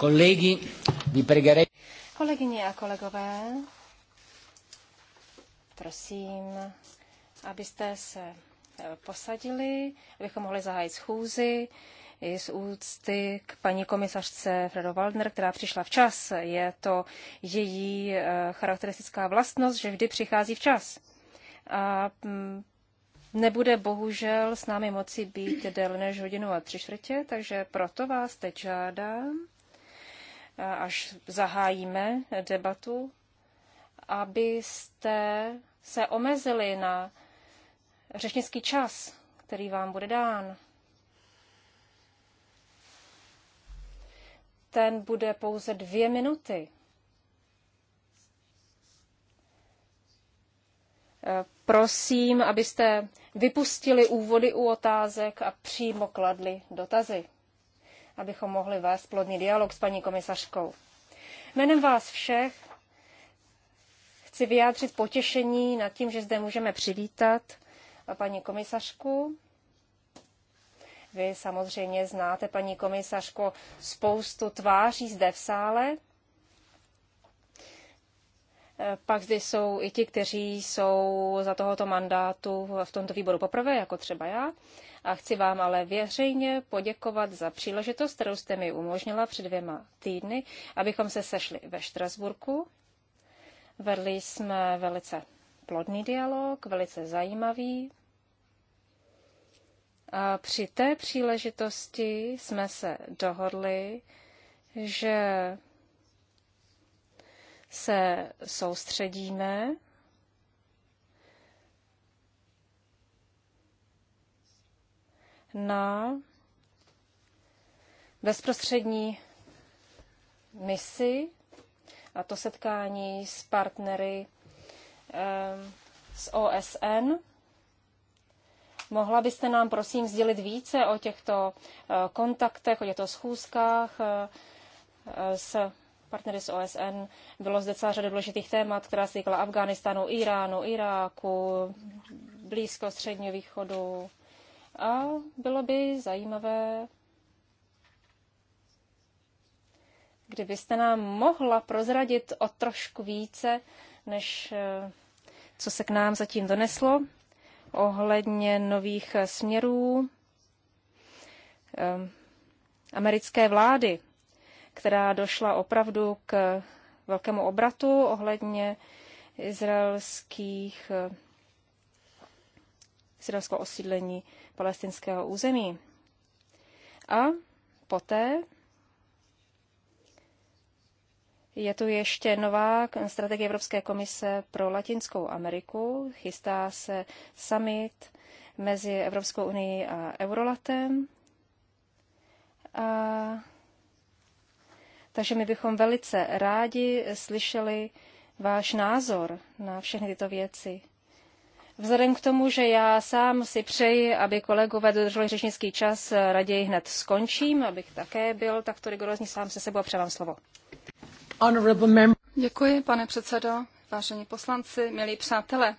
Kolegy, vi Kolegyně a kolegové, prosím, abyste se eh, posadili, abychom mohli zahájit schůzi i z úcty k paní komisařce Fredo Waldner, která přišla včas. Je to její eh, charakteristická vlastnost, že vždy přichází včas. A mm, nebude bohužel s námi moci být déle než hodinu a tři čtvrtě, takže proto vás teď žádám, až zahájíme debatu, abyste se omezili na řečnický čas, který vám bude dán. Ten bude pouze dvě minuty. Prosím, abyste vypustili úvody u otázek a přímo kladli dotazy abychom mohli vést plodný dialog s paní komisařkou. Jménem vás všech chci vyjádřit potěšení nad tím, že zde můžeme přivítat paní komisařku. Vy samozřejmě znáte, paní komisařko, spoustu tváří zde v sále. Pak zde jsou i ti, kteří jsou za tohoto mandátu v tomto výboru poprvé, jako třeba já a chci vám ale věřejně poděkovat za příležitost, kterou jste mi umožnila před dvěma týdny, abychom se sešli ve Štrasburku. Vedli jsme velice plodný dialog, velice zajímavý. A při té příležitosti jsme se dohodli, že se soustředíme na bezprostřední misi a to setkání s partnery ehm, z OSN. Mohla byste nám prosím sdělit více o těchto eh, kontaktech, o těchto schůzkách eh, eh, s partnery z OSN. Bylo zde celá řada důležitých témat, která se týkala Afganistánu, Iránu, Iráku, Blízko středního východu, a bylo by zajímavé, kdybyste nám mohla prozradit o trošku více, než eh, co se k nám zatím doneslo, ohledně nových směrů eh, americké vlády, která došla opravdu k velkému obratu ohledně izraelských eh, izraelského osídlení palestinského území. A poté je tu ještě nová strategie Evropské komise pro Latinskou Ameriku. Chystá se summit mezi Evropskou unii a Eurolatem. A... Takže my bychom velice rádi slyšeli váš názor na všechny tyto věci. Vzhledem k tomu, že já sám si přeji, aby kolegové dodrželi řečnický čas, raději hned skončím, abych také byl takto rigorózní sám se sebou a předám slovo. Děkuji, pane předsedo, vážení poslanci, milí přátelé.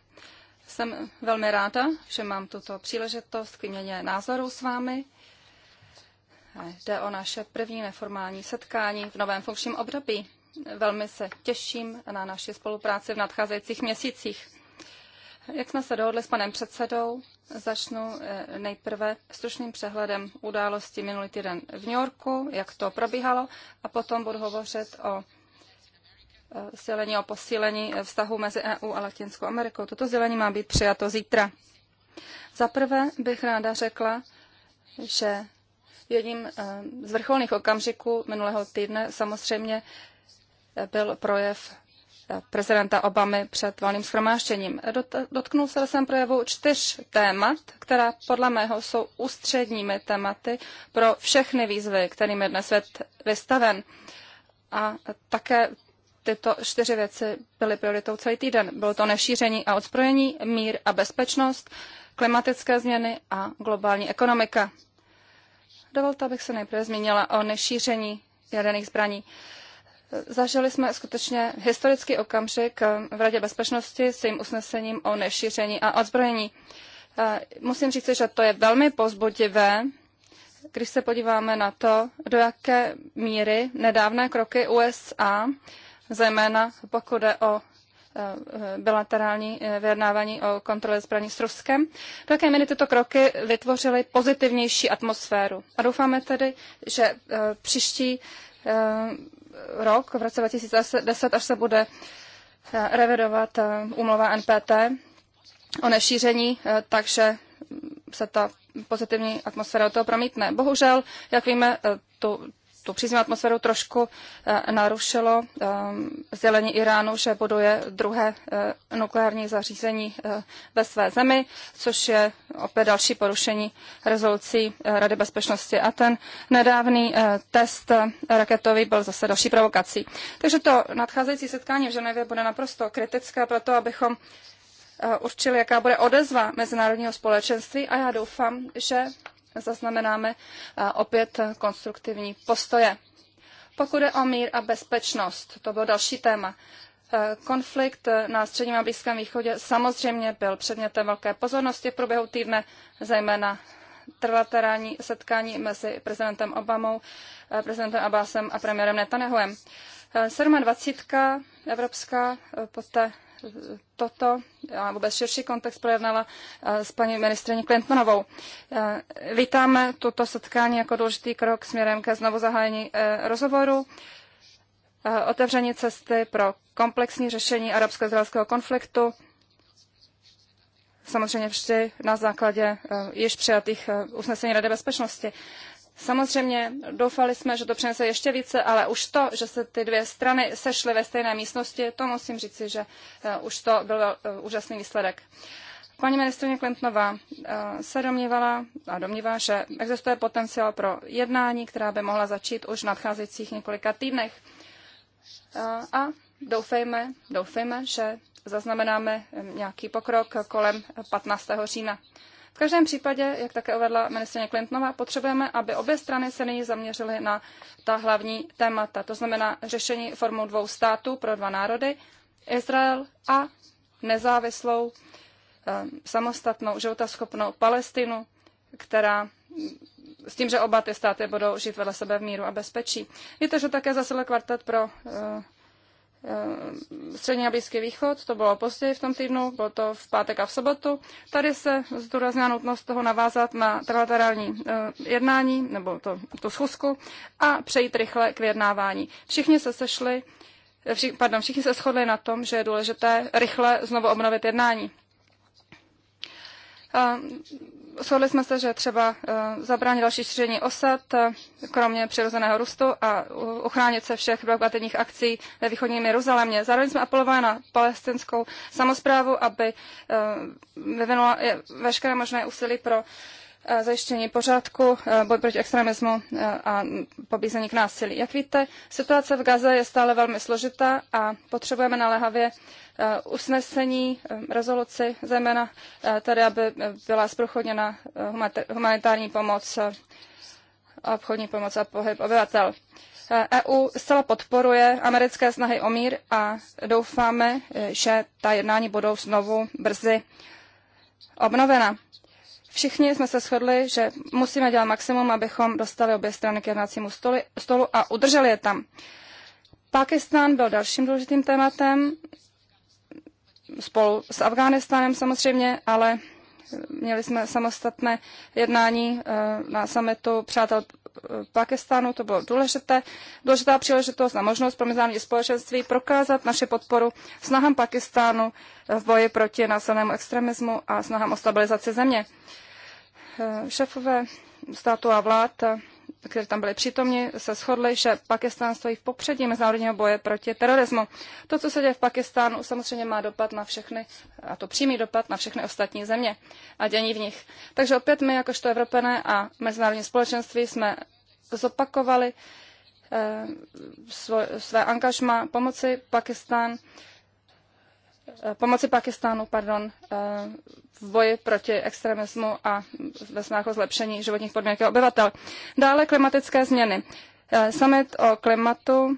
Jsem velmi ráda, že mám tuto příležitost k výměně názorů s vámi. Jde o naše první neformální setkání v novém funkčním období. Velmi se těším na naši spolupráci v nadcházejících měsících. Jak jsme se dohodli s panem předsedou, začnu eh, nejprve stručným přehledem události minulý týden v New Yorku, jak to probíhalo, a potom budu hovořit o eh, sdělení o posílení eh, vztahu mezi EU a Latinskou Amerikou. Toto sdělení má být přijato zítra. Za prvé bych ráda řekla, že jedním z vrcholných okamžiků minulého týdne samozřejmě byl projev prezidenta Obamy před volným schromáštěním. Dotknul se ve svém projevu čtyř témat, která podle mého jsou ústředními tématy pro všechny výzvy, kterými je dnes svět vystaven. A také tyto čtyři věci byly prioritou celý týden. Bylo to nešíření a odzbrojení, mír a bezpečnost, klimatické změny a globální ekonomika. Dovolte, abych se nejprve zmínila o nešíření jaderných zbraní. Zažili jsme skutečně historický okamžik eh, v Radě bezpečnosti s jejím usnesením o nešíření a odzbrojení. Eh, musím říct, že to je velmi pozbudivé, když se podíváme na to, do jaké míry nedávné kroky USA, zejména pokud jde o eh, bilaterální vyjednávání o kontrole zbraní s Ruskem. Do jaké míry tyto kroky vytvořily pozitivnější atmosféru. A doufáme tedy, že příští rok, v roce 2010, až se bude eh, revidovat umlova eh, NPT o nešíření, eh, takže se ta pozitivní atmosféra do toho promítne. Bohužel, jak víme, tu, tu přízní atmosféru trošku eh, narušilo zelení eh, Iránu, že buduje druhé eh, nukleární zařízení ve své zemi, což je opět další porušení rezolucí Rady bezpečnosti. A ten nedávný test raketový byl zase další provokací. Takže to nadcházející setkání v Ženevě bude naprosto kritické pro to, abychom určili, jaká bude odezva mezinárodního společenství a já doufám, že zaznamenáme opět konstruktivní postoje. Pokud je o mír a bezpečnost, to bylo další téma. Konflikt na středním a Blízkém východě samozřejmě byl předmětem velké pozornosti v průběhu týdne, zejména trilaterální setkání mezi prezidentem Obamou, prezidentem Abbasem a premiérem Netanyahuem. 27. Evropská poté toto a vůbec širší kontext projednala s paní ministriní Clintonovou. E, vítáme toto setkání jako důležitý krok směrem ke znovu zahájení e, rozhovoru e, otevření cesty pro komplexní řešení arabsko-izraelského konfliktu, samozřejmě vždy na základě již přijatých usnesení Rady bezpečnosti. Samozřejmě doufali jsme, že to přinese ještě více, ale už to, že se ty dvě strany sešly ve stejné místnosti, to musím říci, že eh, už to byl eh, úžasný výsledek. Paní ministrině Klintnová eh, se domnívala a domnívá, že existuje potenciál pro jednání, která by mohla začít už v nadcházejících několika týdnech. A doufejme, doufejme, že zaznamenáme nějaký pokrok kolem 15. října. V každém případě, jak také uvedla ministrině Clintonová, potřebujeme, aby obě strany se nyní zaměřily na ta hlavní témata, to znamená řešení formou dvou států pro dva národy, Izrael a nezávislou, eh, samostatnou, životaschopnou Palestinu, která s tím, že oba ty státy budou žít vedle sebe v míru a bezpečí. Víte, že také zasedl kvartet pro eh, Eh, Střední a Blízký východ, to bylo později v tom týdnu, bylo to v pátek a v sobotu. Tady se zdůraznila nutnost toho navázat na trilaterální eh, jednání, nebo to, tu schůzku, a přejít rychle k vyjednávání. Všichni se sešli, eh, vši, pardon, všichni se shodli na tom, že je důležité rychle znovu obnovit jednání. Shodli jsme se, že třeba eh, zabránit další šíření osad, eh, kromě přirozeného růstu a ochránit se všech blokativních akcí ve východním Jeruzalémě. Zároveň jsme apelovali na palestinskou samozprávu, aby eh, vyvinula veškeré možné úsilí pro Eh, zajištění pořádku, eh, boj proti extremismu eh, a pobízení k násilí. Jak víte, situace v Gaze je stále velmi složitá a potřebujeme naléhavě usnesení, rezoluci, zejména tedy, aby byla zprochodněna humanitární pomoc, obchodní pomoc a pohyb obyvatel. EU e zcela podporuje americké snahy o mír a doufáme, že ta jednání budou znovu brzy obnovena. Všichni jsme se shodli, že musíme dělat maximum, abychom dostali obě strany k jednacímu stolu a udrželi je tam. Pakistán byl dalším důležitým tématem, spolu s Afghánistánem samozřejmě, ale měli jsme samostatné jednání eh, na summitu přátel Pakistánu. To bylo důležité, důležitá příležitost a možnost pro mezinárodní společenství prokázat naše podporu snahám Pakistánu v boji proti násilnému extremismu a snahám o stabilizaci země. Šefové státu a vlád které tam byly přítomni, se shodli, že Pakistán stojí v popředí mezinárodního boje proti terorismu. To, co se děje v Pakistánu, samozřejmě má dopad na všechny, a to přímý dopad na všechny ostatní země a dění v nich. Takže opět my, jakožto Evropané a mezinárodní společenství, jsme zopakovali eh, svo, své angažma pomoci Pakistánu. Eh, pomoci Pakistánu pardon, eh, v boji proti extremismu a ve snách o zlepšení životních podmínek obyvatel. Dále klimatické změny. Eh, summit o klimatu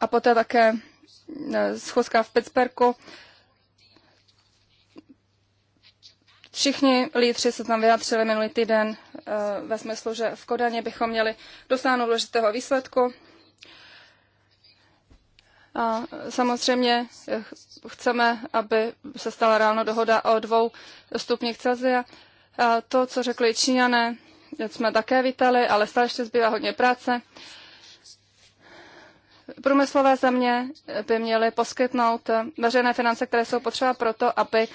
a poté také schůzka v Pittsburghu. Všichni lídři se tam vyjádřili minulý týden ve smyslu, že v Kodaně bychom měli dosáhnout důležitého výsledku a samozřejmě eh, chceme, aby se stala ráno dohoda o dvou stupních Celzia. A to, co řekli Číňané, jsme také vítali, ale stále ještě zbývá hodně práce. Průmyslové země by měly poskytnout eh, veřejné finance, které jsou potřeba proto, aby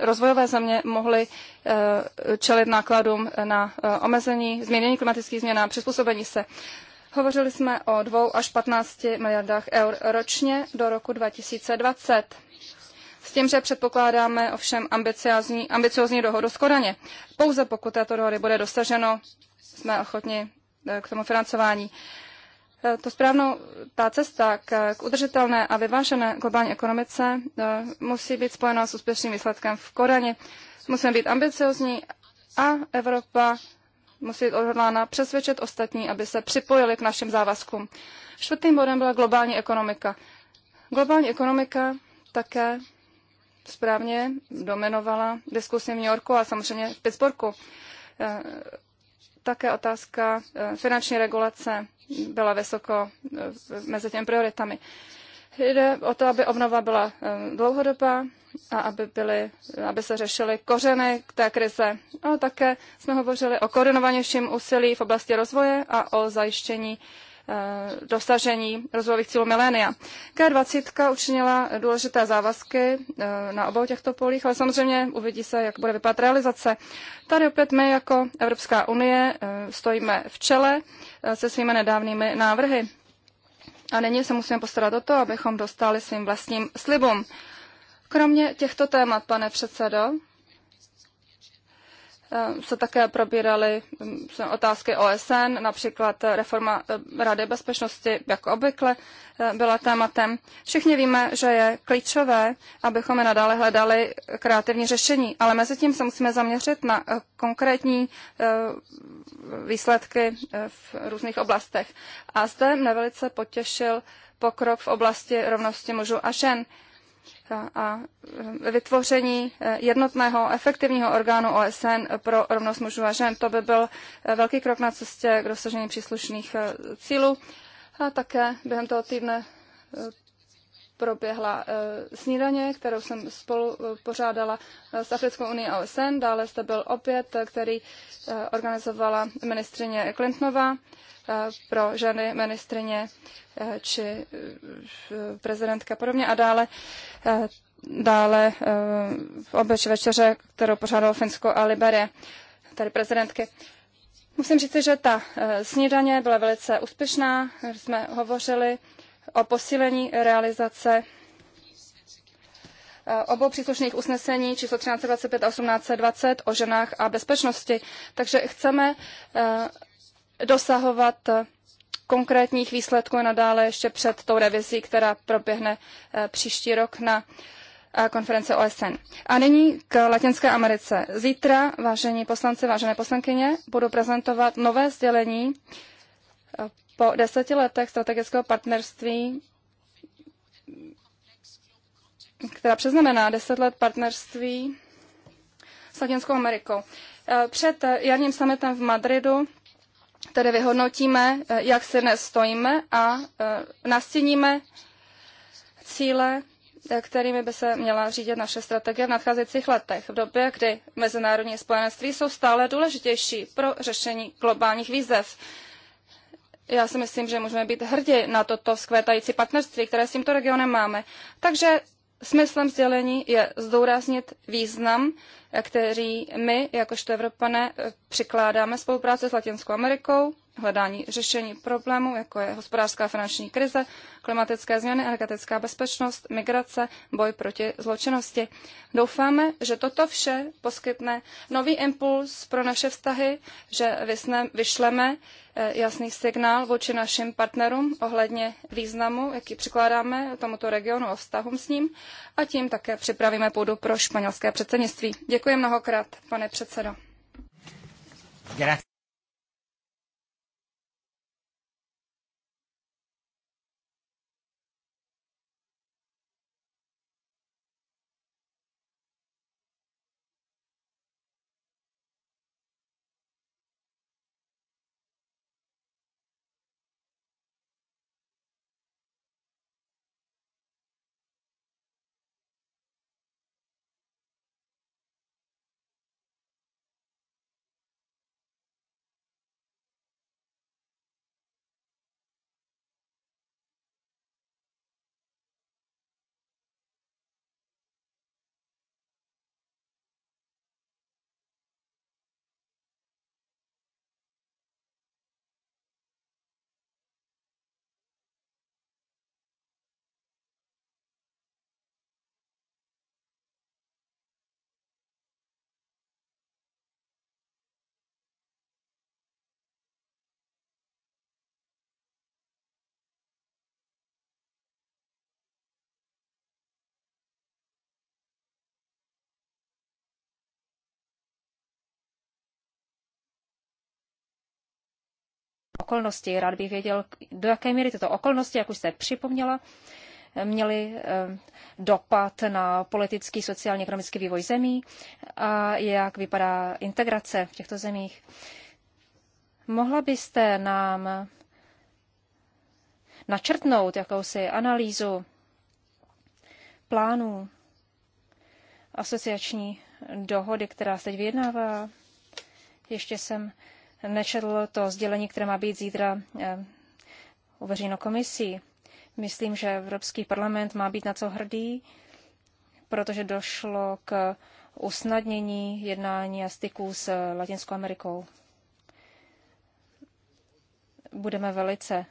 rozvojové země mohly eh, čelit nákladům na omezení, změnění klimatických změn a přizpůsobení se. Hovořili jsme o 2 až 15 miliardách eur ročně do roku 2020. S tím, že předpokládáme ovšem ambiciozní, ambiciozní dohodu s Kodaně. Pouze pokud této dohody bude dosaženo, jsme ochotni eh, k tomu financování. Eh, to správnou, ta cesta k, k udržitelné a vyvážené globální ekonomice eh, musí být spojena s úspěšným výsledkem v koraně. Musíme být ambiciozní a Evropa musí být odhodlána přesvědčit ostatní, aby se připojili k našim závazkům. Čtvrtým bodem byla globální ekonomika. Globální ekonomika také správně dominovala diskusi v New Yorku a samozřejmě v Pittsburghu. Eh, také otázka eh, finanční regulace byla vysoko eh, mezi těmi prioritami. Jde o to, aby obnova byla dlouhodobá a aby, byly, aby se řešily kořeny té krize. Ale také jsme hovořili o koordinovanějším úsilí v oblasti rozvoje a o zajištění eh, dosažení rozvojových cílů milénia. K20 učinila důležité závazky eh, na obou těchto polích, ale samozřejmě uvidí se, jak bude vypadat realizace. Tady opět my jako Evropská unie eh, stojíme v čele se svými nedávnými návrhy. A nyní se musíme postarat o to, abychom dostali svým vlastním slibům. Kromě těchto témat, pane předsedo, eh, se také probíraly hm, otázky OSN, například reforma eh, Rady bezpečnosti, jako obvykle, eh, byla tématem. Všichni víme, že je klíčové, abychom je nadále hledali kreativní řešení, ale mezi tím se musíme zaměřit na konkrétní výsledky eh, v různých oblastech. A zde mne velice potěšil pokrok v oblasti rovnosti mužů a žen a eh, vytvoření eh, jednotného efektivního orgánu OSN pro rovnost mužů a žen. To by byl velký krok na cestě k dosažení příslušných cílů. A také během toho týdne proběhla eh, snídaně, kterou jsem spolu eh, pořádala eh, s Africkou unii a OSN. Dále jste byl opět, který organizovala ministrině Clintonová pro ženy ministrině či prezidentka podobně. A dále, dále obeč večeře, kterou pořádalo Finsko a Liberie, tady prezidentky. Musím říct, že ta snídaně byla velice úspěšná. Jsme hovořili o posílení realizace eh, obou příslušných usnesení číslo 1325 a 1820 o ženách a bezpečnosti. Takže chceme eh, dosahovat eh, konkrétních výsledků nadále ještě před tou revizí, která proběhne příští rok na konference OSN. A nyní k Latinské Americe. Zítra, vážení poslanci, vážené poslankyně, budu prezentovat nové sdělení po deseti letech strategického partnerství, která přeznamená deset let partnerství s Latinskou Amerikou. Eh, před eh, jarním summitem v Madridu tedy vyhodnotíme, eh, jak se dnes stojíme a nastíníme cíle, kterými by se měla řídit naše strategie v nadcházejících letech, v době, kdy mezinárodní spojenectví jsou stále důležitější pro řešení globálních výzev já si myslím, že můžeme být hrdí na toto vzkvétající partnerství, které s tímto regionem máme. Takže smyslem sdělení je zdůraznit význam, který my, jakožto Evropané, eh, přikládáme spolupráci s Latinskou Amerikou hledání řešení problémů, jako je hospodářská a finanční krize, klimatické změny, energetická bezpečnost, migrace, boj proti zločinnosti. Doufáme, že toto vše poskytne nový impuls pro naše vztahy, že vyšleme eh, jasný signál vůči našim partnerům ohledně významu, jaký přikládáme tomuto regionu a vztahům s ním a tím také připravíme půdu pro španělské předsednictví. Děkuji mnohokrát, pane předsedo. Děkuji. okolnosti. Rád bych věděl, do jaké míry tyto okolnosti, jak už jste připomněla, měly eh, dopad na politický, sociálně ekonomický vývoj zemí a jak vypadá integrace v těchto zemích. Mohla byste nám načrtnout jakousi analýzu plánů asociační dohody, která se teď vyjednává? Ještě jsem nečetl to sdělení, které má být zítra eh, uveřejno komisí. Myslím, že Evropský parlament má být na co hrdý, protože došlo k usnadnění jednání a styků s Latinskou Amerikou. Budeme velice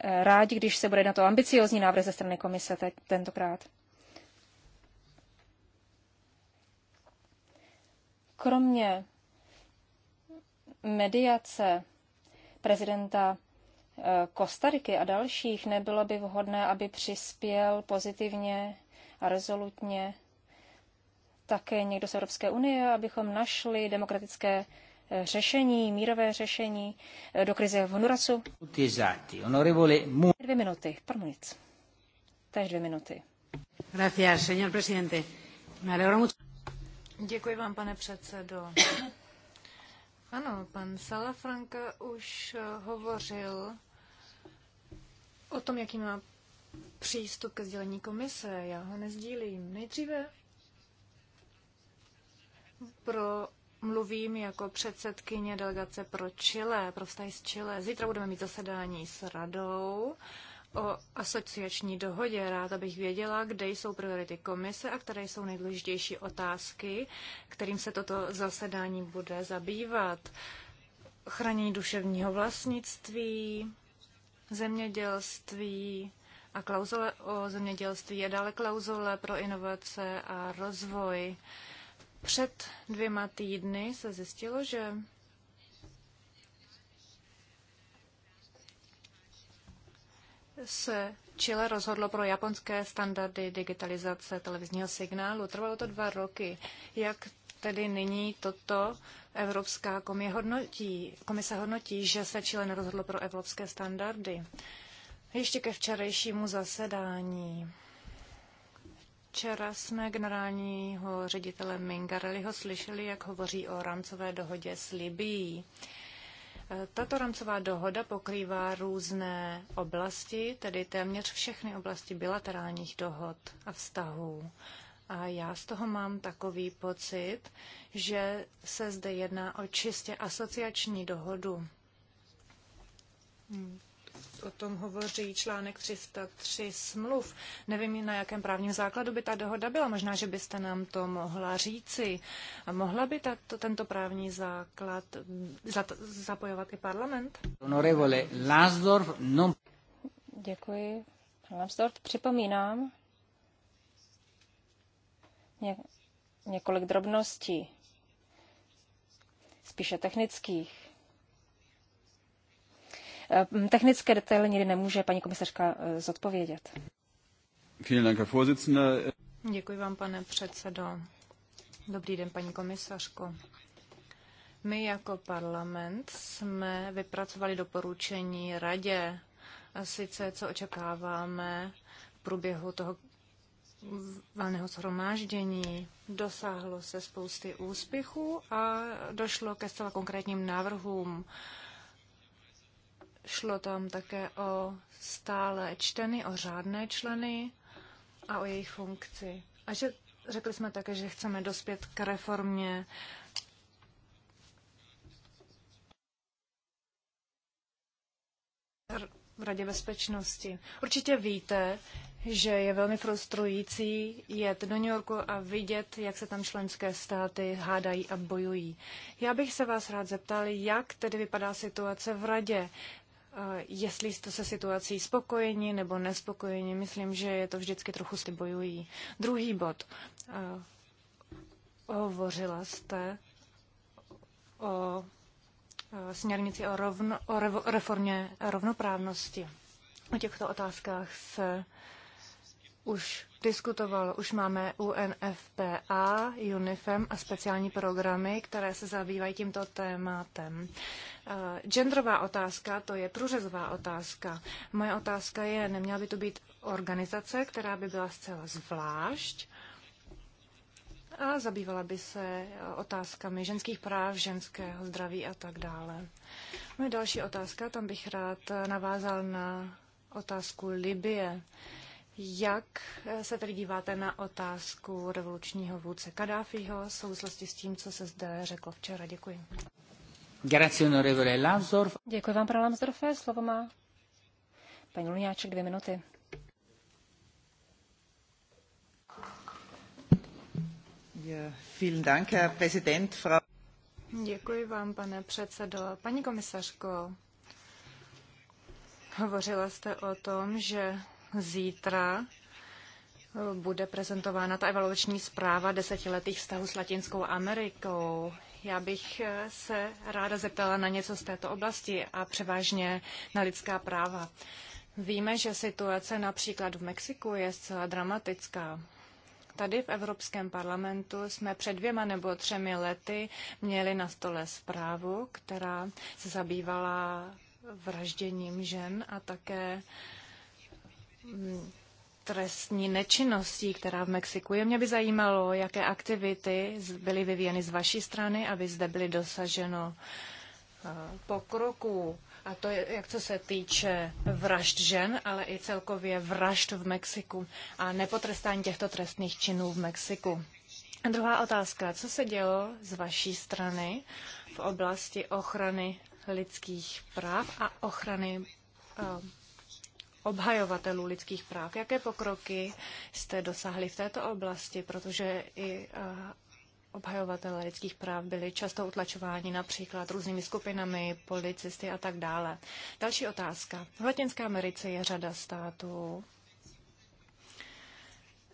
eh, rádi, když se bude na to ambiciozní návrh ze strany komise te- tentokrát. Kromě mediace prezidenta eh, Kostariky a dalších nebylo by vhodné, aby přispěl pozitivně a rezolutně také někdo z Evropské unie, abychom našli demokratické eh, řešení, mírové řešení eh, do krize v Honurasu? Dvě minuty, pan Tež dvě minuty. Gracias, señor presidente. Děkuji vám, pane předsedo. Ano, pan Salafranka už eh, hovořil o tom, jaký má přístup ke sdělení komise. Já ho nezdílím. Nejdříve pro mluvím jako předsedkyně delegace pro Chile, pro vztahy s Chile. Zítra budeme mít zasedání s radou o asociační dohodě. Ráda bych věděla, kde jsou priority komise a které jsou nejdůležitější otázky, kterým se toto zasedání bude zabývat. Chrání duševního vlastnictví, zemědělství a klauzule o zemědělství je dále klauzule pro inovace a rozvoj. Před dvěma týdny se zjistilo, že se Chile rozhodlo pro japonské standardy digitalizace televizního signálu. Trvalo to dva roky. Jak tedy nyní toto Evropská komise hodnotí, komise hodnotí, že se Chile nerozhodlo pro evropské standardy? Ještě ke včerejšímu zasedání. Včera jsme generálního ředitele Mingareliho slyšeli, jak hovoří o rámcové dohodě s Libií. Tato rámcová dohoda pokrývá různé oblasti, tedy téměř všechny oblasti bilaterálních dohod a vztahů. A já z toho mám takový pocit, že se zde jedná o čistě asociační dohodu. O tom hovoří článek 303 smluv. Nevím, na jakém právním základu by ta dohoda byla. Možná, že byste nám to mohla říci. A mohla by tato, tento právní základ mm, zapojovat i parlament? Honorevole Lansdorf, non... Děkuji. Lansdorf, připomínám ně, několik drobností, spíše technických Ehm, technické detaily nikdy nemůže paní komisařka eh, zodpovědět. Děkuji vám, pane předsedo. Dobrý den, paní komisařko. My jako parlament jsme vypracovali doporučení radě, a sice co očekáváme v průběhu toho valného shromáždění. Dosáhlo se spousty úspěchů a došlo ke zcela konkrétním návrhům Šlo tam také o stále čteny, o řádné členy a o jejich funkci. A že řekli jsme také, že chceme dospět k reformě v Radě bezpečnosti. Určitě víte, že je velmi frustrující jet do New Yorku a vidět, jak se tam členské státy hádají a bojují. Já bych se vás rád zeptal, jak tedy vypadá situace v Radě. Eh, jestli jste se situací spokojeni nebo nespokojeni. Myslím, že je to vždycky trochu s bojují. Druhý bod. Eh, hovořila jste o eh, směrnici o, rovno, o revo, reformě rovnoprávnosti. O těchto otázkách se už diskutovalo. Už máme UNFPA, UNIFEM a speciální programy, které se zabývají tímto tématem. Eh, genderová otázka, to je průřezová otázka. Moje otázka je, neměla by to být organizace, která by byla zcela zvlášť a zabývala by se eh, otázkami ženských práv, ženského zdraví a tak dále. Moje další otázka, tam bych rád eh, navázal na otázku Libie. Uh, jak eh, se tedy díváte na otázku revolučního vůdce Kadáfiho v souvislosti s tím, co se zde řeklo včera? Děkuji. Děkuji vám, pane Lamsdorfe. Slovo má paní Luňáček, dvě minuty. Děkuji vám, pane předsedo. Paní komisařko, hovořila jste o tom, že Zítra eh, bude prezentována ta evaluační zpráva desetiletých vztahů s Latinskou Amerikou. Já bych eh, se ráda zeptala na něco z této oblasti a převážně na lidská práva. Víme, že situace například v Mexiku je zcela dramatická. Tady v Evropském parlamentu jsme před dvěma nebo třemi lety měli na stole zprávu, která se zabývala vražděním žen a také uh, trestní nečinností, která v Mexiku je. Mě by zajímalo, jaké aktivity byly vyvíjeny z vaší strany, aby zde byly dosaženo eh, pokroku. A to je, jak co se týče vražd žen, ale i celkově vražd v Mexiku a nepotrestání těchto trestných činů v Mexiku. A druhá otázka. Co se dělo z vaší strany v oblasti ochrany lidských práv a ochrany eh, obhajovatelů lidských práv. Jaké pokroky jste dosáhli v této oblasti, protože i eh, obhajovatelé lidských práv byli často utlačováni například různými skupinami, policisty a tak dále. Další otázka. V Latinské Americe je řada států,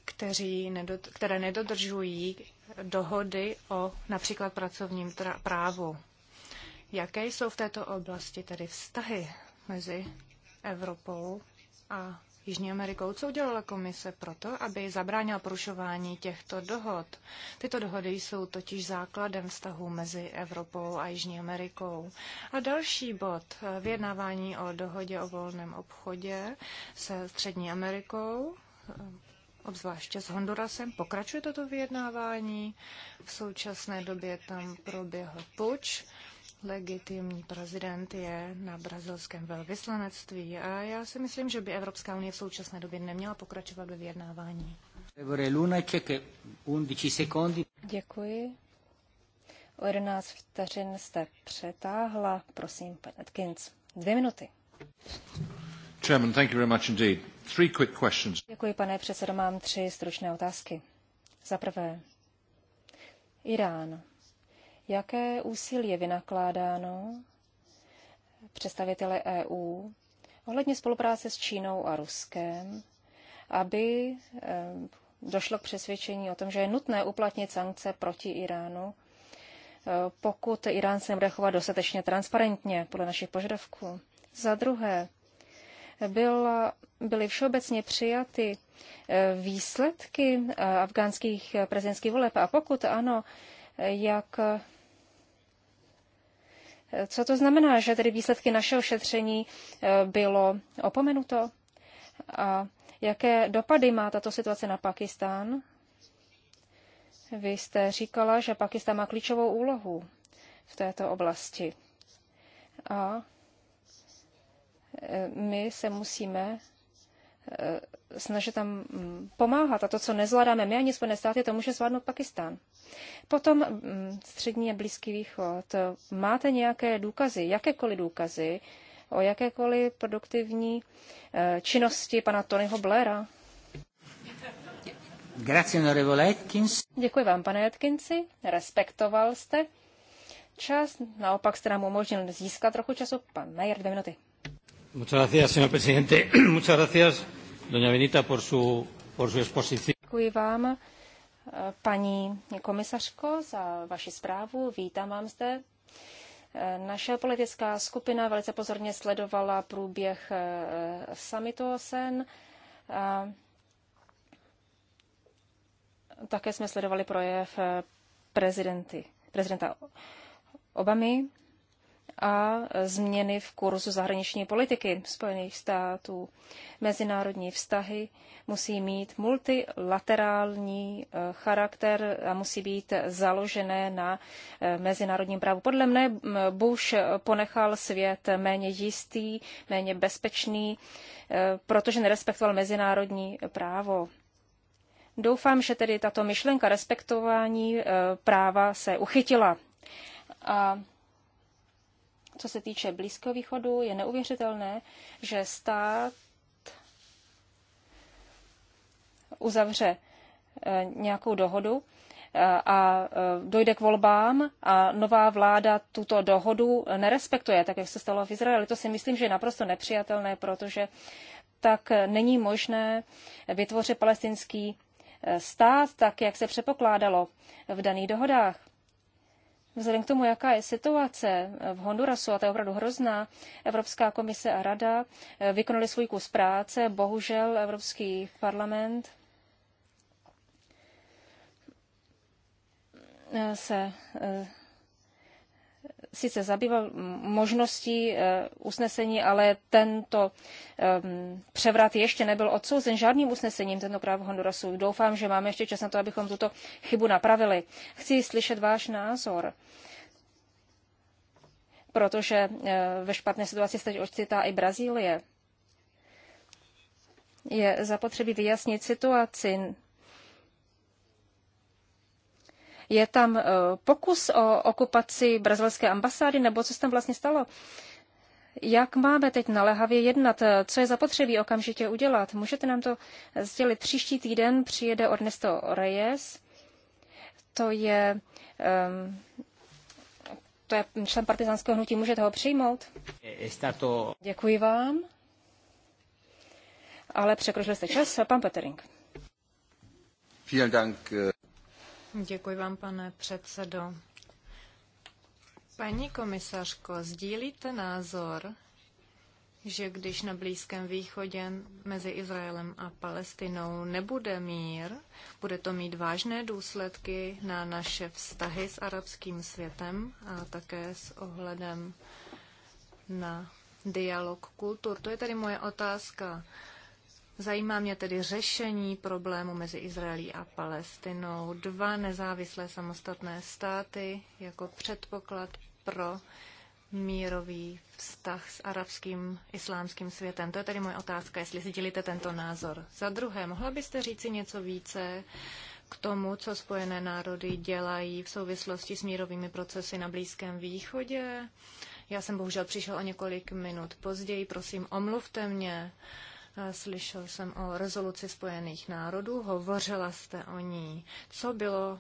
kteří nedod, které nedodržují dohody o například pracovním právu. Jaké jsou v této oblasti tedy vztahy mezi Evropou a Jižní Amerikou. Co udělala komise proto, aby zabránila porušování těchto dohod? Tyto dohody jsou totiž základem vztahu mezi Evropou a Jižní Amerikou. A další bod, vyjednávání o dohodě o volném obchodě se Střední Amerikou, obzvláště s Hondurasem. Pokračuje toto vyjednávání. V současné době tam proběhl puč legitimní prezident je na brazilském velvyslanectví a já si myslím, že by Evropská unie v současné době neměla pokračovat ve vyjednávání. Děkuji. O 11 vteřin jste přetáhla. Prosím, pan Atkins. Dvě minuty. Chairman, thank you very much indeed. Three quick questions. Děkuji, pane předsedo. Mám tři stručné otázky. Za prvé, Irán jaké úsilí je vynakládáno představiteli EU ohledně spolupráce s Čínou a Ruskem, aby eh, došlo k přesvědčení o tom, že je nutné uplatnit sankce proti Iránu, eh, pokud Irán se nebude chovat dostatečně transparentně podle našich požadavků. Za druhé, byla, byly všeobecně přijaty eh, výsledky afgánských prezidentských voleb a pokud ano, jak co to znamená, že tedy výsledky našeho šetření eh, bylo opomenuto? A jaké dopady má tato situace na Pakistán? Vy jste říkala, že Pakistán má klíčovou úlohu v této oblasti. A eh, my se musíme Eh, snažit tam mm, pomáhat a to, co nezvládáme my ani Spojené státy, to může zvládnout Pakistán. Potom mm, střední a blízký východ. Máte nějaké důkazy, jakékoliv důkazy o jakékoliv produktivní eh, činnosti pana Tonyho Blaira? Děkuji vám, pane Atkinsi. Respektoval jste čas, naopak jste nám umožnil získat trochu času. Pan Mayer, dvě minuty. Muchas gracias, señor presidente. Muchas gracias, doña Benita, por su, por su exposición. Děkuji vám, paní komisařko, za vaši zprávu. Vítám vám zde. Naše politická skupina velice pozorně sledovala průběh eh, summitu OSN. Také jsme sledovali projev eh, prezidenty, prezidenta Obamy a změny v kurzu zahraniční politiky Spojených států. Mezinárodní vztahy musí mít multilaterální eh, charakter a musí být založené na eh, mezinárodním právu. Podle mne Bush ponechal svět méně jistý, méně bezpečný, eh, protože nerespektoval mezinárodní právo. Doufám, že tedy tato myšlenka respektování práva se uchytila. A co se týče Blízkého východu, je neuvěřitelné, že stát uzavře eh, nějakou dohodu eh, a eh, dojde k volbám a nová vláda tuto dohodu nerespektuje, tak jak se stalo v Izraeli. To si myslím, že je naprosto nepřijatelné, protože tak není možné vytvořit palestinský stát, tak jak se přepokládalo v daných dohodách. Vzhledem k tomu, jaká je situace eh, v Hondurasu, a to je opravdu hrozná, Evropská komise a rada eh, vykonali svůj kus práce, bohužel Evropský parlament eh, se sice zabýval možností eh, usnesení, ale tento ehm, převrat ještě nebyl odsouzen žádným usnesením tentokrát v Hondurasu. Doufám, že máme ještě čas na to, abychom tuto chybu napravili. Chci slyšet váš názor protože eh, ve špatné situaci se teď ocitá i Brazílie. Je zapotřebí vyjasnit situaci je tam e, pokus o okupaci brazilské ambasády, nebo co se tam vlastně stalo? Jak máme teď naléhavě jednat? E, co je zapotřebí okamžitě udělat? Můžete nám to sdělit? Příští týden přijede Ernesto Reyes, to je, um, to je člen partizánského hnutí, můžete ho přijmout? Děkuji vám. Ale překročil jste čas. Pan Petering. Vielen Dank. Děkuji vám, pane předsedo. Paní komisařko, sdílíte názor, že když na Blízkém východě mezi Izraelem a Palestinou nebude mír, bude to mít vážné důsledky na naše vztahy s arabským světem a také s ohledem na dialog kultur. To je tedy moje otázka. Zajímá mě tedy řešení problému mezi Izraelí a Palestinou. Dva nezávislé samostatné státy jako předpoklad pro mírový vztah s arabským islámským světem. To je tedy moje otázka, jestli si dělíte tento názor. Za druhé, mohla byste říci něco více k tomu, co Spojené národy dělají v souvislosti s mírovými procesy na Blízkém východě? Já jsem bohužel přišel o několik minut později, prosím, omluvte mě. Uh, Slyšel jsem o rezoluci Spojených národů, hovořila jste o ní. Co bylo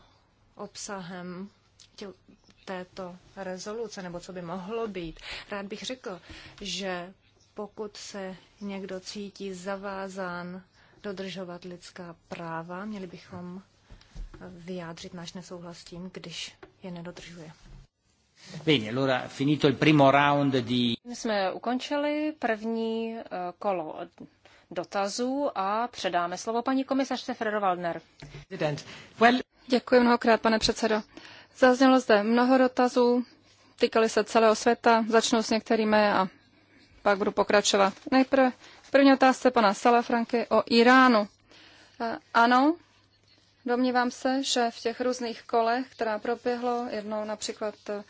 obsahem tě, této rezoluce, nebo co by mohlo být? Rád bych řekl, že pokud se někdo cítí zavázán dodržovat lidská práva, měli bychom vyjádřit náš nesouhlas tím, když je nedodržuje. Bene, allora finito il primo round di... My jsme ukončili první eh, kolo dotazů a předáme slovo paní komisařce Frerovaldner. waldner Děkuji mnohokrát, pane předsedo. Zaznělo zde mnoho dotazů, týkaly se celého světa, začnu s některými a pak budu pokračovat. Nejprve první otázce pana Salafranky o Iránu. E, ano, domnívám se, že v těch různých kolech, která proběhlo, jednou například e,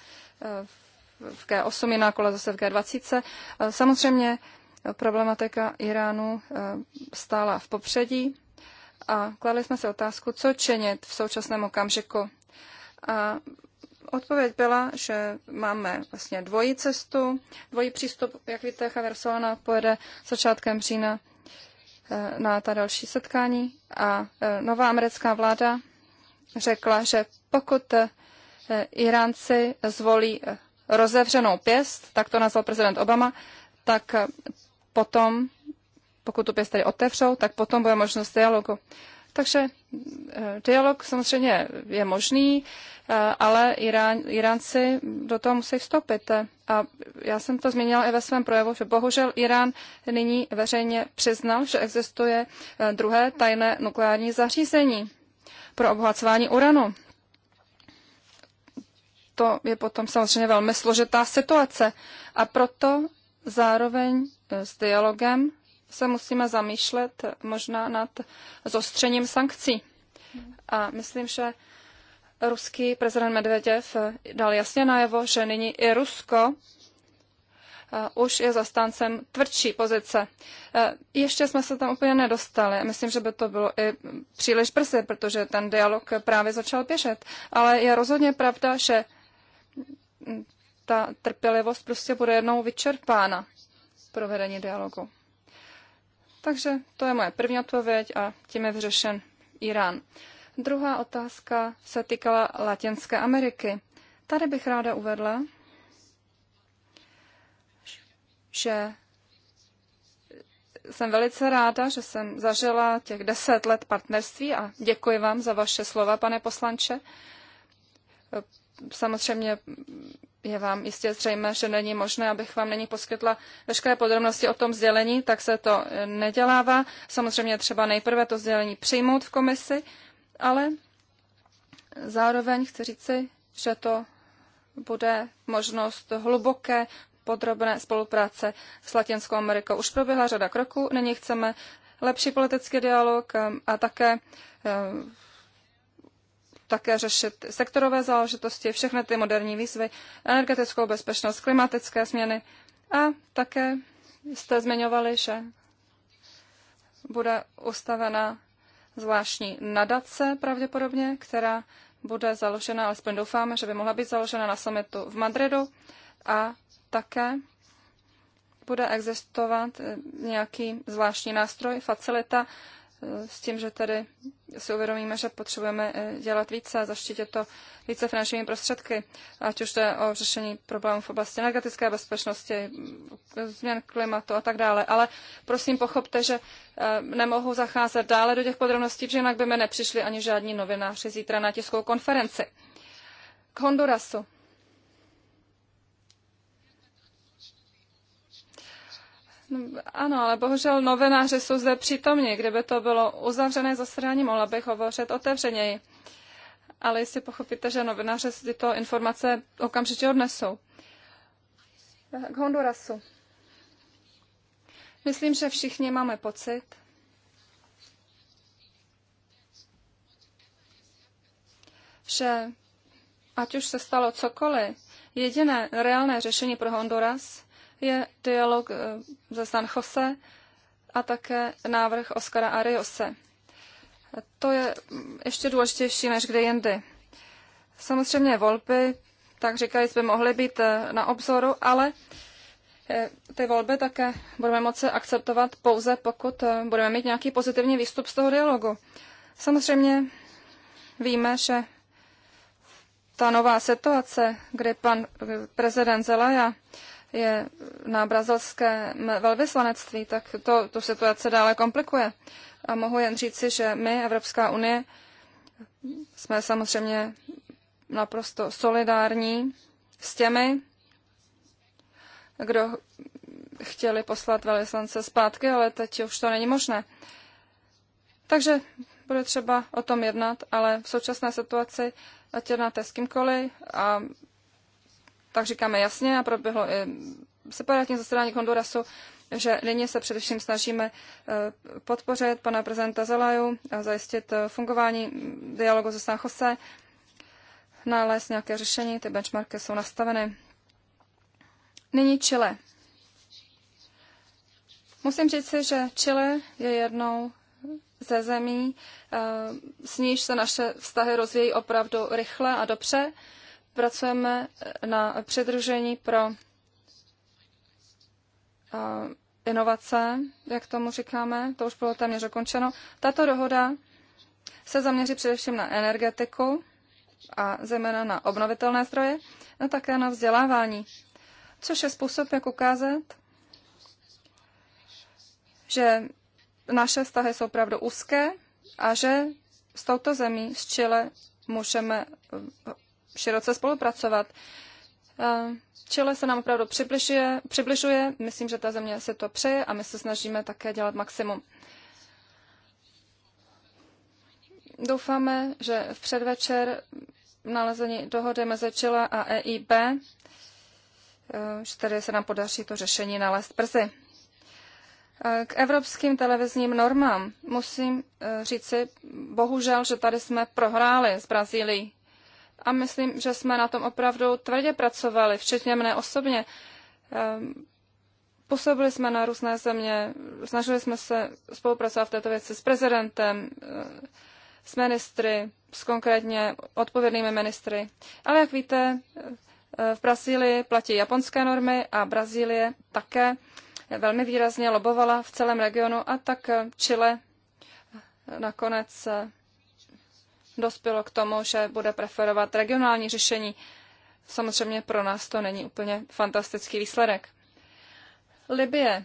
v G8, jiná kola zase v G20, e, samozřejmě problematika Iránu eh, stála v popředí a kladli jsme se otázku, co činit v současném okamžiku. A odpověď byla, že máme vlastně dvojí cestu, dvojí přístup. Jak víte, Javier Solana pojede začátkem října eh, na ta další setkání a eh, nová americká vláda řekla, že pokud Iránci zvolí rozevřenou pěst, tak to nazval prezident Obama, tak potom, pokud tu pěst tady otevřou, tak potom bude možnost dialogu. Takže eh, dialog samozřejmě je možný, eh, ale Irán, Iránci do toho musí vstoupit. A já jsem to zmínila i ve svém projevu, že bohužel Irán nyní veřejně přiznal, že existuje eh, druhé tajné nukleární zařízení pro obohacování uranu. To je potom samozřejmě velmi složitá situace. A proto zároveň Eh, s dialogem se musíme zamýšlet možná nad zostřením sankcí. A myslím, že ruský prezident Medveděv eh, dal jasně najevo, že nyní i Rusko eh, už je zastáncem tvrdší pozice. Ještě jsme se tam úplně nedostali. Myslím, že by to bylo i příliš brzy, protože ten dialog právě začal běžet. Ale je rozhodně pravda, že ta trpělivost prostě bude jednou vyčerpána pro vedení dialogu. Takže to je moje první odpověď a tím je vyřešen Irán. Druhá otázka se týkala Latinské Ameriky. Tady bych ráda uvedla, že jsem velice ráda, že jsem zažila těch deset let partnerství a děkuji vám za vaše slova, pane poslanče. Samozřejmě je vám jistě zřejmé, že není možné, abych vám není poskytla veškeré podrobnosti o tom sdělení, tak se to eh, nedělává. Samozřejmě třeba nejprve to sdělení přijmout v komisi, ale zároveň chci říci, že to bude možnost hluboké podrobné spolupráce s Latinskou Amerikou. Už proběhla řada kroků, nyní chceme lepší politický dialog eh, a také eh, také řešit sektorové záležitosti, všechny ty moderní výzvy, energetickou bezpečnost, klimatické změny. A také jste zmiňovali, že bude ustavena zvláštní nadace pravděpodobně, která bude založena, alespoň doufáme, že by mohla být založena na summitu v Madridu a také bude existovat eh, nějaký zvláštní nástroj, facilita, s tím, že tady si uvědomíme, že potřebujeme eh, dělat více, zaštítit to více finančními prostředky, ať už jde o řešení problémů v oblasti energetické bezpečnosti, změn klimatu a tak dále. Ale prosím, pochopte, že eh, nemohu zacházet dále do těch podrobností, protože jinak by mi nepřišli ani žádní novináři zítra na tiskovou konferenci. K Hondurasu. No, ano, ale bohužel novináři jsou zde přítomní. Kdyby to bylo uzavřené zasedání, mohla bych hovořit otevřeněji. Ale jestli pochopíte, že novináři si tyto informace okamžitě odnesou. K Hondurasu. Myslím, že všichni máme pocit, že ať už se stalo cokoliv, jediné reálné řešení pro Honduras je dialog eh, ze San Jose a také návrh Oskara Ariose. To je mm, ještě důležitější než kdy jindy. Samozřejmě volby, tak říkají, by mohly být eh, na obzoru, ale eh, ty volby také budeme moci akceptovat pouze, pokud budeme mít nějaký pozitivní výstup z toho dialogu. Samozřejmě víme, že ta nová situace, kdy pan prezident Zelaya je na brazilském velvyslanectví, tak to tu situace dále komplikuje. A mohu jen říci, že my, Evropská unie, jsme samozřejmě naprosto solidární s těmi, kdo chtěli poslat velvyslance zpátky, ale teď už to není možné. Takže bude třeba o tom jednat, ale v současné situaci ať jednáte s kýmkoliv a tak říkáme jasně a proběhlo i eh, separátní zasedání Hondurasu, že nyní se především snažíme eh, podpořit pana prezidenta Zelaju a zajistit eh, fungování mm, dialogu se San Jose, nalézt nějaké řešení, ty benchmarky jsou nastaveny. Nyní Chile. Musím říct si, že Chile je jednou ze zemí, s níž se naše vztahy rozvíjí opravdu rychle a dobře. Pracujeme eh, na přidružení pro eh, inovace, jak tomu říkáme, to už bylo téměř dokončeno. Tato dohoda se zaměří především na energetiku a zejména na obnovitelné zdroje a no také na vzdělávání, což je způsob, jak ukázat, že naše vztahy jsou opravdu úzké a že s touto zemí z Chile můžeme široce spolupracovat. Čile eh, se nám opravdu přibližuje, přibližuje, myslím, že ta země se to přeje a my se snažíme také dělat maximum. Doufáme, že v předvečer nalezení dohody mezi Chile a EIB, eh, že tady se nám podaří to řešení nalézt brzy. Eh, k evropským televizním normám musím říci, bohužel, že tady jsme prohráli s Brazílií a myslím, že jsme na tom opravdu tvrdě pracovali, včetně mne osobně. Ehm, působili jsme na různé země, snažili jsme se spolupracovat v této věci s prezidentem, eh, s ministry, s konkrétně odpovědnými ministry. Ale jak víte, eh, v Brazílii platí japonské normy a Brazílie také velmi výrazně lobovala v celém regionu a tak Chile nakonec eh, dospělo k tomu, že bude preferovat regionální řešení. Samozřejmě pro nás to není úplně fantastický výsledek. Libie.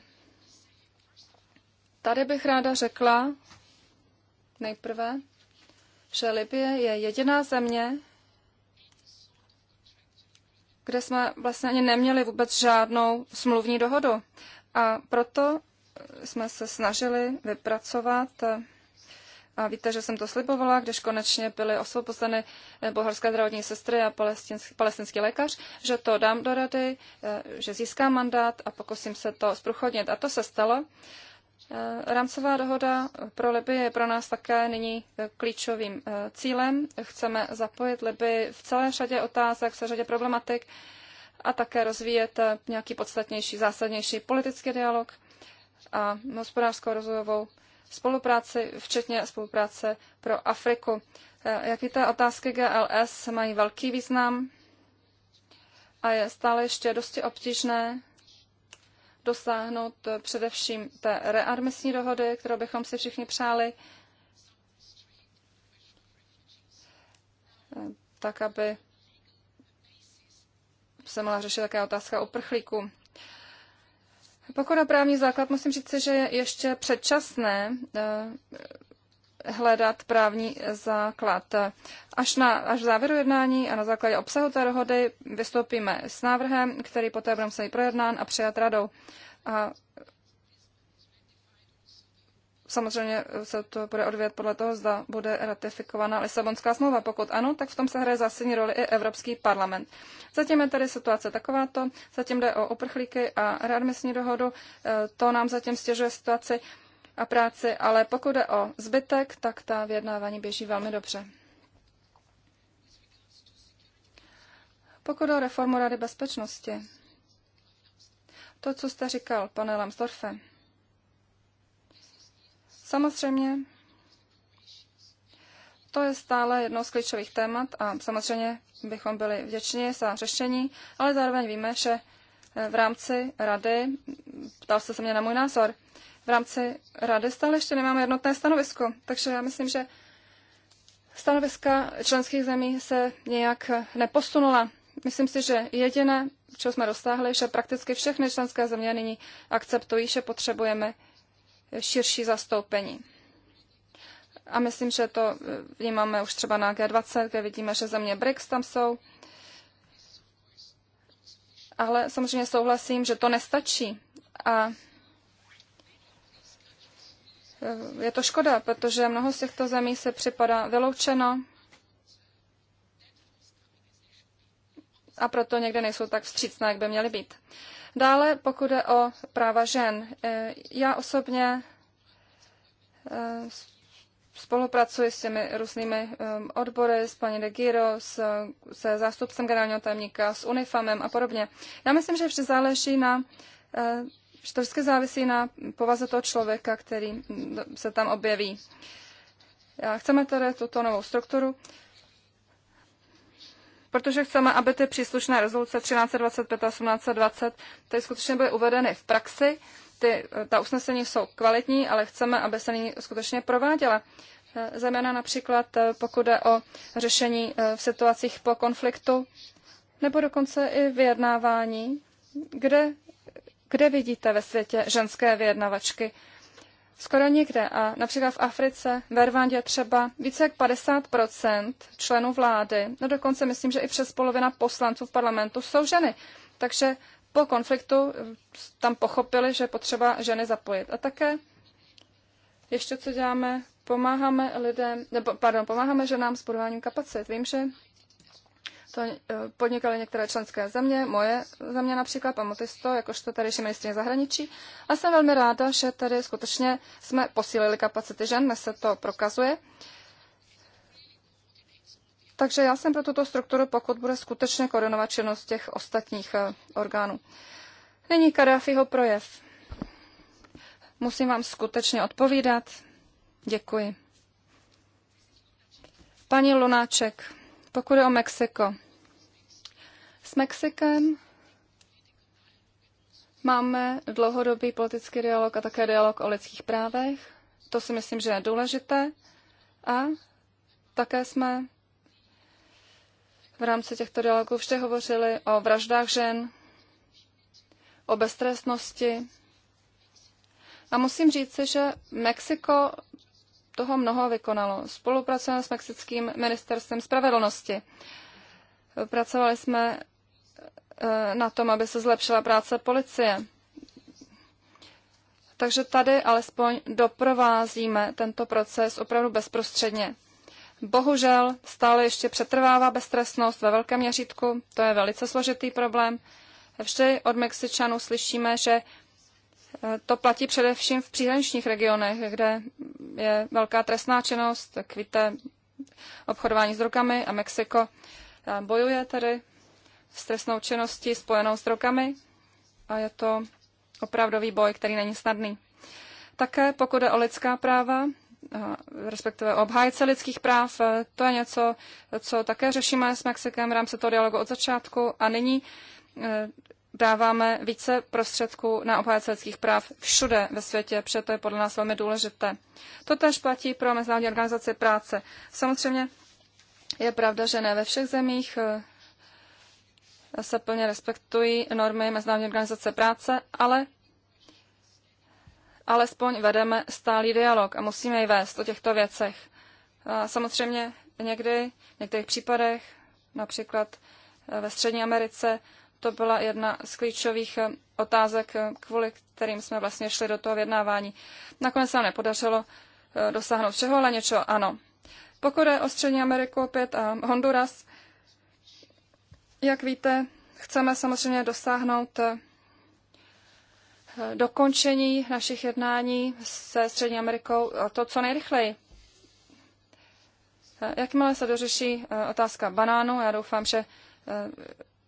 Tady bych ráda řekla nejprve, že Libie je jediná země, kde jsme vlastně ani neměli vůbec žádnou smluvní dohodu. A proto jsme se snažili vypracovat a víte, že jsem to slibovala, když konečně byly osvobozeny eh, bulharské zdravotní sestry a palestinský lékař, že to dám do rady, eh, že získám mandát a pokusím se to zprůchodnit. A to se stalo. Eh, rámcová dohoda pro Liby je pro nás také nyní klíčovým cílem. Chceme zapojit Liby v celé řadě otázek, v celé řadě problematik a také rozvíjet nějaký podstatnější, zásadnější politický dialog a hospodářskou rozvojovou spolupráci, včetně spolupráce pro Afriku. Eh, jak víte, otázky GLS mají velký význam a je stále ještě dosti obtížné dosáhnout eh, především té readmisní dohody, kterou bychom si všichni přáli, eh, tak aby se mohla řešit také otázka uprchlíků. Pokud právní základ, musím říct, že je ještě předčasné eh, hledat právní základ. Až, na, až v závěru jednání a na základě obsahu té dohody vystoupíme s návrhem, který poté bude muset projednán a přijat radou. A samozřejmě se to bude odvíjet podle toho, zda bude ratifikována Lisabonská smlouva. Pokud ano, tak v tom se hraje zásadní roli i Evropský parlament. Zatím je tady situace takováto, zatím jde o uprchlíky a readmisní dohodu, e, to nám zatím stěžuje situaci a práci, ale pokud jde o zbytek, tak ta vyjednávání běží velmi dobře. Pokud o reformu Rady bezpečnosti, to, co jste říkal, pane Lambsdorfe, Samozřejmě to je stále jedno z klíčových témat a samozřejmě bychom byli vděční za řešení, ale zároveň víme, že eh, v rámci rady, ptal jste se mě na můj názor, v rámci rady stále ještě nemáme jednotné stanovisko, takže já myslím, že stanoviska členských zemí se nějak neposunula. Myslím si, že jediné, co jsme dosáhli, že prakticky všechny členské země nyní akceptují, že potřebujeme širší zastoupení. A myslím, že to eh, vnímáme už třeba na G20, kde vidíme, že země BRICS tam jsou. Ale samozřejmě souhlasím, že to nestačí. A eh, je to škoda, protože mnoho z těchto zemí se připadá vyloučeno a proto někde nejsou tak vstřícné, jak by měly být. Dále, pokud jde o práva žen, eh, já osobně eh, spolupracuji s těmi různými eh, odbory, s paní De Giro, s, se zástupcem generálního tajemníka, s Unifamem a podobně. Já myslím, že vždy záleží na že to vždycky závisí na povaze toho člověka, který mm, se tam objeví. Já Chceme tedy tuto novou strukturu protože chceme, aby ty příslušné rezoluce 1325 a 1820 tady skutečně byly uvedeny v praxi. Ty, ta usnesení jsou kvalitní, ale chceme, aby se nyní skutečně prováděla. Zejména například eh, pokud jde o řešení eh, v situacích po konfliktu, nebo dokonce i vyjednávání, kde, kde vidíte ve světě ženské vyjednavačky skoro nikde. A například v Africe, ve Rwandě třeba více jak 50 členů vlády, no dokonce myslím, že i přes polovina poslanců v parlamentu jsou ženy. Takže po konfliktu eh, tam pochopili, že je potřeba ženy zapojit. A také ještě co děláme, pomáháme lidem, nebo pardon, pomáháme ženám s budováním kapacit. Vím, že to eh, podnikaly některé členské země, moje země například, pan Motisto, jakožto ještě ministrině zahraničí. A jsem velmi ráda, že tady skutečně jsme posílili kapacity žen, dnes se to prokazuje. Takže já jsem pro tuto strukturu, pokud bude skutečně koordinovat činnost těch ostatních eh, orgánů. Není Kadáfiho projev. Musím vám skutečně odpovídat. Děkuji. Paní Lunáček. Pokud je o Mexiko. S Mexikem máme dlouhodobý politický dialog a také dialog o lidských právech. To si myslím, že je důležité. A také jsme v rámci těchto dialogů vždy hovořili o vraždách žen, o beztrestnosti. A musím říct, že Mexiko toho mnoho vykonalo. Spolupracujeme s Mexickým ministerstvem spravedlnosti. Pracovali jsme eh, na tom, aby se zlepšila práce policie. Takže tady alespoň doprovázíme tento proces opravdu bezprostředně. Bohužel stále ještě přetrvává beztrestnost ve velkém měřítku, to je velice složitý problém. Vždy od Mexičanů slyšíme, že to platí především v příhraničních regionech, kde je velká trestná činnost, tak víte, obchodování s drogami a Mexiko eh, bojuje tedy s trestnou činností spojenou s drogami a je to opravdový boj, který není snadný. Také pokud je o lidská práva, eh, respektive obhájce lidských práv. Eh, to je něco, co také řešíme s Mexikem v rámci toho dialogu od začátku a nyní dáváme více prostředků na obhájce lidských práv všude ve světě, protože to je podle nás velmi důležité. To tež platí pro Mezinárodní organizaci práce. Samozřejmě je pravda, že ne ve všech zemích eh, se plně respektují normy Mezinárodní organizace práce, ale alespoň vedeme stálý dialog a musíme ji vést o těchto věcech. A samozřejmě někdy, v některých případech, například eh, ve Střední Americe, to byla jedna z klíčových otázek, kvůli kterým jsme vlastně šli do toho vyjednávání. Nakonec se nám nepodařilo eh, dosáhnout všeho, ale něčeho ano. Pokud je o Střední Ameriku opět a Honduras, jak víte, chceme samozřejmě dosáhnout eh, dokončení našich jednání se Střední Amerikou to, co nejrychleji. Eh, jakmile se dořeší otázka banánu, já doufám, že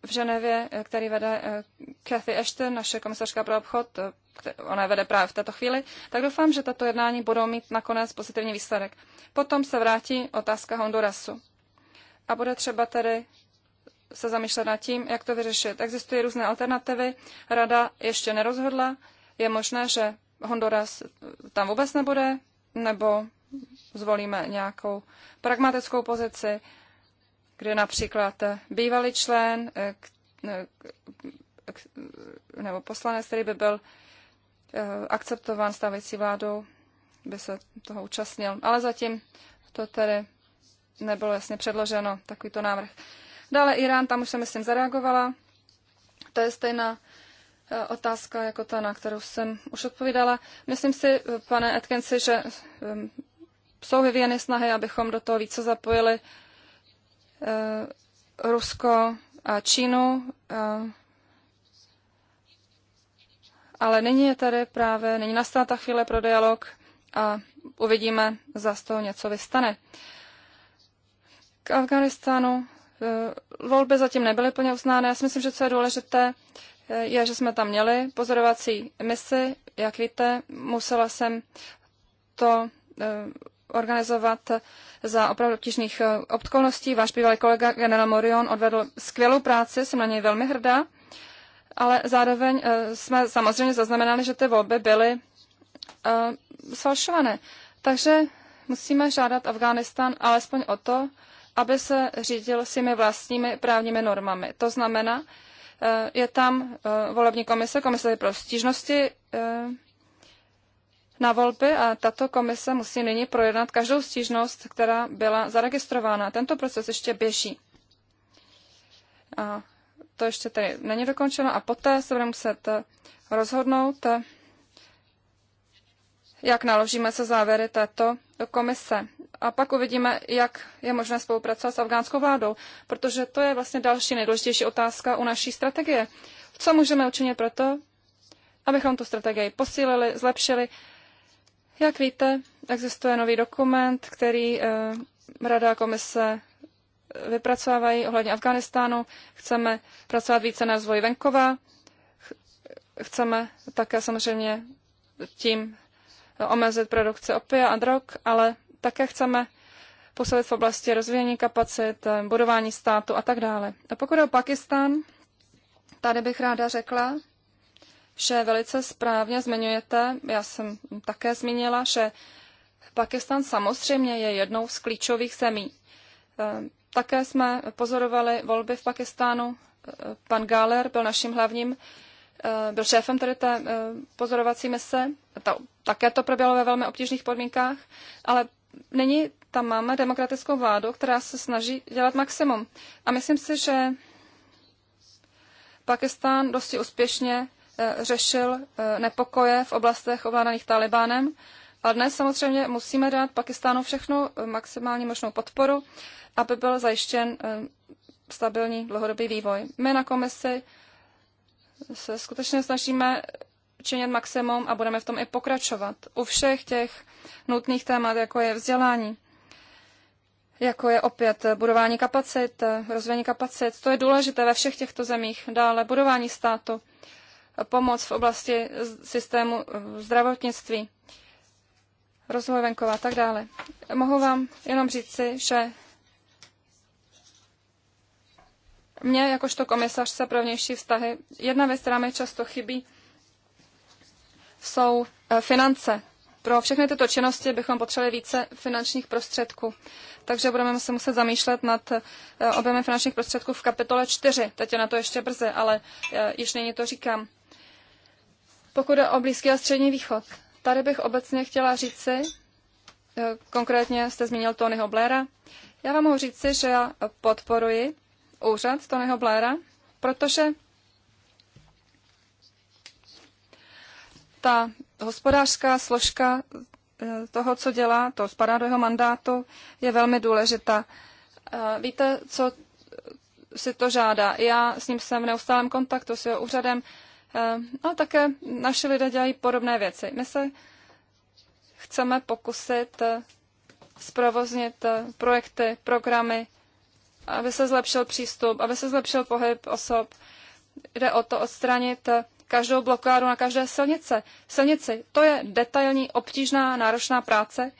v Ženevě, eh, který vede Kathy eh, Ashton, naše komisařka pro obchod, eh, ona vede právě v této chvíli, tak doufám, že tato jednání budou mít nakonec pozitivní výsledek. Potom se vrátí otázka Hondurasu. A bude třeba tedy se zamýšlet nad tím, jak to vyřešit. Existují různé alternativy, rada ještě nerozhodla, je možné, že Honduras tam vůbec nebude, nebo zvolíme nějakou pragmatickou pozici, kde například bývalý člen eh, eh, nebo poslanec, který by byl eh, akceptován stávající vládou, by se toho účastnil. Ale zatím to tedy nebylo jasně předloženo, takovýto návrh. Dále Irán, tam už jsem, myslím, zareagovala. To je stejná otázka jako ta, na kterou jsem už odpovídala. Myslím si, pane Atkinsi, že jsou vyvíjeny snahy, abychom do toho více zapojili Eh, Rusko a Čínu, eh, ale nyní je tady právě, není nastala ta chvíle pro dialog a uvidíme, zda z toho něco vystane. K Afganistánu eh, volby zatím nebyly plně uznány. Já si myslím, že co je důležité, je, že jsme tam měli pozorovací misi. Jak víte, musela jsem to organizovat za opravdu obtížných eh, obkolností. Váš bývalý kolega generál Morion odvedl skvělou práci, jsem na něj velmi hrdá, ale zároveň eh, jsme samozřejmě zaznamenali, že ty volby byly uh, sfalšované. Takže musíme žádat Afghánistán alespoň o to, aby se řídil svými vlastními právními normami. To znamená, je tam volební komise, komise pro stížnosti na volby a tato komise musí nyní projednat každou stížnost, která byla zaregistrována. Tento proces ještě běží. A to ještě tedy není dokončeno a poté se budeme muset rozhodnout, jak naložíme se závěry této komise. A pak uvidíme, jak je možné spolupracovat s afgánskou vládou, protože to je vlastně další nejdůležitější otázka u naší strategie. Co můžeme učinit proto, abychom tu strategii posílili, zlepšili jak víte, existuje nový dokument, který eh, Rada a komise vypracovávají ohledně Afganistánu. Chceme pracovat více na rozvoji venkova. Chceme také samozřejmě tím eh, omezit produkci opia a drog, ale také chceme posilit v oblasti rozvíjení kapacit, eh, budování státu a tak dále. A pokud je o Pakistán, tady bych ráda řekla, že velice správně zmiňujete, já jsem také zmínila, že Pakistan samozřejmě je jednou z klíčových zemí. Eh, také jsme pozorovali volby v Pakistánu. Eh, pan Gáler byl naším hlavním, eh, byl šéfem tady té pozorovací mise. také to proběhlo ve velmi obtížných podmínkách, ale nyní tam máme demokratickou vládu, která se snaží dělat maximum. A myslím si, že Pakistán dosti úspěšně Eh, řešil eh, nepokoje v oblastech ovládaných Talibánem. A dnes samozřejmě musíme dát Pakistánu všechnu eh, maximální možnou podporu, aby byl zajištěn stabilní dlouhodobý vývoj. My na komisi se skutečně snažíme činit maximum a budeme v tom i pokračovat. U všech těch nutných témat, jako je vzdělání, jako je opět budování kapacit, rozvíjení kapacit, to je důležité ve všech těchto zemích, dále budování státu pomoc v oblasti systému eh, zdravotnictví, rozvoj venkova a tak dále. Mohu vám jenom říci, že mě jakožto komisařce pro vnější vztahy, jedna věc, která mi často chybí, jsou eh, finance. Pro všechny tyto činnosti bychom potřebovali více finančních prostředků. Takže budeme se muset zamýšlet nad eh, objemem finančních prostředků v kapitole 4. Teď je na to ještě brzy, ale již nyní to říkám. Pokud je o Blízký a Střední východ, tady bych obecně chtěla říci, e, konkrétně jste zmínil Tonyho Blaira, já vám mohu říci, že já podporuji úřad Tonyho Blaira, protože ta hospodářská složka e, toho, co dělá, to spadá do jeho mandátu, je velmi důležitá. E, víte, co si to žádá. Já s ním jsem v neustálém kontaktu s jeho úřadem ale eh, no, také naši lidé dělají podobné věci. My se chceme pokusit eh, zprovoznit eh, projekty, programy, aby se zlepšil přístup, aby se zlepšil pohyb osob. Jde o to odstranit každou blokádu na každé silnice. Silnici, to je detailní, obtížná, náročná práce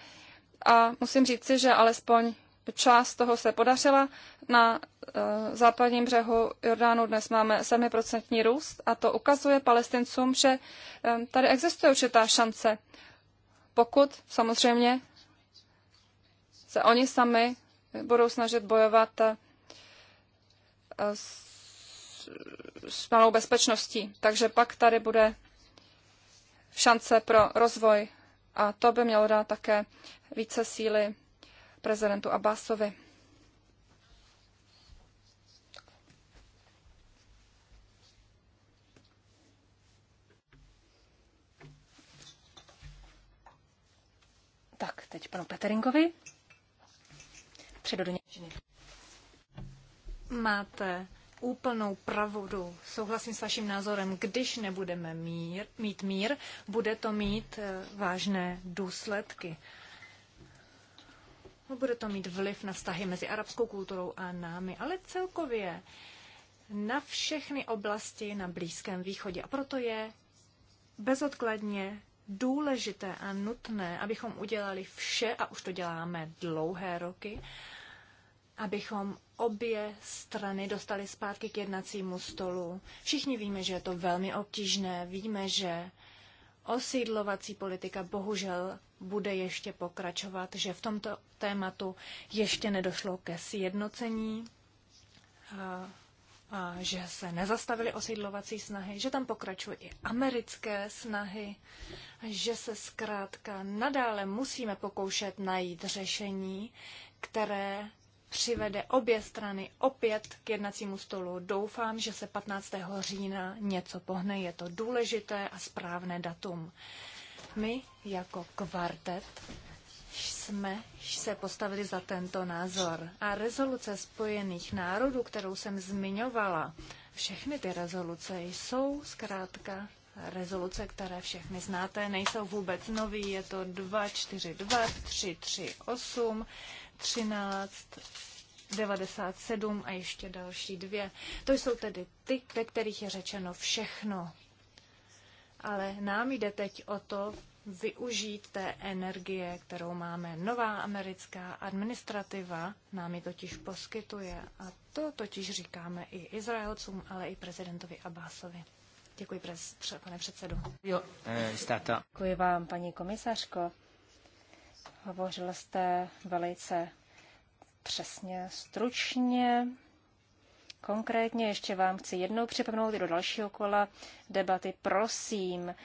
a musím říci, že alespoň část toho se podařila. Na eh, západním břehu Jordánu dnes máme 7% růst a to ukazuje palestincům, že eh, tady existuje určitá šance, pokud samozřejmě se oni sami budou snažit bojovat eh, s, s malou bezpečností. Takže pak tady bude šance pro rozvoj a to by mělo dát také více síly prezidentu Abbasovi. Tak, teď panu Peteringovi. Předu do něčiny. Máte úplnou pravdu. Souhlasím s vaším názorem. Když nebudeme mír, mít mír, bude to mít eh, vážné důsledky. No, bude to mít vliv na vztahy mezi arabskou kulturou a námi, ale celkově na všechny oblasti na Blízkém východě. A proto je bezodkladně důležité a nutné, abychom udělali vše, a už to děláme dlouhé roky, abychom obě strany dostali zpátky k jednacímu stolu. Všichni víme, že je to velmi obtížné, víme, že osídlovací politika bohužel bude ještě pokračovat, že v tomto tématu ještě nedošlo ke sjednocení a, a že se nezastavily osídlovací snahy, že tam pokračují i americké snahy, že se zkrátka nadále musíme pokoušet najít řešení, které přivede obě strany opět k jednacímu stolu. Doufám, že se 15. října něco pohne. Je to důležité a správné datum. My jako kvartet jsme se postavili za tento názor. A rezoluce Spojených národů, kterou jsem zmiňovala, všechny ty rezoluce jsou zkrátka rezoluce, které všechny znáte, nejsou vůbec nový, je to 242338. 13, 97 a ještě další dvě. To jsou tedy ty, ve kterých je řečeno všechno. Ale nám jde teď o to využít té energie, kterou máme. Nová americká administrativa nám ji totiž poskytuje a to totiž říkáme i Izraelcům, ale i prezidentovi Abbasovi. Děkuji, pane předsedu. Jo, eh, stata. Děkuji vám, paní komisařko. Hovořil jste velice přesně, stručně, konkrétně. Ještě vám chci jednou připomenout i do dalšího kola debaty. Prosím,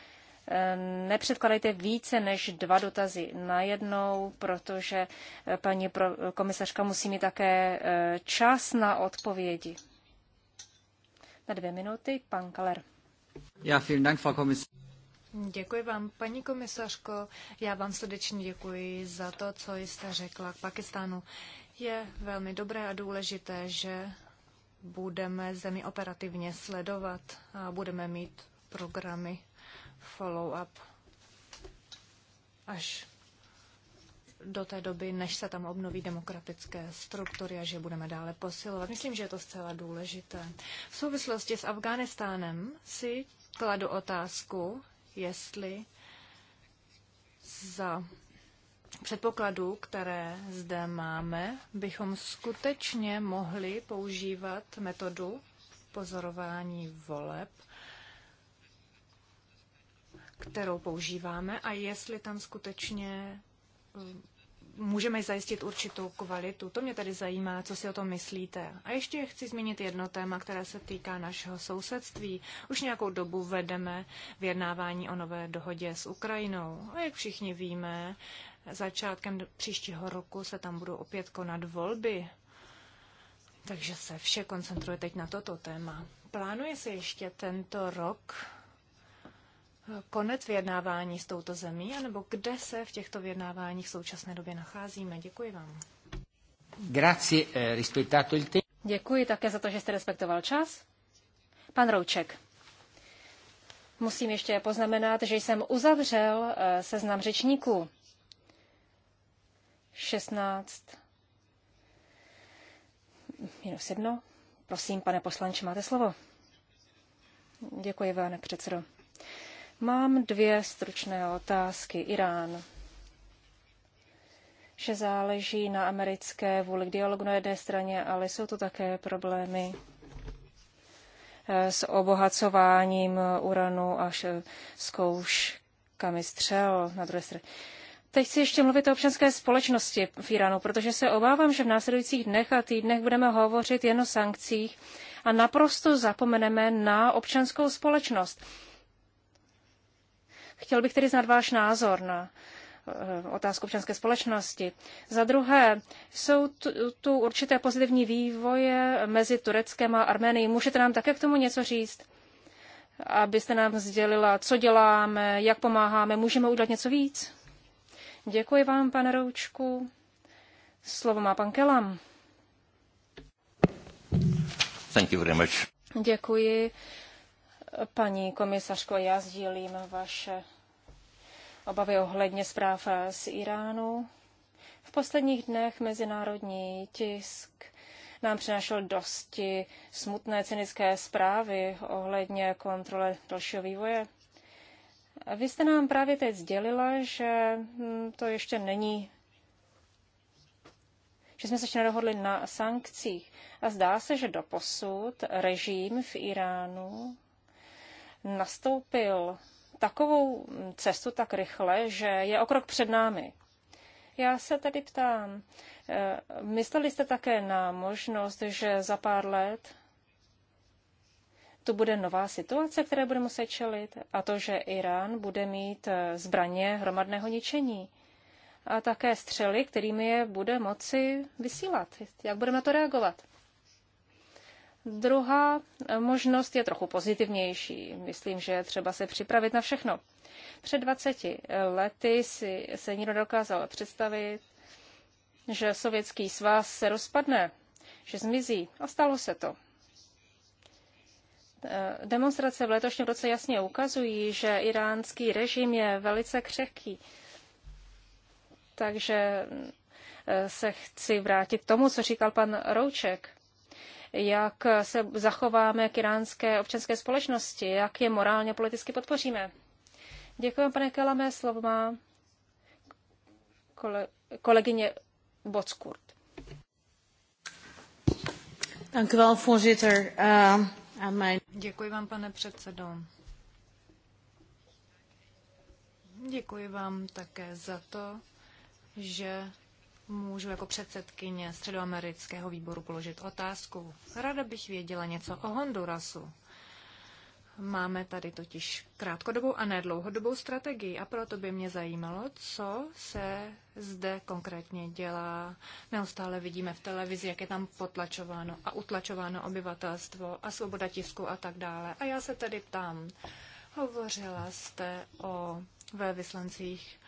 eh, nepředkladejte více než dva dotazy najednou, protože eh, paní komisařka musí mít také eh, čas na odpovědi. Na dvě minuty, pan Kaler. Ja, vielen Dank, Frau Kommissarin. Děkuji vám, paní komisařko. Já vám srdečně děkuji za to, co jste řekla k Pakistánu. Je velmi dobré a důležité, že budeme zemi operativně sledovat a budeme mít programy follow-up až do té doby, než se tam obnoví demokratické struktury a že budeme dále posilovat. Myslím, že je to zcela důležité. V souvislosti s Afghánistánem si kladu otázku, jestli za předpokladů, které zde máme, bychom skutečně mohli používat metodu pozorování voleb, kterou používáme a jestli tam skutečně můžeme zajistit určitou kvalitu. To mě tady zajímá, co si o tom myslíte. A ještě chci zmínit jedno téma, které se týká našeho sousedství. Už nějakou dobu vedeme vyjednávání o nové dohodě s Ukrajinou. A jak všichni víme, začátkem příštího roku se tam budou opět konat volby. Takže se vše koncentruje teď na toto téma. Plánuje se ještě tento rok konec vyjednávání s touto zemí, anebo kde se v těchto vyjednáváních v současné době nacházíme. Děkuji vám. Eh, Děkuji také za to, že jste respektoval čas. Pan Rouček. Musím ještě poznamenat, že jsem uzavřel eh, seznam řečníků. 16. Minus jedno. Prosím, pane poslanče, máte slovo. Děkuji, pane předsedo. Mám dvě stručné otázky. Irán. Že záleží na americké vůli k dialogu na jedné straně, ale jsou to také problémy eh, s obohacováním uranu až zkouškami střel na druhé straně. Teď si ještě mluvit o občanské společnosti v Iránu, protože se obávám, že v následujících dnech a týdnech budeme hovořit jen o sankcích a naprosto zapomeneme na občanskou společnost. Chtěl bych tedy znát váš názor na eh, otázku občanské společnosti. Za druhé, jsou tu, tu určité pozitivní vývoje mezi Tureckem a Arménií. Můžete nám také k tomu něco říct? Abyste nám sdělila, co děláme, jak pomáháme, můžeme udělat něco víc? Děkuji vám, pane Roučku. Slovo má pan Kelam. Thank you very much. Děkuji. Paní komisařko, já sdílím vaše obavy ohledně zpráv z Iránu. V posledních dnech mezinárodní tisk nám přinášel dosti smutné cynické zprávy ohledně kontrole dalšího vývoje. Vy jste nám právě teď sdělila, že hm, to ještě není že jsme se ještě nedohodli na sankcích. A zdá se, že doposud režim v Iránu nastoupil takovou cestu tak rychle, že je o krok před námi. Já se tedy ptám, eh, mysleli jste také na možnost, že za pár let tu bude nová situace, které bude muset čelit, a to, že Irán bude mít eh, zbraně hromadného ničení a také střely, kterými je bude moci vysílat. Jak budeme na to reagovat? Druhá možnost je trochu pozitivnější. Myslím, že je třeba se připravit na všechno. Před 20 lety si se nikdo dokázal představit, že sovětský svaz se rozpadne, že zmizí. A stalo se to. Eh, demonstrace v letošním roce jasně ukazují, že iránský režim je velice křehký. Takže eh, se chci vrátit k tomu, co říkal pan Rouček jak se zachováme k iránské občanské společnosti, jak je morálně politicky podpoříme. Děkuji, pane Kelame, slovo má kole, kolegyně Bockurt. Ehm, Děkuji vám, pane předsedo. Děkuji vám také za to, že můžu jako předsedkyně Středoamerického výboru položit otázku. Rada bych věděla něco o Hondurasu. Máme tady totiž krátkodobou a nedlouhodobou strategii a proto by mě zajímalo, co se zde konkrétně dělá. Neustále vidíme v televizi, jak je tam potlačováno a utlačováno obyvatelstvo a svoboda tisku a tak dále. A já se tedy tam hovořila jste o vyslancích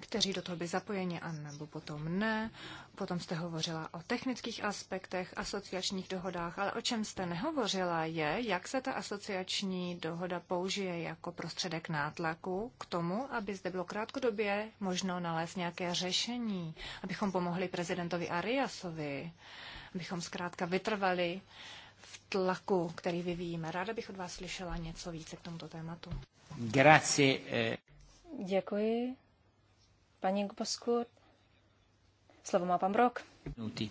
kteří do toho byli zapojeni, anebo potom ne. Potom jste hovořila o technických aspektech, asociačních dohodách, ale o čem jste nehovořila je, jak se ta asociační dohoda použije jako prostředek nátlaku k tomu, aby zde bylo krátkodobě možno nalézt nějaké řešení, abychom pomohli prezidentovi Ariasovi, abychom zkrátka vytrvali v tlaku, který vyvíjíme. Ráda bych od vás slyšela něco více k tomuto tématu. Grazie. Eh. Děkuji. Paní Gubosku, slovo má pan Brok. Minuty.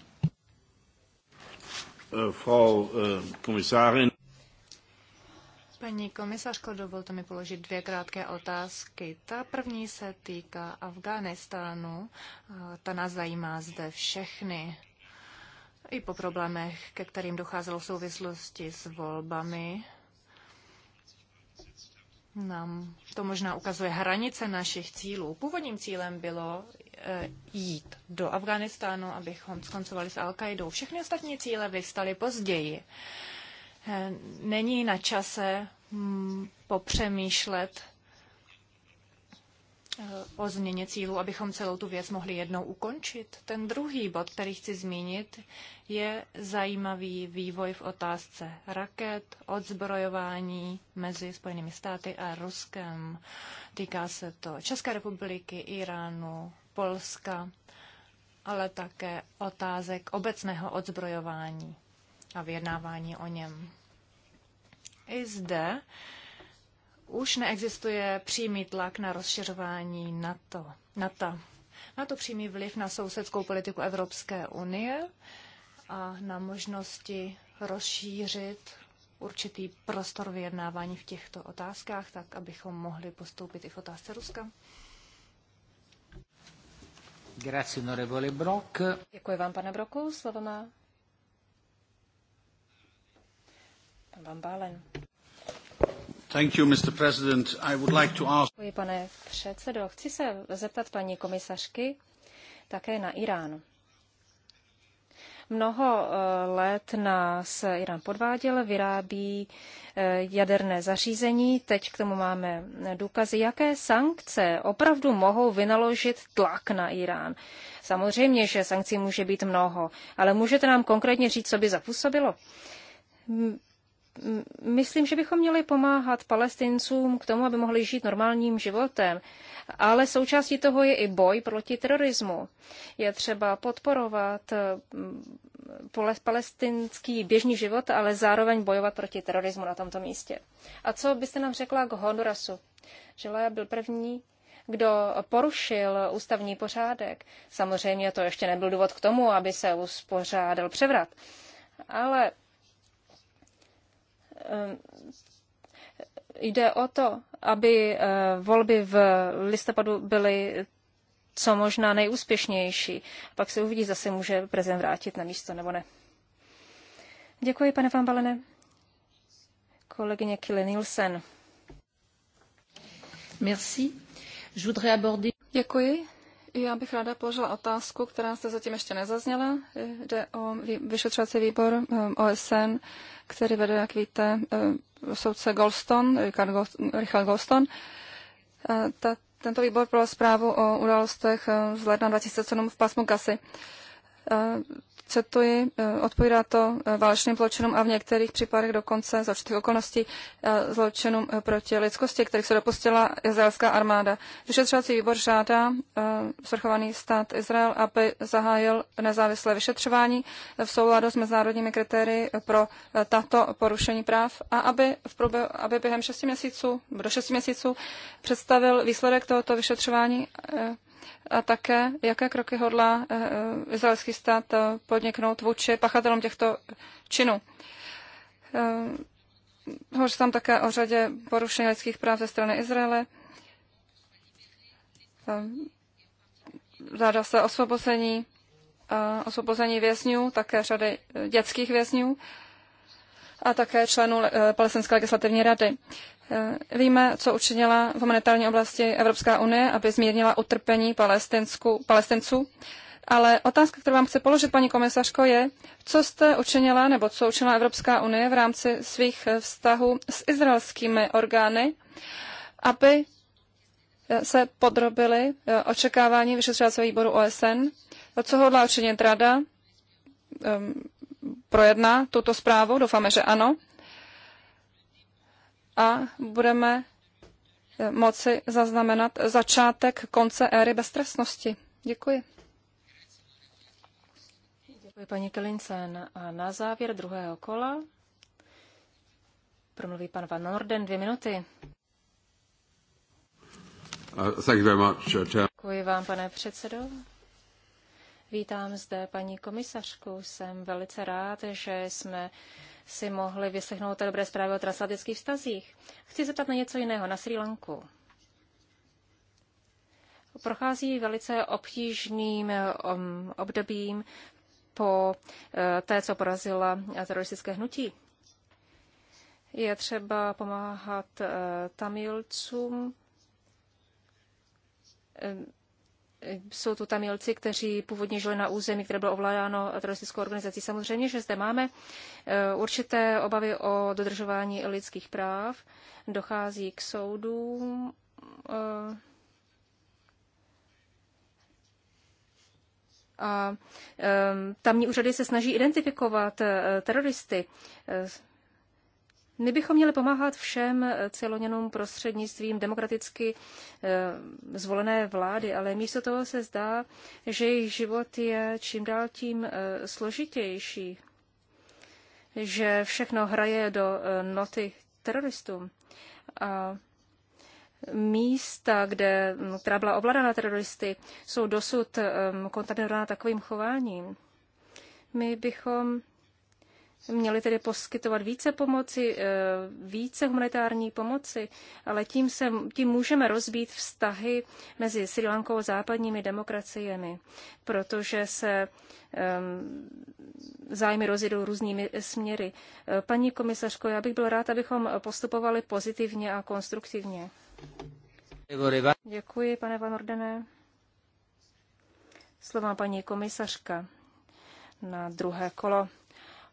Eh, frau eh, Kommissarin. Paní komisařko, dovolte mi položit dvě krátké otázky. Ta první se týká Afghánistánu. Ta nás zajímá zde všechny. I po problémech, ke kterým docházelo v souvislosti s volbami nám to možná ukazuje hranice našich cílů. Původním cílem bylo e, jít do Afganistánu, abychom skoncovali s Al-Qaidou. Všechny ostatní cíle vystaly později. E, není na čase mm, popřemýšlet o změně cílu, abychom celou tu věc mohli jednou ukončit. Ten druhý bod, který chci zmínit, je zajímavý vývoj v otázce raket, odzbrojování mezi Spojenými státy a Ruskem. Týká se to České republiky, Iránu, Polska, ale také otázek obecného odzbrojování a vyjednávání o něm. I zde už neexistuje přímý tlak na rozšiřování NATO. NATO. Na to přímý vliv na sousedskou politiku Evropské unie a na možnosti rozšířit určitý prostor vyjednávání v těchto otázkách, tak abychom mohli postoupit i v otázce Ruska. Grazie, onorevole Brock. Děkuji vám, pane Broku. Slovo má pan Van Děkuji, pane předsedo. Chci se zeptat paní komisařky také na Irán. Mnoho eh, let nás Irán podváděl, vyrábí eh, jaderné zařízení. Teď k tomu máme důkazy, jaké sankce opravdu mohou vynaložit tlak na Irán. Samozřejmě, že sankcí může být mnoho, ale můžete nám konkrétně říct, co by zapůsobilo? myslím, že bychom měli pomáhat palestincům k tomu, aby mohli žít normálním životem. Ale součástí toho je i boj proti terorismu. Je třeba podporovat palestinský běžný život, ale zároveň bojovat proti terorismu na tomto místě. A co byste nám řekla k Hondurasu? Želaja byl první, kdo porušil ústavní pořádek. Samozřejmě to ještě nebyl důvod k tomu, aby se uspořádal převrat. Ale Eh, jde o to, aby eh, volby v listopadu byly co možná nejúspěšnější. Pak se uvidí, zase může prezident vrátit na místo nebo ne. Děkuji, pane Van Balene. Kolegyně Kille Nielsen. Merci. Je Děkuji. Já bych ráda položila otázku, která se zatím ještě nezazněla. Jde o vyšetřovací výbor um, OSN, který vede, jak víte, um, soudce Goldstone, Richard Goldstone. Tento výbor pro zprávu o událostech um, z ledna 2007 v pásmu Gasy cituji, e, odpovídá to e, válečným zločinům a v některých případech dokonce za určitých okolností e, zločinům proti lidskosti, kterých se dopustila izraelská armáda. Vyšetřovací výbor žádá svrchovaný stát Izrael, aby zahájil nezávislé vyšetřování v souladu s mezinárodními kritérii pro tato porušení práv a aby, v průběhu, aby během 6 měsíců, do 6 měsíců představil výsledek tohoto vyšetřování a také jaké kroky hodlá eh, eh, izraelský stát eh, podniknout vůči pachatelům těchto činů. Hovoří tam také o řadě porušení lidských práv ze strany Izraele. Žádá se osvobození, osvobození vězňů, také řady dětských vězňů a také členů Palestinské legislativní rady. Eh, víme, co učinila v humanitární oblasti Evropská unie, aby zmírnila utrpení palestinců. Ale otázka, kterou vám chci položit, paní komisařko, je, co jste učinila nebo co učinila Evropská unie v rámci svých eh, vztahů s izraelskými orgány, aby eh, se podrobili očekávání vyšetřovacího výboru OSN. Co hodlá učinit rada? Ehm, projedná tuto zprávu? Doufáme, že ano a budeme eh, moci zaznamenat začátek konce éry beztrestnosti. Děkuji. Děkuji paní Kelincen. A na závěr druhého kola promluví pan Van Norden dvě minuty. Uh, uh, Děkuji vám, pane předsedo. Vítám zde paní komisařku. Jsem velice rád, že jsme si mohli vyslechnout dobré zprávy o transatlantických vztazích. Chci zeptat na něco jiného, na Sri Lanku. Prochází velice obtížným um, obdobím po eh, té, co porazila eh, teroristické hnutí. Je třeba pomáhat eh, Tamilcům jsou tu tamilci, kteří původně žili na území, které bylo ovládáno teroristickou organizací. Samozřejmě, že zde máme eh, určité obavy o dodržování lidských práv, dochází k soudům. Eh, a eh, tamní úřady se snaží identifikovat teroristy. My bychom měli pomáhat všem eh, celoněnům prostřednictvím demokraticky eh, zvolené vlády, ale místo toho se zdá, že jejich život je čím dál tím eh, složitější, že všechno hraje do noty teroristům. A místa, kde, mm, která byla ovládána teroristy, jsou dosud kontaminována takovým chováním. My bychom Měli tedy poskytovat více pomoci, eh, více humanitární pomoci, ale tím, se, tím můžeme rozbít vztahy mezi Sri Lankou a západními demokraciemi, protože se um, zájmy rozjedou různými směry. Eh, paní komisařko, já bych byl rád, abychom postupovali pozitivně a konstruktivně. Děkuji, pane Van Ordené. Slova paní komisařka na druhé kolo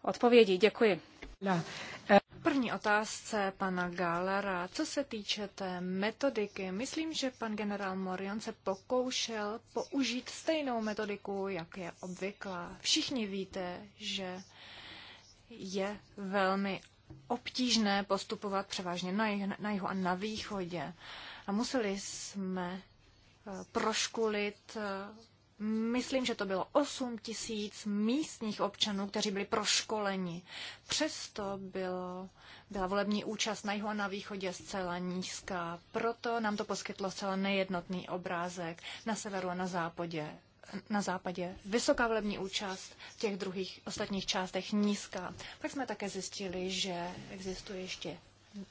odpovědi. Děkuji. Eh, první otázce pana Galera. Co se týče té metodiky, myslím, že pan generál Morion se pokoušel použít stejnou metodiku, jak je obvyklá. Všichni víte, že je velmi obtížné postupovat převážně na, jih, na jihu a na východě. A museli jsme eh, proškulit eh, myslím, že to bylo 8 tisíc místních občanů, kteří byli proškoleni. Přesto bylo, byla volební účast na jihu a na východě zcela nízká. Proto nám to poskytlo zcela nejednotný obrázek na severu a na západě. Na západě vysoká volební účast, v těch druhých ostatních částech nízká. Pak jsme také zjistili, že existuje ještě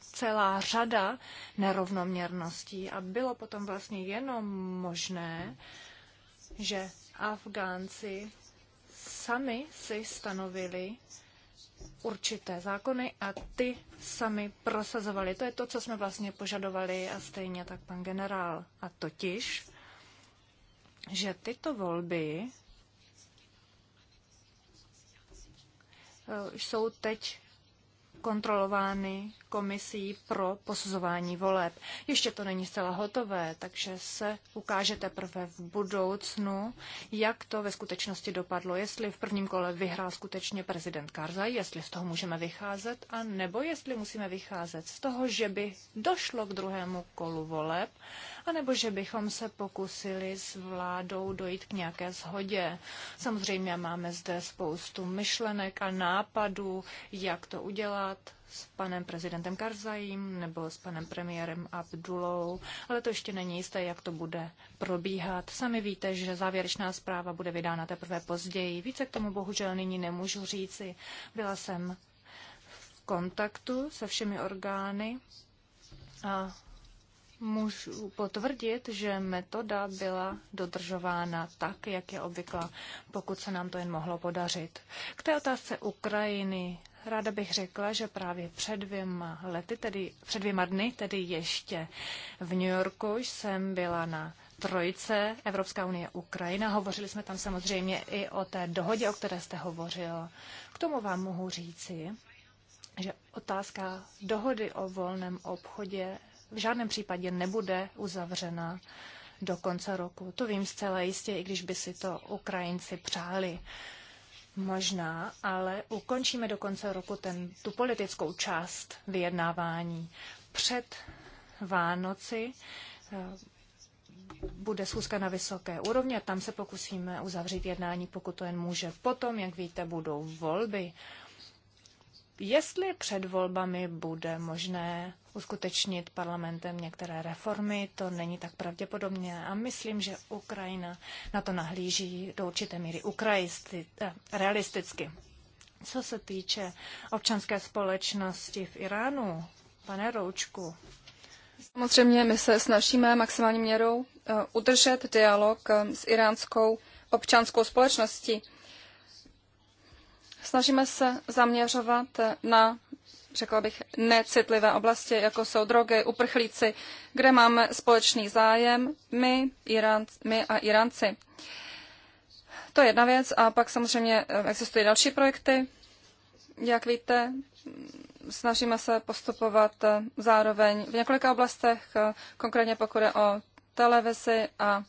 celá řada nerovnoměrností a bylo potom vlastně jenom možné uh, že Afgánci sami si stanovili určité zákony a ty sami prosazovali. To je to, co jsme vlastně požadovali a stejně tak pan generál. A totiž, že tyto volby eh, jsou teď kontrolovány komisí pro posuzování voleb. Ještě to není zcela hotové, takže se ukáže teprve v budoucnu, jak to ve skutečnosti dopadlo, jestli v prvním kole vyhrál skutečně prezident Karzaj, jestli z toho můžeme vycházet, a nebo jestli musíme vycházet z toho, že by došlo k druhému kolu voleb, anebo že bychom se pokusili s vládou dojít k nějaké shodě. Samozřejmě máme zde spoustu myšlenek a nápadů, jak to udělat, s panem prezidentem Karzajím nebo s panem premiérem Abdulou, ale to ještě není jisté, jak to bude probíhat. Sami víte, že závěrečná zpráva bude vydána teprve později. Více k tomu bohužel nyní nemůžu říci. Byla jsem v kontaktu se všemi orgány a Můžu potvrdit, že metoda byla dodržována tak, jak je obvyklá, pokud se nám to jen mohlo podařit. K té otázce Ukrajiny Ráda bych řekla, že právě před dvěma lety, tedy před dvěma dny, tedy ještě v New Yorku jsem byla na trojce Evropská unie Ukrajina. Hovořili jsme tam samozřejmě i o té dohodě, o které jste hovořil. K tomu vám mohu říci, že otázka dohody o volném obchodě v žádném případě nebude uzavřena do konce roku. To vím zcela jistě, i když by si to Ukrajinci přáli. Možná, ale ukončíme do konce roku ten, tu politickou část vyjednávání. Před Vánoci eh, bude schůzka na vysoké úrovni a tam se pokusíme uzavřít jednání, pokud to jen může. Potom, jak víte, budou volby jestli před volbami bude možné uskutečnit parlamentem některé reformy, to není tak pravděpodobně. A myslím, že Ukrajina na to nahlíží do určité míry ukrajisty, eh, realisticky. Co se týče občanské společnosti v Iránu, pane Roučku. Samozřejmě my se snažíme maximální měrou eh, udržet dialog eh, s iránskou občanskou společností. Snažíme se zaměřovat na, řekla bych, necitlivé oblasti, jako jsou drogy, uprchlíci, kde máme společný zájem my, Irán, my a Iránci. To je jedna věc a pak samozřejmě eh, existují další projekty. Jak víte, snažíme se postupovat eh, zároveň v několika oblastech, eh, konkrétně pokud je o televizi a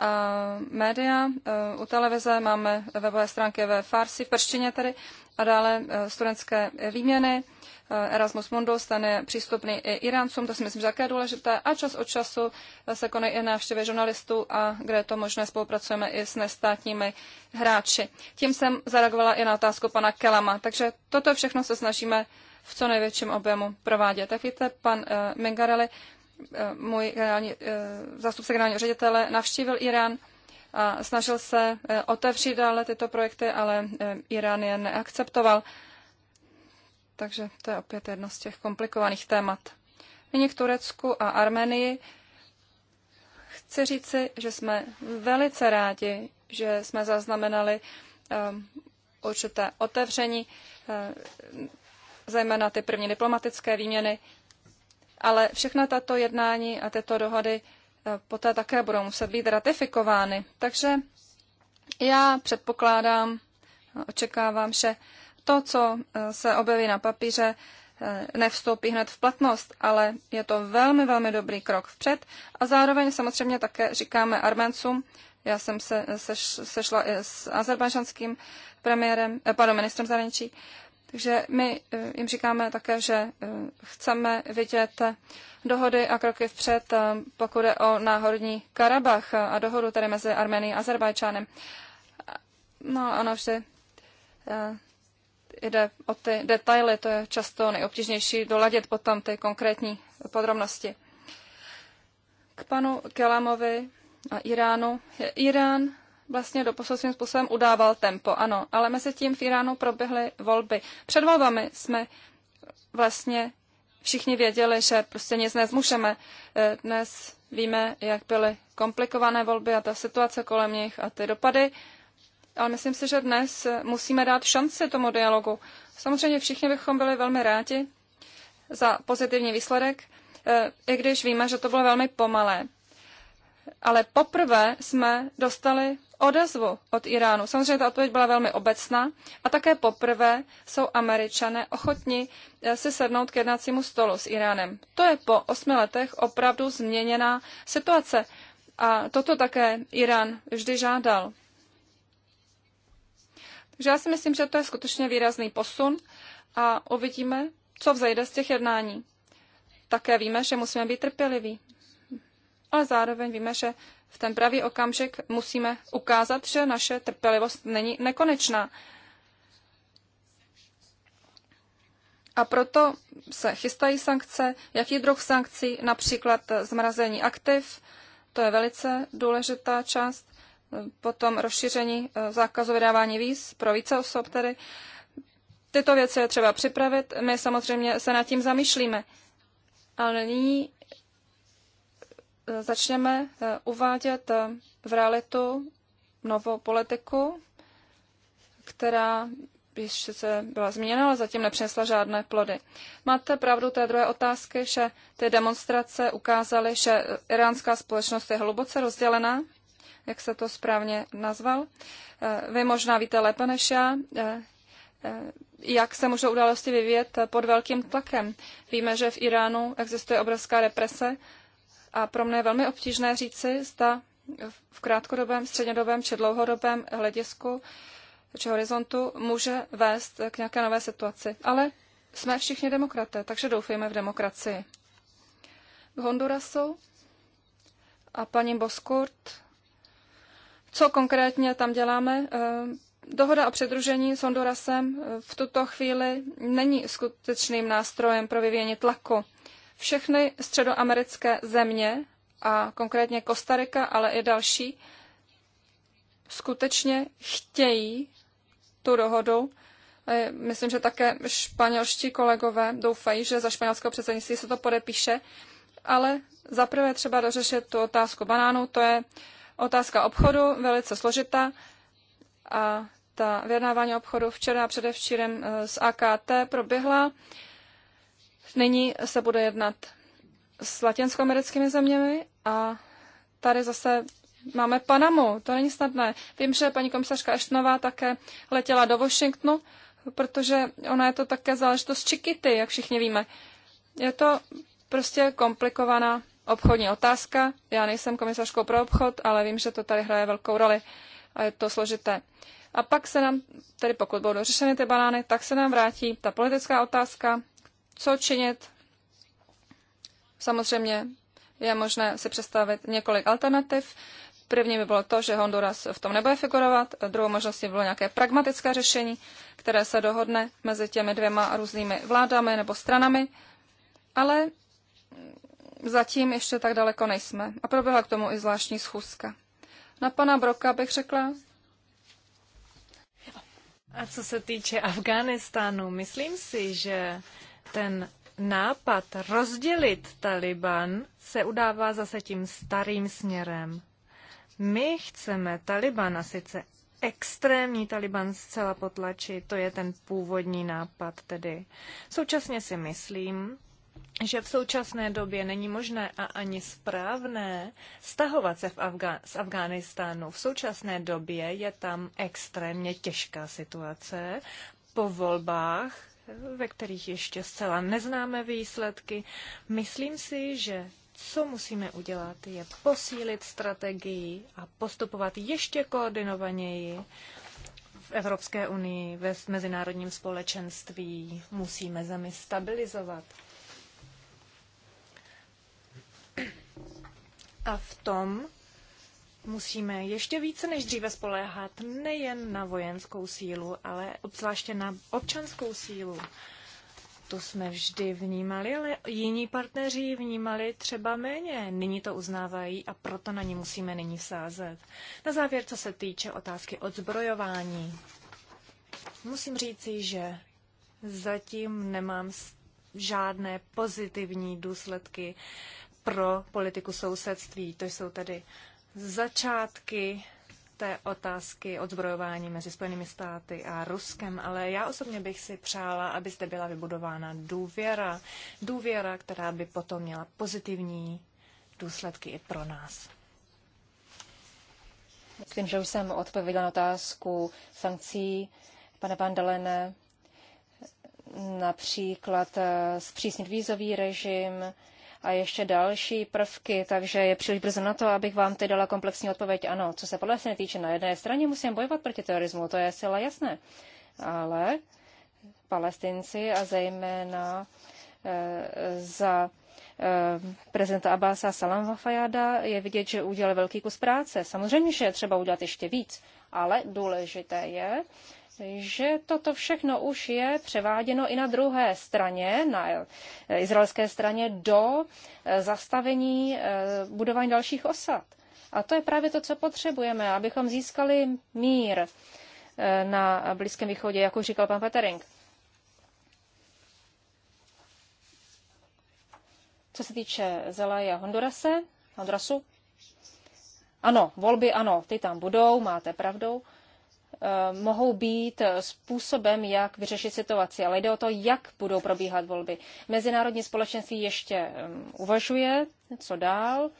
a média. Eh, u televize máme webové stránky ve Farsi, v perštině tady, a dále eh, studentské výměny. Eh, Erasmus Mundus, ten je přístupný i Iráncům, to si myslím, že také je důležité. A čas od času se konají i návštěvy žurnalistů a kde je to možné, spolupracujeme i s nestátními hráči. Tím jsem zareagovala i na otázku pana Kelama. Takže toto všechno se snažíme v co největším objemu provádět. Tak víte, pan Mingarelli Eh, můj generální, eh, zástupce generálního ředitele navštívil Irán a snažil se eh, otevřít dále tyto projekty, ale Irán je neakceptoval. Takže to je opět jedno z těch komplikovaných témat. Nyní k Turecku a Armenii. Chci říci, že jsme velice rádi, že jsme zaznamenali určité otevření, zejména ty první diplomatické výměny ale všechna tato jednání a tyto dohody eh, poté také budou muset být ratifikovány. Takže já předpokládám, očekávám, že to, co eh, se objeví na papíře, eh, nevstoupí hned v platnost, ale je to velmi, velmi dobrý krok vpřed. A zároveň samozřejmě také říkáme Arméncům, já jsem se sešla i s azerbajdžanským premiérem, eh, pardon, ministrem zahraničí, takže my eh, jim říkáme také, že eh, chceme vidět eh, dohody a kroky vpřed, pokud je o náhodní Karabach a dohodu tedy mezi Armenií a Azerbajčánem. No ano, vždy jde o ty detaily, to je často nejobtížnější doladit potom ty konkrétní podrobnosti. K panu Kelamovi a Iránu. Irán vlastně do svým způsobem udával tempo, ano, ale mezi tím v Iránu proběhly volby. Před volbami jsme vlastně všichni věděli, že prostě nic nezmůžeme. Eh, dnes víme, jak byly komplikované volby a ta situace kolem nich a ty dopady. Ale myslím si, že dnes musíme dát šanci tomu dialogu. Samozřejmě všichni bychom byli velmi rádi za pozitivní výsledek, eh, i když víme, že to bylo velmi pomalé. Ale poprvé jsme dostali odezvu od Iránu. Samozřejmě ta odpověď byla velmi obecná a také poprvé jsou američané ochotni eh, si sednout k jednacímu stolu s Iránem. To je po osmi letech opravdu změněná situace a toto také Irán vždy žádal. Takže já si myslím, že to je skutečně výrazný posun a uvidíme, co vzejde z těch jednání. Také víme, že musíme být trpěliví, ale zároveň víme, že v ten pravý okamžik musíme ukázat, že naše trpělivost není nekonečná. A proto se chystají sankce. Jaký druh sankcí? Například zmrazení aktiv, to je velice důležitá část. Potom rozšíření eh, zákazu vydávání víz pro více osob tedy. Tyto věci je třeba připravit. My samozřejmě se nad tím zamýšlíme. Ale nyní začneme eh, uvádět eh, v realitu novou politiku, která ještě se byla změněna, ale zatím nepřinesla žádné plody. Máte pravdu té druhé otázky, že ty demonstrace ukázaly, že eh, iránská společnost je hluboce rozdělená, jak se to správně nazval. Vy možná víte lépe než já, jak se můžou události vyvíjet pod velkým tlakem. Víme, že v Iránu existuje obrovská represe a pro mě je velmi obtížné říci, zda v krátkodobém, střednědobém či dlouhodobém hledisku či horizontu může vést k nějaké nové situaci. Ale jsme všichni demokraté, takže doufejme v demokracii. V Hondurasu a paní Boskurt, co konkrétně tam děláme? Eh, dohoda o předružení s Hondurasem eh, v tuto chvíli není skutečným nástrojem pro vyvíjení tlaku všechny středoamerické země a konkrétně Kostarika, ale i další, skutečně chtějí tu dohodu. E, myslím, že také španělští kolegové doufají, že za španělského předsednictví se to podepíše, ale zaprvé třeba dořešit tu otázku banánů. To je otázka obchodu, velice složitá a ta vyjednávání obchodu včera a předevčírem z e, AKT proběhla. Nyní se bude jednat s latinskoamerickými zeměmi a tady zase máme Panamu. To není snadné. Vím, že paní komisařka Eštnová také letěla do Washingtonu, protože ona je to také záležitost Čikity, jak všichni víme. Je to prostě komplikovaná obchodní otázka. Já nejsem komisařkou pro obchod, ale vím, že to tady hraje velkou roli a je to složité. A pak se nám, tedy pokud budou dořešeny ty banány, tak se nám vrátí ta politická otázka co činit? Samozřejmě je možné si představit několik alternativ. První by bylo to, že Honduras v tom nebude figurovat. Druhou možností bylo nějaké pragmatické řešení, které se dohodne mezi těmi dvěma různými vládami nebo stranami. Ale zatím ještě tak daleko nejsme. A proběhla k tomu i zvláštní schůzka. Na pana Broka bych řekla. A co se týče Afghánistánu, myslím si, že ten nápad rozdělit Taliban se udává zase tím starým směrem. My chceme Talibana sice extrémní Taliban zcela potlačit, to je ten původní nápad tedy. Současně si myslím, že v současné době není možné a ani správné stahovat se v Afga- z Afghánistánu. V současné době je tam extrémně těžká situace. Po volbách ve kterých ještě zcela neznáme výsledky. Myslím si, že co musíme udělat, je posílit strategii a postupovat ještě koordinovaněji v Evropské unii, ve mezinárodním společenství. Musíme zemi stabilizovat. A v tom Musíme ještě více než dříve spoléhat nejen na vojenskou sílu, ale obzvláště na občanskou sílu. To jsme vždy vnímali, ale jiní partneři ji vnímali třeba méně. Nyní to uznávají a proto na ní musíme nyní sázet. Na závěr, co se týče otázky odzbrojování. Musím říci, že zatím nemám žádné pozitivní důsledky pro politiku sousedství. To jsou tady začátky té otázky odzbrojování mezi Spojenými státy a Ruskem, ale já osobně bych si přála, aby zde byla vybudována důvěra. Důvěra, která by potom měla pozitivní důsledky i pro nás. Myslím, že už jsem odpověděla na otázku sankcí. Pane Pandalene, například eh, zpřísnit vízový režim, a ještě další prvky, takže je příliš brzo na to, abych vám teď dala komplexní odpověď. Ano, co se Palestiny týče, na jedné straně musíme bojovat proti terorismu, to je zcela jasné. Ale palestinci a zejména e, za eh, prezidenta Abbasa Salama Fayada je vidět, že udělal velký kus práce. Samozřejmě, že je třeba udělat ještě víc, ale důležité je, že toto všechno už je převáděno i na druhé straně, na izraelské straně, do eh, zastavení eh, budování dalších osad. A to je právě to, co potřebujeme, abychom získali mír eh, na Blízkém východě, jak už říkal pan Petering. Co se týče Zelaje a Hondurase, Hondurasu, ano, volby ano, ty tam budou, máte pravdu. Eh, mohou být způsobem, jak vyřešit situaci, ale jde o to, jak budou probíhat volby. Mezinárodní společenství ještě eh, uvažuje, co dál.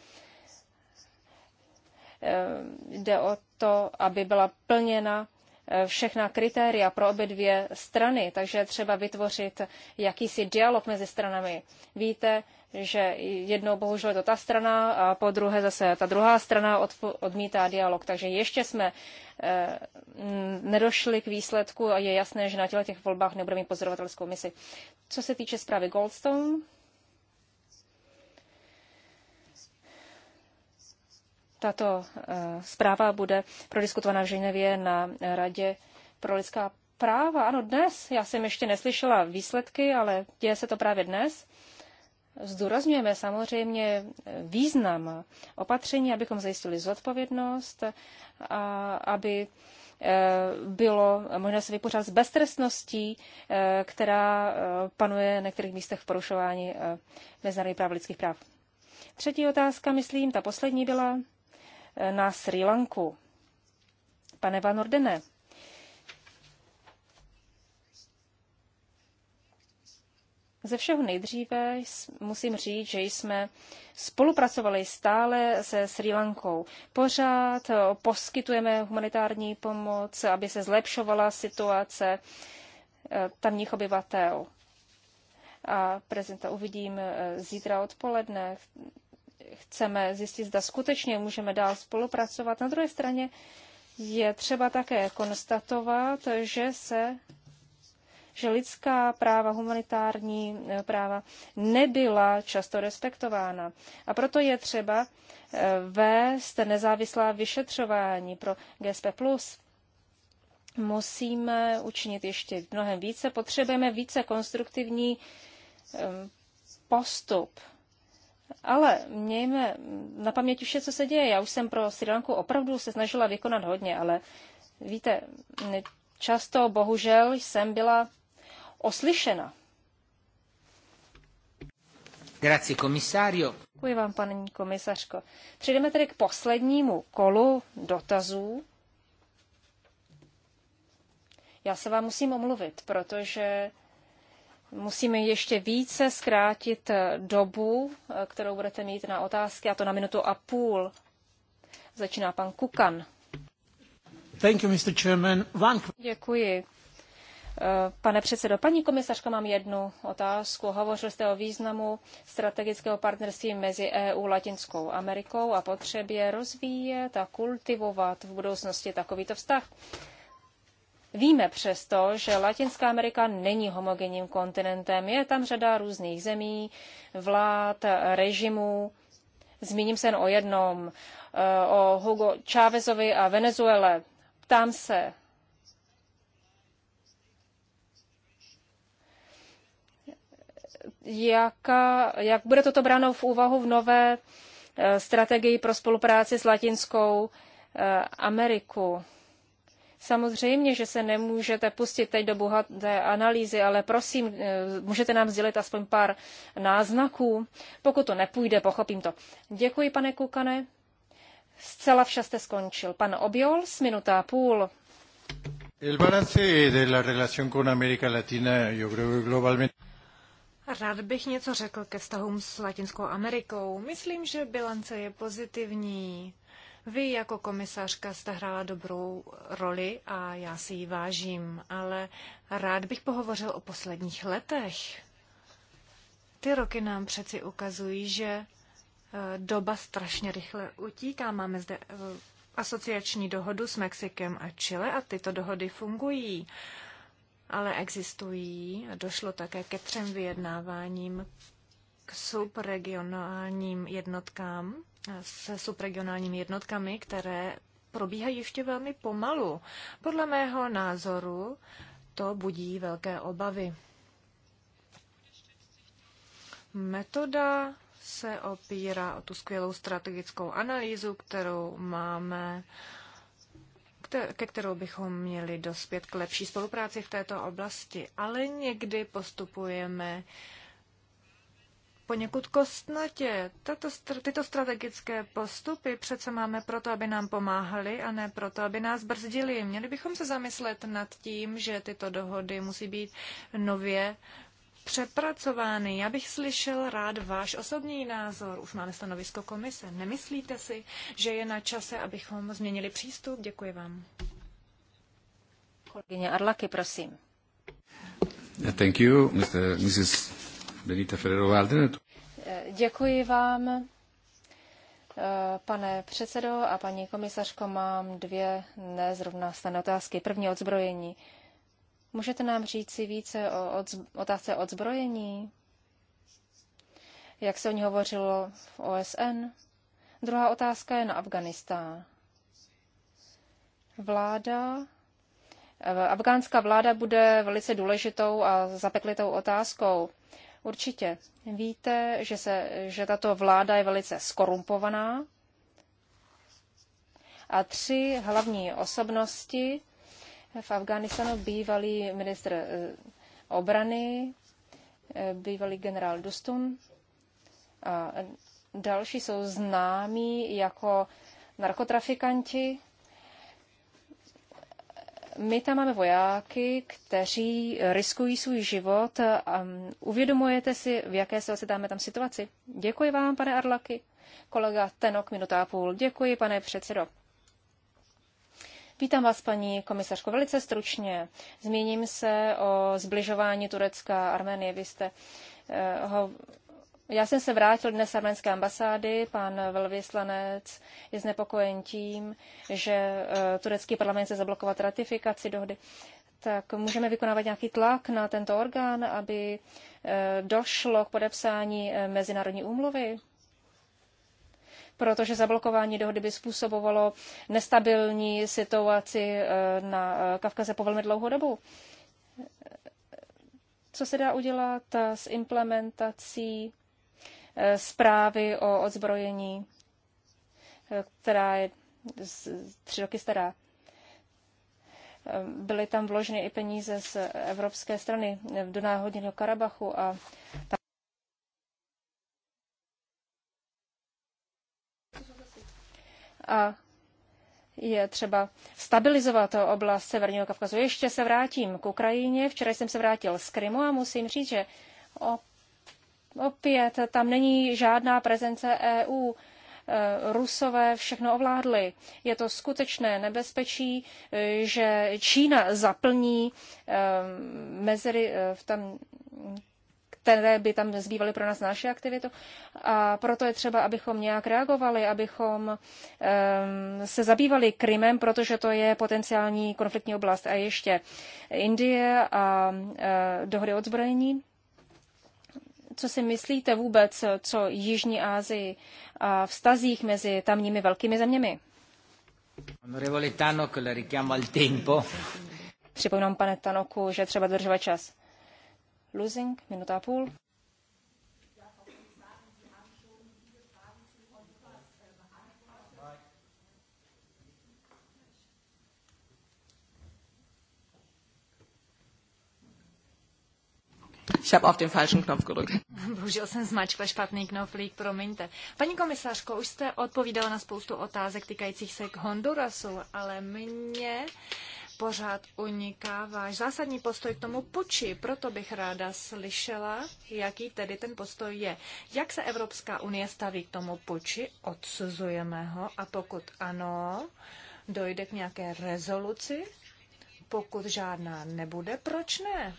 Eh, jde o to, aby byla plněna všechna kritéria pro obě dvě strany, takže třeba vytvořit jakýsi dialog mezi stranami. Víte, že jednou bohužel je to ta strana a po druhé zase ta druhá strana odmítá dialog. Takže ještě jsme eh, nedošli k výsledku a je jasné, že na těle těch volbách nebudeme mít pozorovatelskou misi. Co se týče zprávy Goldstone, tato eh, zpráva bude prodiskutována v Ženevě na Radě pro lidská práva. Ano, dnes. Já jsem ještě neslyšela výsledky, ale děje se to právě dnes. Zdůrazňujeme samozřejmě význam opatření, abychom zajistili zodpovědnost a aby eh, bylo možné se vypořádat s beztrestností, eh, která eh, panuje na některých místech v porušování mezinárodních práv lidských práv. Třetí otázka, myslím, ta poslední byla na Sri Lanku. Pane Van Ordene, Ze všeho nejdříve musím říct, že jsme spolupracovali stále se Sri Lankou. Pořád eh, poskytujeme humanitární pomoc, aby se zlepšovala situace eh, tamních obyvatel. A prezidenta uvidím eh, zítra odpoledne. Chceme zjistit, zda skutečně můžeme dál spolupracovat. Na druhé straně je třeba také konstatovat, že se že lidská práva, humanitární eh, práva nebyla často respektována. A proto je třeba eh, vést nezávislá vyšetřování pro GSP+. Musíme učinit ještě mnohem více, potřebujeme více konstruktivní postup ale mějme na paměti vše, co se děje. Já už jsem pro Sri Lanku opravdu se snažila vykonat hodně, ale víte, často bohužel jsem byla oslyšena. Grazie, komisario. Děkuji vám, paní komisařko. Přejdeme tedy k poslednímu kolu dotazů. Já se vám musím omluvit, protože musíme ještě více zkrátit dobu, kterou budete mít na otázky, a to na minutu a půl. Začíná pan Kukan. Thank you, Mr. Chairman. One... Děkuji. Pane předsedo, paní komisařka, mám jednu otázku. Hovořil jste o významu strategického partnerství mezi EU a Latinskou Amerikou a potřebě rozvíjet a kultivovat v budoucnosti takovýto vztah. Víme přesto, že Latinská Amerika není homogenním kontinentem. Je tam řada různých zemí, vlád, režimů. Zmíním se jen o jednom, eh, o Hugo Chávezovi a Venezuele. Ptám se, jaká, jak bude toto bráno v úvahu v nové eh, strategii pro spolupráci s Latinskou eh, Ameriku. Samozřejmě, že se nemůžete pustit teď do bohaté analýzy, ale prosím, eh, můžete nám sdělit aspoň pár náznaků. Pokud to nepůjde, pochopím to. Děkuji, pane Kukane. Zcela vše jste skončil. Pan Obiols, minuta a půl. El balance de la relación con América Latina, yo creo que globalmente. Rád bych něco řekl ke vztahům s Latinskou Amerikou. Myslím, že bilance je pozitivní. Vy jako komisařka jste hrála dobrou roli a já si ji vážím, ale rád bych pohovořil o posledních letech. Ty roky nám přeci ukazují, že eh, doba strašně rychle utíká. Máme zde eh, asociační dohodu s Mexikem a Chile a tyto dohody fungují ale existují. Došlo také ke třem vyjednáváním k subregionálním jednotkám, se subregionálními jednotkami, které probíhají ještě velmi pomalu. Podle mého názoru to budí velké obavy. Metoda se opírá o tu skvělou strategickou analýzu, kterou máme ke kterou bychom měli dospět k lepší spolupráci v této oblasti, ale někdy postupujeme poněkud kostnatě. Tato, tyto strategické postupy přece máme proto, aby nám pomáhali a ne proto, aby nás brzdili. Měli bychom se zamyslet nad tím, že tyto dohody musí být nově přepracovány. Já bych slyšel rád váš osobní názor. Už máme stanovisko komise. Nemyslíte si, že je na čase, abychom změnili přístup? Děkuji vám. Kolegyně Arlaky, prosím. Thank you, Mr. Mrs. Benita Ferrero-Waldner. Eh, děkuji vám, eh, pane předsedo a paní komisařko. Mám dvě nezrovna otázky. První odzbrojení. Můžete nám říci více o otázce odzbrojení? Jak se o ní hovořilo v OSN? Druhá otázka je na Afganistán. Vláda, eh, afgánská vláda bude velice důležitou a zapeklitou otázkou. Určitě víte, že, se, že tato vláda je velice skorumpovaná. A tři hlavní osobnosti v Afghánistánu bývalý ministr eh, obrany, eh, bývalý generál Dustun a další jsou známí jako narkotrafikanti. My tam máme vojáky, kteří riskují svůj život. A mm, uvědomujete si, v jaké se ocitáme tam situaci? Děkuji vám, pane Arlaky. Kolega Tenok, minuta a půl. Děkuji, pane předsedo. Vítám vás, paní komisařko, velice stručně. Zmíním se o zbližování Turecka a Arménie. Vy jste eh, ho... Já jsem se vrátil dnes z arménské ambasády. Pan velvyslanec je znepokojen tím, že eh, turecký parlament se zablokovat ratifikaci dohody tak můžeme vykonávat nějaký tlak na tento orgán, aby eh, došlo k podepsání mezinárodní úmluvy? protože zablokování dohody by způsobovalo nestabilní situaci eh, na eh, Kavkaze po velmi dlouhou dobu. Co se dá udělat eh, s implementací zprávy o odzbrojení, která je tři roky stará? byly tam vloženy i peníze z evropské strany do náhodního Karabachu a tam a je třeba stabilizovat oblast Severního Kavkazu. Ještě se vrátím k Ukrajině. Včera jsem se vrátil z Krymu a musím říct, že opět tam není žádná prezence EU. E, Rusové všechno ovládli. Je to skutečné nebezpečí, e, že Čína zaplní e, mezery v tam které by tam zbývaly pro nás naše aktivitu. A proto je třeba, abychom nějak reagovali, abychom um, se zabývali Krymem, protože to je potenciální konfliktní oblast. A ještě Indie a uh, dohody odzbrojení co si myslíte vůbec, co Jižní Ázii a vztazích mezi tamními velkými zeměmi? Připomínám, pane Tanoku, že třeba dodržovat čas. Losing, minuta a půl. Ich habe auf den falschen Knopf gedrückt. Bohužel jsem zmačkla špatný knoflík, promiňte. Paní komisářko, už jste odpovídala na spoustu otázek týkajících se k Hondurasu, ale mě pořád uniká váš zásadní postoj k tomu puči. Proto bych ráda slyšela, jaký tedy ten postoj je. Jak se Evropská unie staví k tomu puči? Odsuzujeme ho a pokud ano, dojde k nějaké rezoluci? Pokud žádná nebude, proč ne?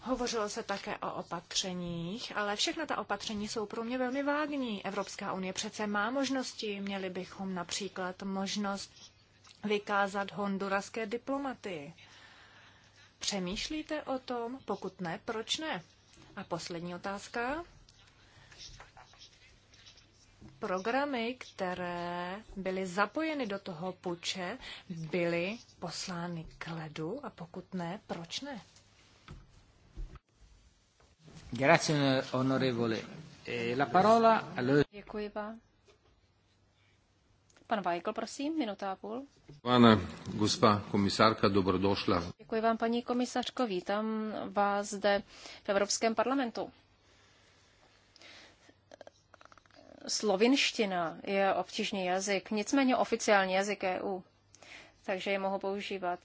Hovořilo se také o opatřeních, ale všechna ta opatření jsou pro mě velmi vágní. Evropská unie přece má možnosti. Měli bychom například možnost vykázat honduraské diplomatii. Přemýšlíte o tom? Pokud ne, proč ne? A poslední otázka. Programy, které byly zapojeny do toho puče, byly poslány k ledu a pokud ne, proč ne? Grazie, onorevole. E, la parola... Děkuji vám. Pan Vajkl, prosím, minuta a půl. Pane, gospa komisárka, dobrodošla. Děkuji vám, paní komisařko, vítám vás zde v Evropském parlamentu. Slovinština je obtížný jazyk, nicméně oficiální jazyk EU, takže je mohu používat.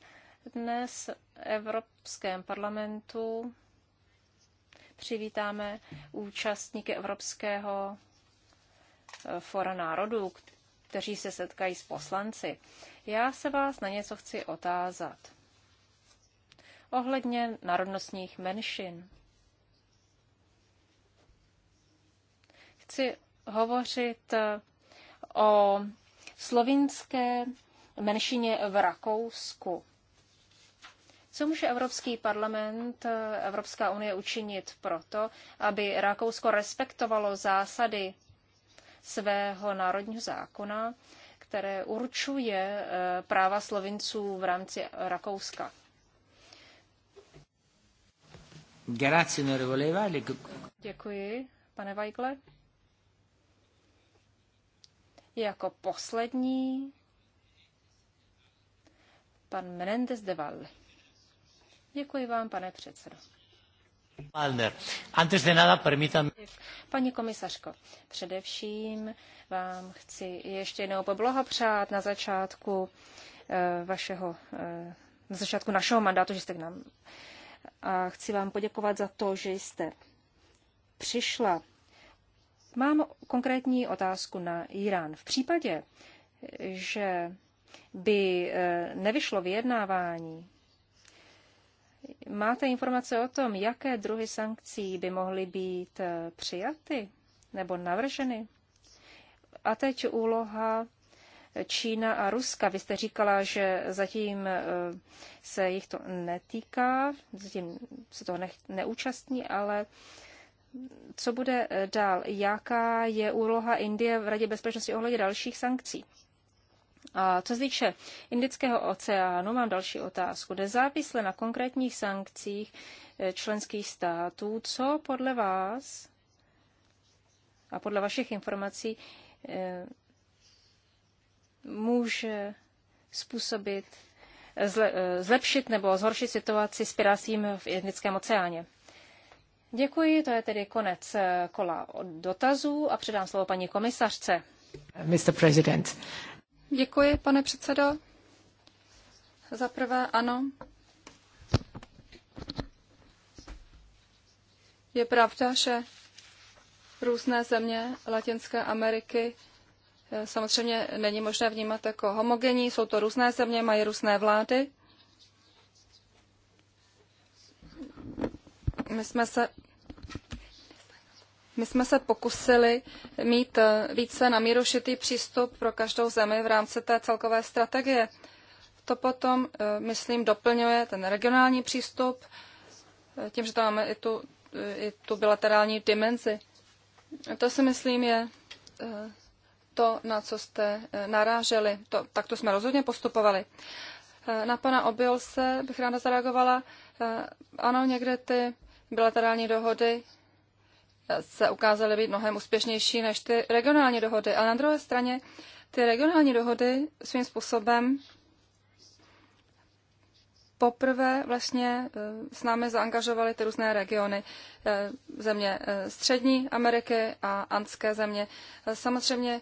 Dnes v Evropském parlamentu přivítáme účastníky Evropského fora národů, kteří se setkají s poslanci. Já se vás na něco chci otázat. Ohledně národnostních menšin. Chci hovořit eh, o slovinské menšině v Rakousku. Co může Evropský parlament, eh, Evropská unie učinit proto, aby Rakousko respektovalo zásady svého národního zákona, které určuje eh, práva Slovinců v rámci Rakouska. Děkuji, pane Weigle. Jako poslední pan Menendez de Valle. Děkuji vám, pane předsedo. antes de nada, permítame... Paní komisařko, především vám chci ještě jednou poblahopřát na začátku eh, vašeho, eh, na začátku našeho mandátu, že jste k nám. A chci vám poděkovat za to, že jste přišla. Mám konkrétní otázku na Irán. V případě, že by eh, nevyšlo vyjednávání Máte informace o tom, jaké druhy sankcí by mohly být eh, přijaty nebo navrženy? A teď úloha Čína a Ruska. Vy jste říkala, že zatím eh, se jich to netýká, zatím se toho ne- neúčastní, ale co bude dál? Jaká je úloha Indie v Radě bezpečnosti ohledně dalších sankcí? A co se týče Indického oceánu, mám další otázku. závisle na konkrétních sankcích eh, členských států, co podle vás a podle vašich informací eh, může způsobit, eh, zlepšit nebo zhoršit situaci s pirácím v Indickém oceáně. Děkuji, to je tedy konec kola dotazů a předám slovo paní komisařce. Mr. President, Děkuji, pane předsedo. Za prvé, ano. Je pravda, že různé země Latinské Ameriky eh, samozřejmě není možné vnímat jako homogenní. Jsou to různé země, mají různé vlády. My jsme se my jsme se pokusili mít eh, více na míru šitý přístup pro každou zemi v rámci té celkové strategie. To potom, eh, myslím, doplňuje ten regionální přístup, eh, tím, že tam máme i tu, i tu bilaterální dimenzi. To si myslím je to, na co jste naráželi. To, tak to jsme rozhodně postupovali. Na pana Obilse bych ráda zareagovala. Ano, někde ty bilaterální dohody se ukázaly být mnohem úspěšnější než ty regionální dohody. Ale na druhé straně ty regionální dohody svým způsobem poprvé vlastně e, s námi zaangažovaly ty různé regiony, e, země e, Střední Ameriky a andské země. Samozřejmě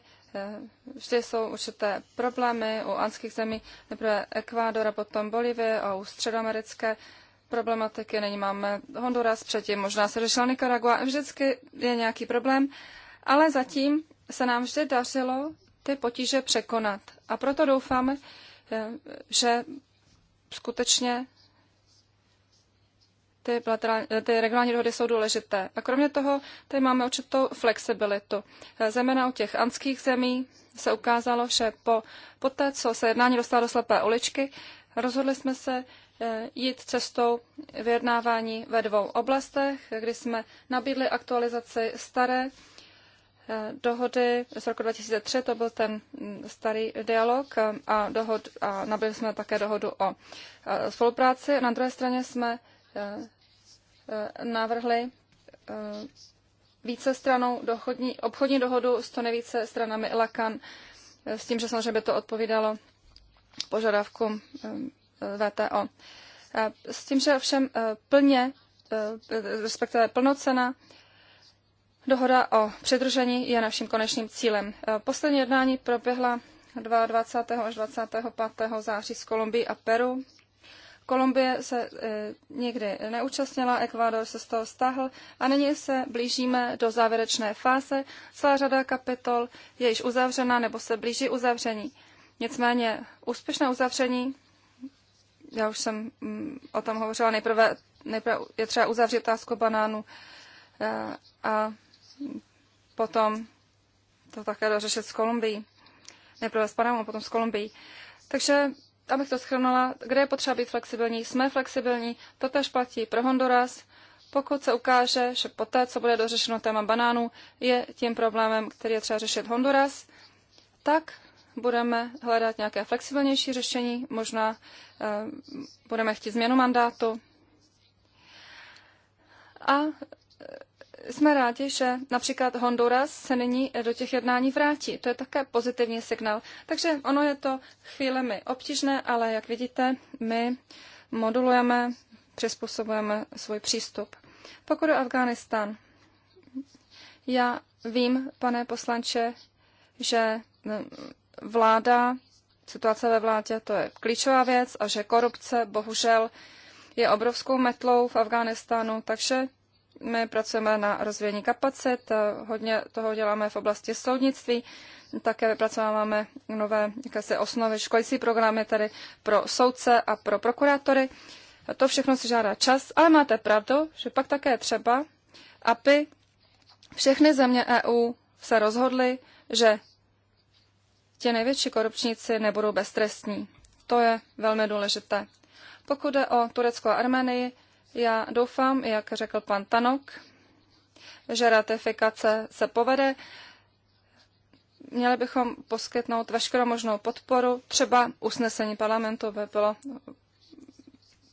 vždy jsou určité problémy u andských zemí, nejprve Ekvádor a potom Bolivie a u středoamerické problematiky, není máme Honduras, předtím možná se řešila Nicaragua, vždycky je nějaký problém, ale zatím se nám vždy dařilo ty potíže překonat. A proto doufáme, eh, že skutečně ty, eh, ty regionální dohody jsou důležité. A kromě toho tady máme určitou flexibilitu. Eh, Zeměna u těch anských zemí se ukázalo, že po, po té, co se jednání dostalo do slepé uličky, rozhodli jsme se, Eh, jít cestou vyjednávání ve dvou oblastech, kdy jsme nabídli aktualizaci staré eh, dohody z roku 2003, to byl ten mm, starý dialog eh, a, dohod, a nabili jsme také dohodu o spolupráci. Na druhé straně jsme navrhli stranou dochodní, obchodní dohodu s to nejvíce stranami LAKAN, s tím, že samozřejmě by to odpovídalo požadavkům VTO. S tím, že ovšem eh, plně, eh, respektive plnocena dohoda o přidružení je naším konečným cílem. Eh, poslední jednání proběhla 22. až 25. září z Kolumbii a Peru. Kolumbie se e, nikdy neúčastnila, Ekvádor se z toho stáhl a nyní se blížíme do závěrečné fáze. Celá řada kapitol je již uzavřena nebo se blíží uzavření. Nicméně úspěšné uzavření já už jsem mm, o tom hovořila, nejprve, nejprve je třeba uzavřít otázku banánu eh, a potom to také dořešit s Kolumbií. Nejprve s Panamou, potom s Kolumbií. Takže, abych to schrnula, kde je potřeba být flexibilní, jsme flexibilní, to tež platí pro Honduras. Pokud se ukáže, že poté, co bude dořešeno téma banánů, je tím problémem, který je třeba řešit Honduras, tak budeme hledat nějaké flexibilnější řešení, možná eh, budeme chtít změnu mandátu. A eh, jsme rádi, že například Honduras se nyní do těch jednání vrátí. To je také pozitivní signál. Takže ono je to chvílemi obtížné, ale jak vidíte, my modulujeme, přizpůsobujeme svůj přístup. Pokud je Afghánistán, já vím, pane poslanče, že eh, vláda, situace ve vládě, to je klíčová věc a že korupce bohužel je obrovskou metlou v Afghánistánu, takže my pracujeme na rozvíjení kapacit, hodně toho děláme v oblasti soudnictví, také vypracováváme nové jakési osnovy, školící programy tedy pro soudce a pro prokurátory. To všechno si žádá čas, ale máte pravdu, že pak také třeba, aby všechny země EU se rozhodly, že ti největší korupčníci nebudou beztrestní. To je velmi důležité. Pokud jde o Turecko a Armenii, já doufám, jak řekl pan Tanok, že ratifikace se povede. Měli bychom poskytnout veškerou možnou podporu. Třeba usnesení parlamentu by bylo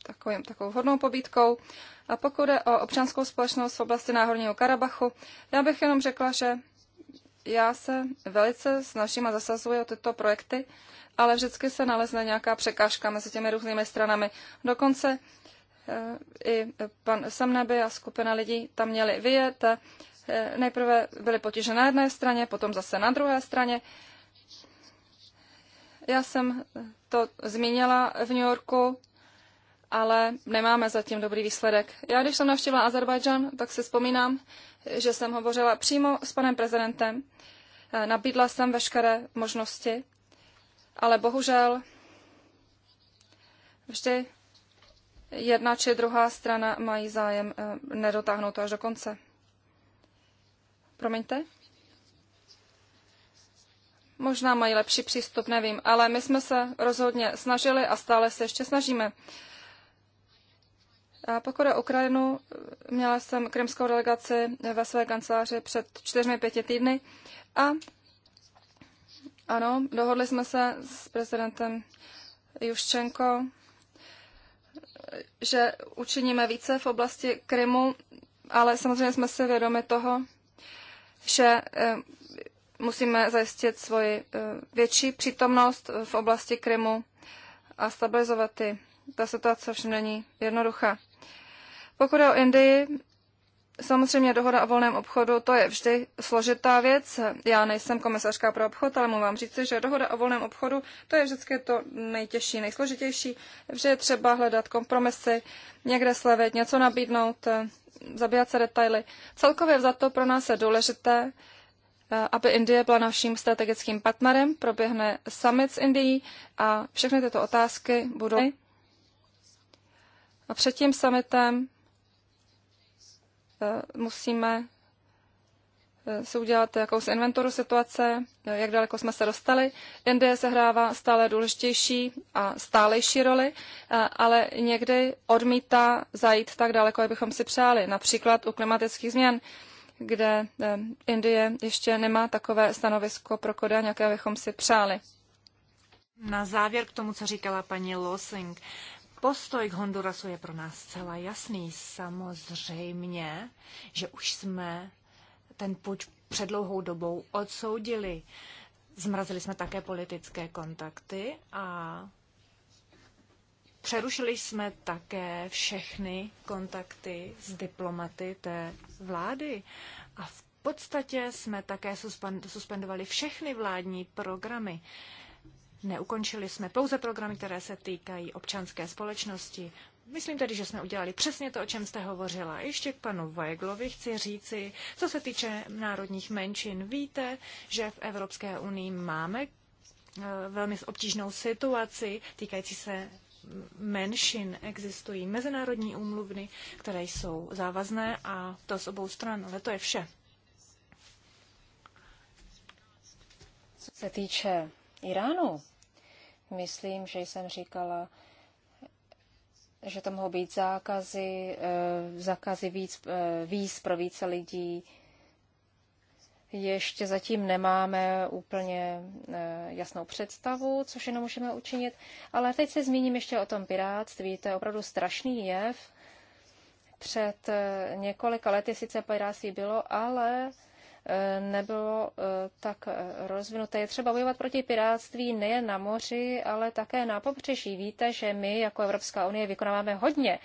takovým, takovou hodnou pobídkou. A pokud jde o občanskou společnost v oblasti Náhorního Karabachu, já bych jenom řekla, že já se velice snažím a zasazuji o tyto projekty, ale vždycky se nalezne nějaká překážka mezi těmi různými stranami. Dokonce eh, i pan Samneby a skupina lidí tam měli vyjet. Eh, nejprve byly potíže na jedné straně, potom zase na druhé straně. Já jsem to zmínila v New Yorku ale nemáme zatím dobrý výsledek. Já, když jsem navštívila Azerbajdžan, tak si vzpomínám, že jsem hovořila přímo s panem prezidentem. Eh, nabídla jsem veškeré možnosti, ale bohužel vždy jedna či druhá strana mají zájem eh, nedotáhnout to až do konce. Promiňte? Možná mají lepší přístup, nevím, ale my jsme se rozhodně snažili a stále se ještě snažíme. A pokud je Ukrajinu, měla jsem krymskou delegaci ve své kanceláři před čtyřmi, pěti týdny a ano, dohodli jsme se s prezidentem Juščenko, že učiníme více v oblasti Krymu, ale samozřejmě jsme si vědomi toho, že eh, musíme zajistit svoji eh, větší přítomnost v oblasti Krymu a stabilizovat ty. Ta situace ovšem není jednoduchá. Pokud je o Indii, samozřejmě dohoda o volném obchodu, to je vždy složitá věc. Já nejsem komisařka pro obchod, ale mu vám říci, že dohoda o volném obchodu, to je vždycky to nejtěžší, nejsložitější, že je třeba hledat kompromisy, někde slevit, něco nabídnout, zabíjat se detaily. Celkově za to pro nás je důležité, aby Indie byla naším strategickým partnerem, proběhne summit s Indií a všechny tyto otázky budou. A před tím summitem Eh, musíme eh, se udělat jakousi inventuru situace, eh, jak daleko jsme se dostali. Indie sehrává stále důležitější a stálejší roli, ale někdy odmítá zajít tak daleko, jak bychom si přáli, například u klimatických změn kde Indie ještě nemá takové stanovisko pro koda, jaké bychom si přáli. Na závěr k tomu, co říkala paní Losing. Postoj k Hondurasu je pro nás celá jasný. Samozřejmě, že už jsme ten puč před dlouhou dobou odsoudili. Zmrazili jsme také politické kontakty a přerušili jsme také všechny kontakty s diplomaty té vlády. A v podstatě jsme také suspendovali všechny vládní programy. Neukončili jsme pouze programy, které se týkají občanské společnosti. Myslím tedy, že jsme udělali přesně to, o čem jste hovořila. Ještě k panu Vajglovi chci říci, co se týče národních menšin. Víte, že v Evropské unii máme eh, velmi obtížnou situaci týkající se menšin existují mezinárodní úmluvny, které jsou závazné a to z obou stran, ale to je vše. Co se týče Iránu. Myslím, že jsem říkala, že to mohou být zákazy, eh, zákazy víc, eh, víc pro více lidí. Ještě zatím nemáme úplně eh, jasnou představu, což jenom můžeme učinit. Ale teď se zmíním ještě o tom piráctví. To je opravdu strašný jev. Před několika lety sice piráctví bylo, ale Eh, nebylo eh, tak eh, rozvinuté. Je třeba bojovat proti piráctví nejen na moři, ale také na pobřeží. Víte, že my jako Evropská unie vykonáváme hodně.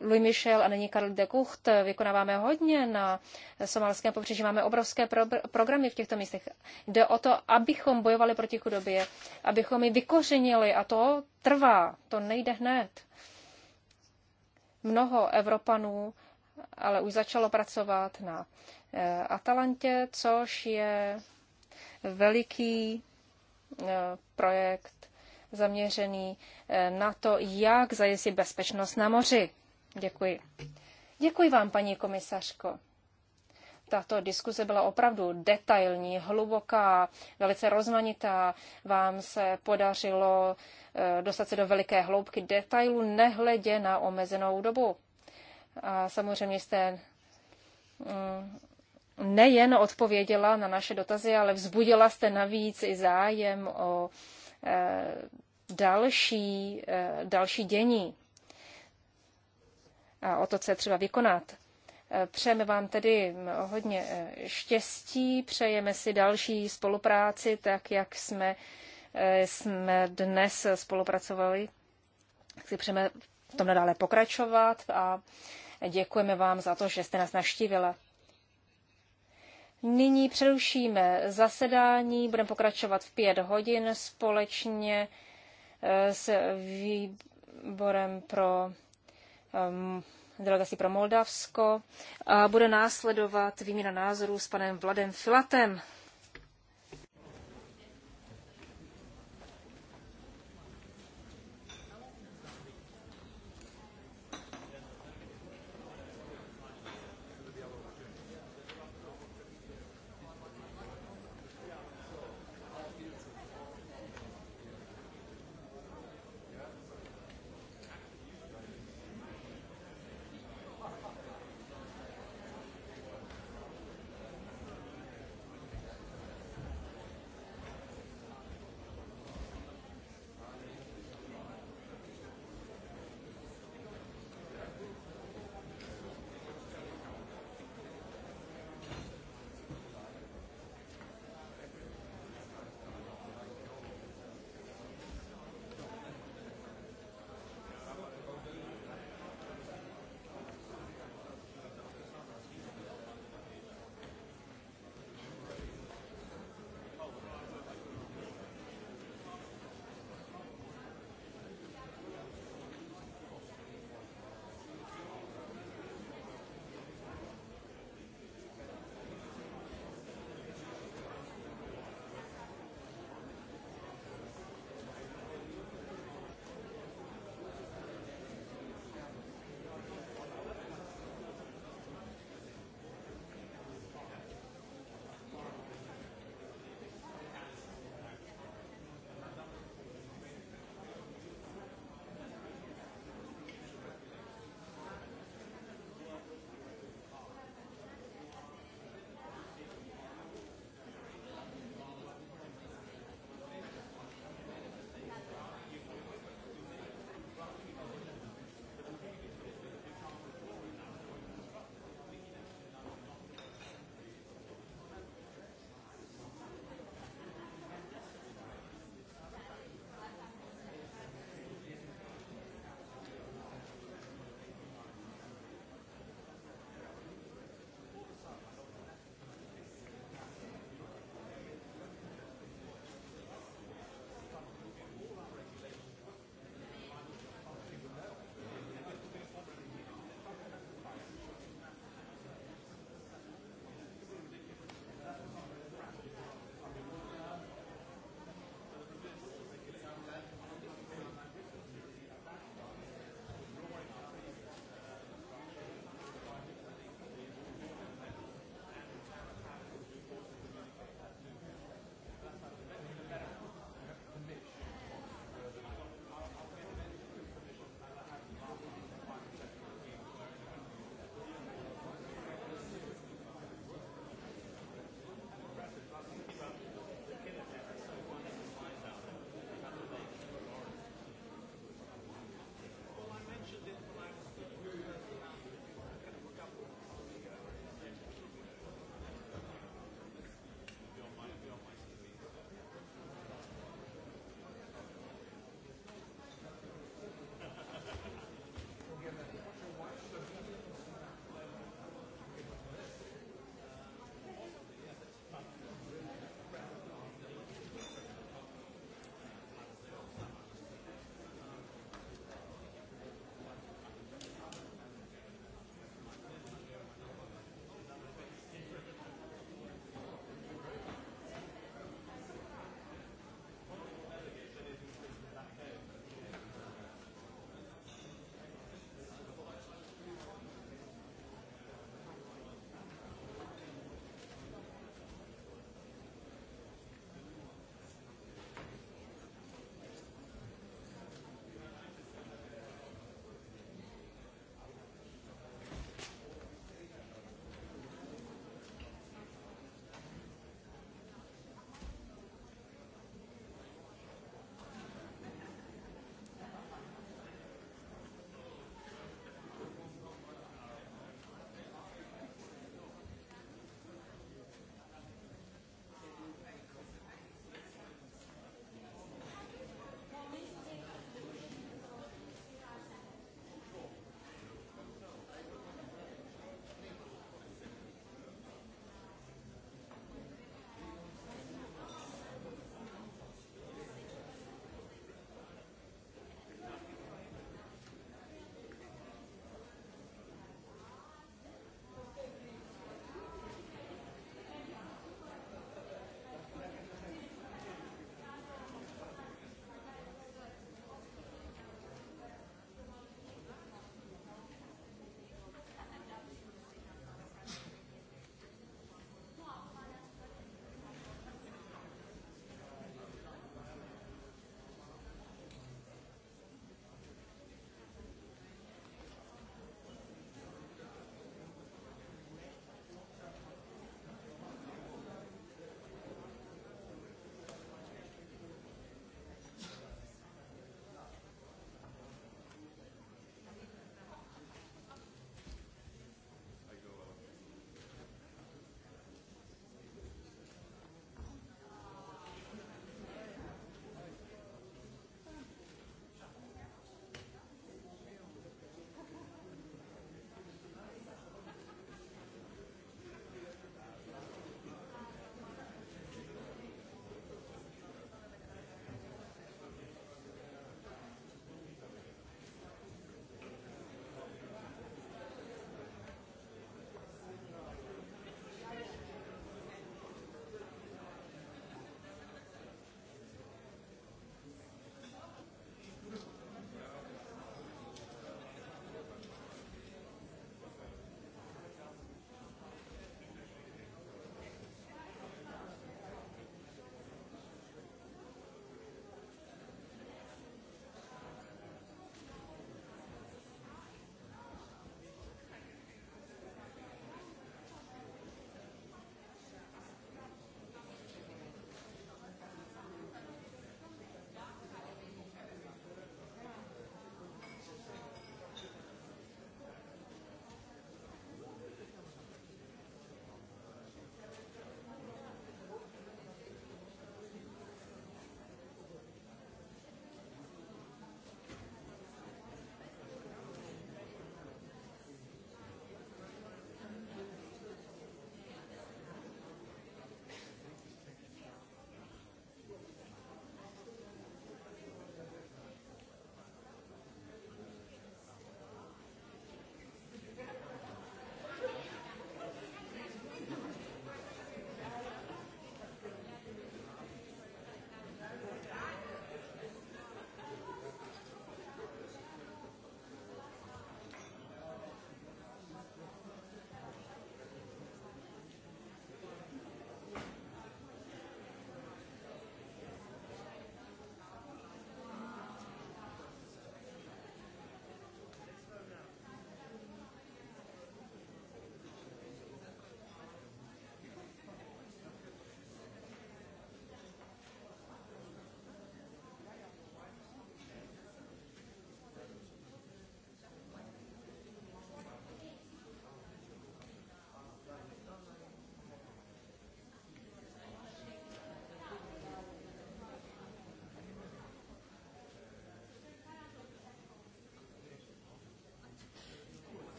Louis Michel a není Karl de Kucht vykonáváme hodně na somalském pobřeží. Máme obrovské pro- programy v těchto místech. Jde o to, abychom bojovali proti chudobě, abychom ji vykořenili a to trvá, to nejde hned. Mnoho Evropanů ale už začalo pracovat na Eh, Atalantě, což je veliký eh, projekt zaměřený eh, na to, jak zajistit bezpečnost na moři. Děkuji. Děkuji vám, paní komisařko. Tato diskuze byla opravdu detailní, hluboká, velice rozmanitá. Vám se podařilo dostat se do veliké hloubky detailů, nehledě na omezenou dobu. A samozřejmě jste mm, nejen odpověděla na naše dotazy, ale vzbudila jste navíc i zájem o eh, další, eh, další dění a o to, co je třeba vykonat. Eh, přejeme vám tedy hm, hodně štěstí, přejeme si další spolupráci, tak jak jsme, jsme dnes spolupracovali. Chci přejeme v tom nadále pokračovat a děkujeme vám za to, že jste nás naštívila. Nyní přerušíme zasedání, budeme pokračovat v pět hodin společně eh, s výborem pro um, ehm, delegaci pro Moldavsko. A bude následovat výměna názorů s panem Vladem Filatem.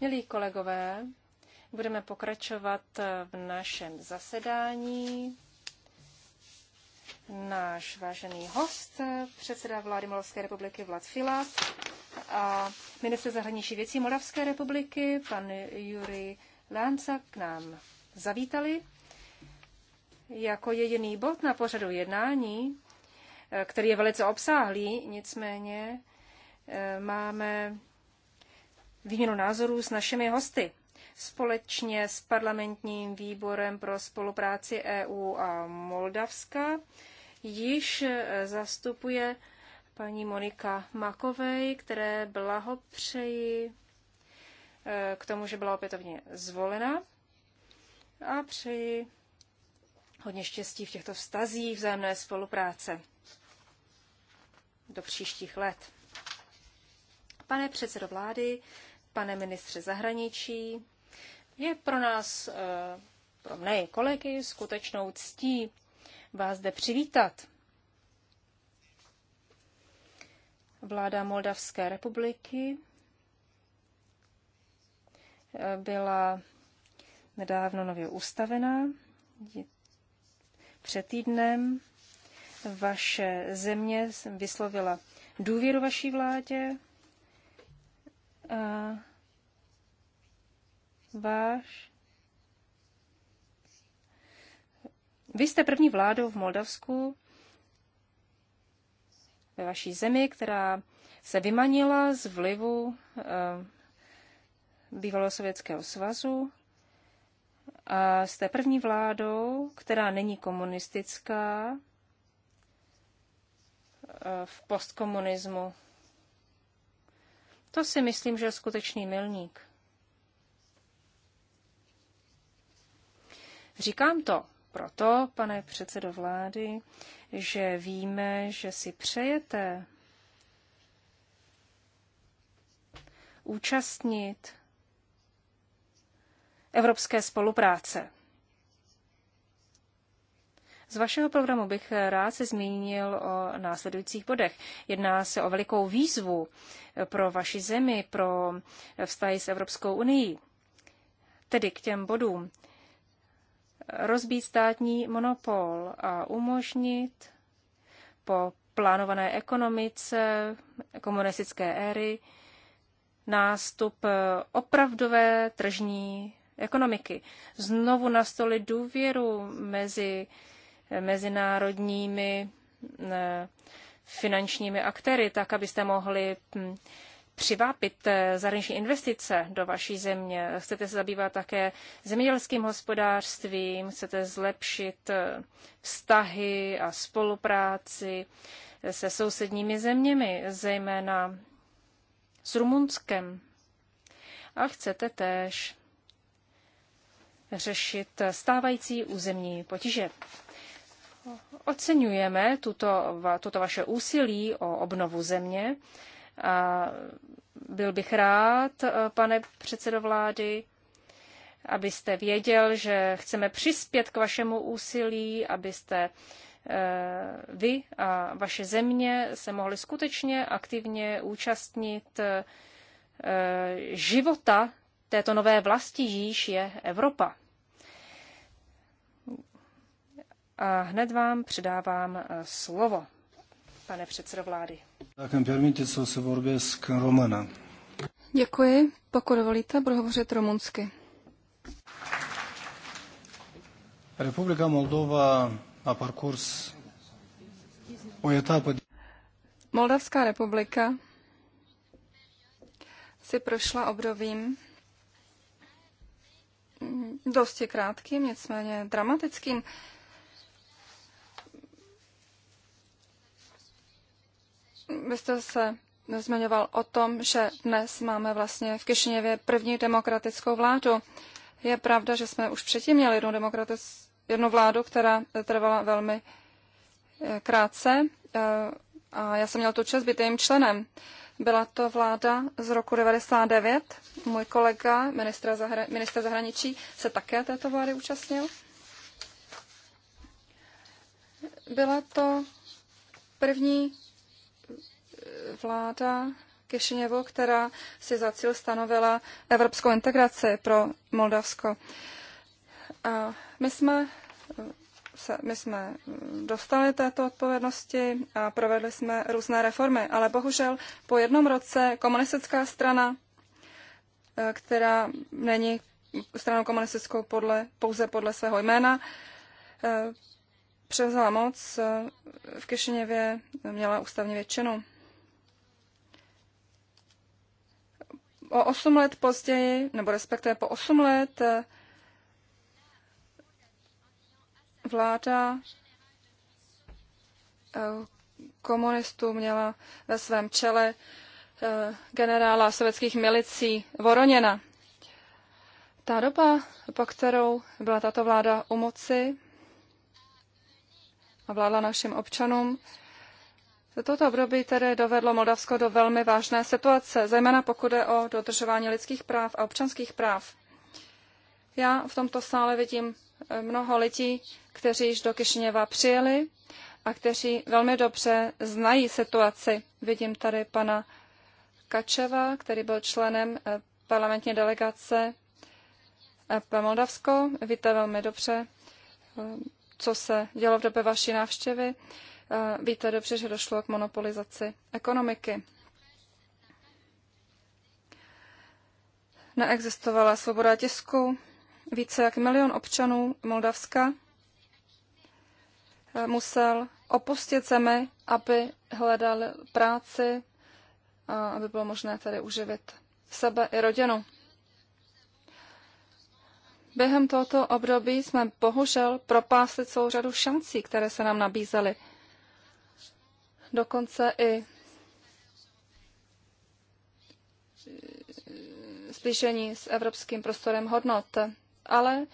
Milí kolegové, budeme pokračovat v našem zasedání. Náš vážený host, předseda vlády Moravské republiky Vlad Fila a minister zahraničí věcí Moravské republiky, pan Juri Lánca, k nám zavítali. Jako jediný bod na pořadu jednání Eh, který je velice obsáhlý, nicméně eh, máme výměnu názorů s našimi hosty. Společně s parlamentním výborem pro spolupráci EU a Moldavska již eh, zastupuje paní Monika Makovej, které blahopřeji k tomu, že byla opětovně zvolena a přeji hodně štěstí v těchto vztazích vzájemné spolupráce do příštích let. Pane předsedo vlády, pane ministře zahraničí, je pro nás, eh, pro mne i kolegy, skutečnou ctí vás zde přivítat. Vláda Moldavské republiky eh, byla nedávno nově ustavená před týdnem vaše země vyslovila důvěru vaší vládě a váš Vy jste první vládou v Moldavsku, ve vaší zemi, která se vymanila z vlivu e, bývalého Sovětského svazu. A jste první vládou, která není komunistická, Eh, v postkomunismu. To si myslím, že je skutečný milník. Říkám to proto, pane předsedo vlády, že víme, že si přejete účastnit evropské spolupráce. Z vašeho programu bych rád se zmínil o následujících bodech. Jedná se o velikou výzvu pro vaši zemi, pro vztahy s Evropskou unii. Tedy k těm bodům. Rozbít státní monopol a umožnit po plánované ekonomice komunistické éry nástup opravdové tržní ekonomiky. Znovu nastolit důvěru mezi mezinárodními eh, finančními aktéry, tak abyste mohli hm, přivápit eh, zahraniční investice do vaší země. Chcete se zabývat také zemědělským hospodářstvím, chcete zlepšit eh, vztahy a spolupráci se sousedními zeměmi, zejména s Rumunskem. A chcete též řešit stávající územní potíže. Oceňujeme tuto, toto vaše úsilí o obnovu země. A byl bych rád, eh, pane předsedo vlády, abyste věděl, že chceme přispět k vašemu úsilí, abyste eh, vy a vaše země se mohli skutečně aktivně účastnit eh, života této nové vlasti, již je Evropa. A hned vám předávám eh, slovo, pane předsedo vlády. Děkuji. Pokud dovolíte, budu hovořit romunsky. Republika Moldova a parkurs o etapu... Moldavská republika si prošla obdobím mm, dosti krátkým, nicméně dramatickým. Vy jste se zmiňoval o tom, že dnes máme vlastně v Kišiněvě první demokratickou vládu. Je pravda, že jsme už předtím měli jednu, demokratic, jednu vládu, která trvala velmi eh, krátce eh, a já jsem měl tu čest být jejím členem. Byla to vláda z roku 99. Můj kolega, ministr, zahra- zahraničí, se také této vlády účastnil. Byla to první vláda Kišiněvu, která si za cíl stanovila evropskou integraci pro Moldavsko. A my jsme my jsme dostali této odpovědnosti a provedli jsme různé reformy, ale bohužel po jednom roce komunistická strana, eh, která není stranou komunistickou podle, pouze podle svého jména, eh, převzala moc eh, v Kišiněvě, měla ústavní většinu. O 8 let později, nebo respektive po 8 let, vláda eh, komunistů měla ve svém čele eh, generála sovětských milicí Voroněna. Ta doba, po kterou byla tato vláda u moci a vládla našim občanům, Toto období tedy dovedlo Moldavsko do velmi vážné situace, zejména pokud je o dodržování lidských práv a občanských práv. Já v tomto sále vidím eh, mnoho lidí, kteří již do Kišiněva přijeli a kteří velmi dobře znají situaci. Vidím tady pana Kačeva, který byl členem eh, parlamentní delegace eh, pro Moldavsko. Víte velmi dobře, co se dělo v době vaší návštěvy. Eh, Víte dobře, že došlo k monopolizaci ekonomiky. Neexistovala svoboda tisku. Více jak milion občanů Moldavska eh, musel opustit zemi, aby hledal práci, a aby bylo možné tady uživit sebe i rodinu. Během tohoto období jsme bohužel propásli celou řadu šancí, které se nám nabízely dokonce i slyšení s evropským prostorem hodnot. Ale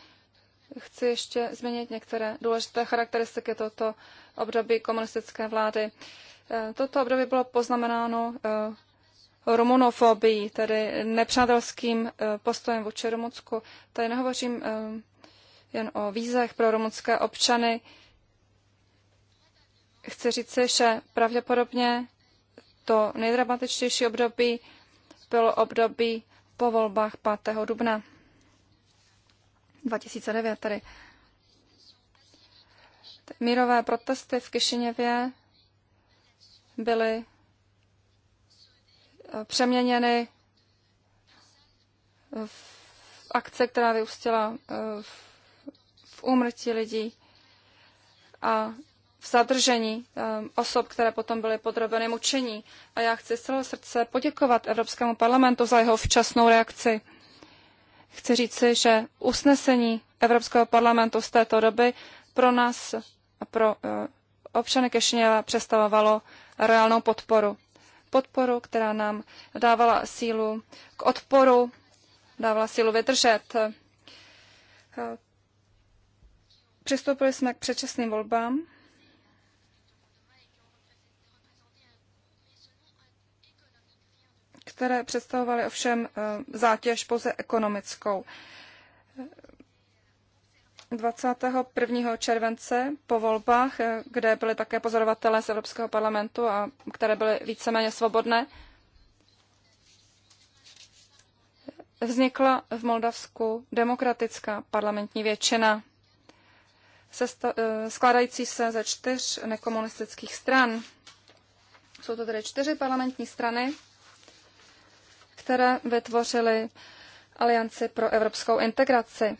chci ještě změnit některé důležité charakteristiky tohoto období komunistické vlády. Eh, toto období bylo poznamenáno eh, rumunofobií, tedy nepřátelským eh, postojem vůči Rumunsku. Tady nehovořím jen o vízech pro rumunské občany, chci říci, že pravděpodobně to nejdramatičtější období bylo období po volbách 5. dubna 2009 tady. Mírové protesty v Kišiněvě byly eh, přeměněny v akce, která vyústila eh, v úmrtí lidí a v zadržení ehm, osob, které potom byly podrobeny mučení. A já chci z celého srdce poděkovat Evropskému parlamentu za jeho včasnou reakci. Chci říci, že usnesení Evropského parlamentu z této doby pro nás a pro eh, občany Kešněva představovalo reálnou podporu. Podporu, která nám dávala sílu k odporu, dávala sílu vydržet. Eh, přistoupili jsme k předčasným volbám které představovaly ovšem eh, zátěž pouze ekonomickou. 21. července po volbách, eh, kde byly také pozorovatelé z Evropského parlamentu a které byly víceméně svobodné, vznikla v Moldavsku demokratická parlamentní většina, eh, skládající se ze čtyř nekomunistických stran. Jsou to tedy čtyři parlamentní strany, které vytvořily Alianci pro evropskou integraci.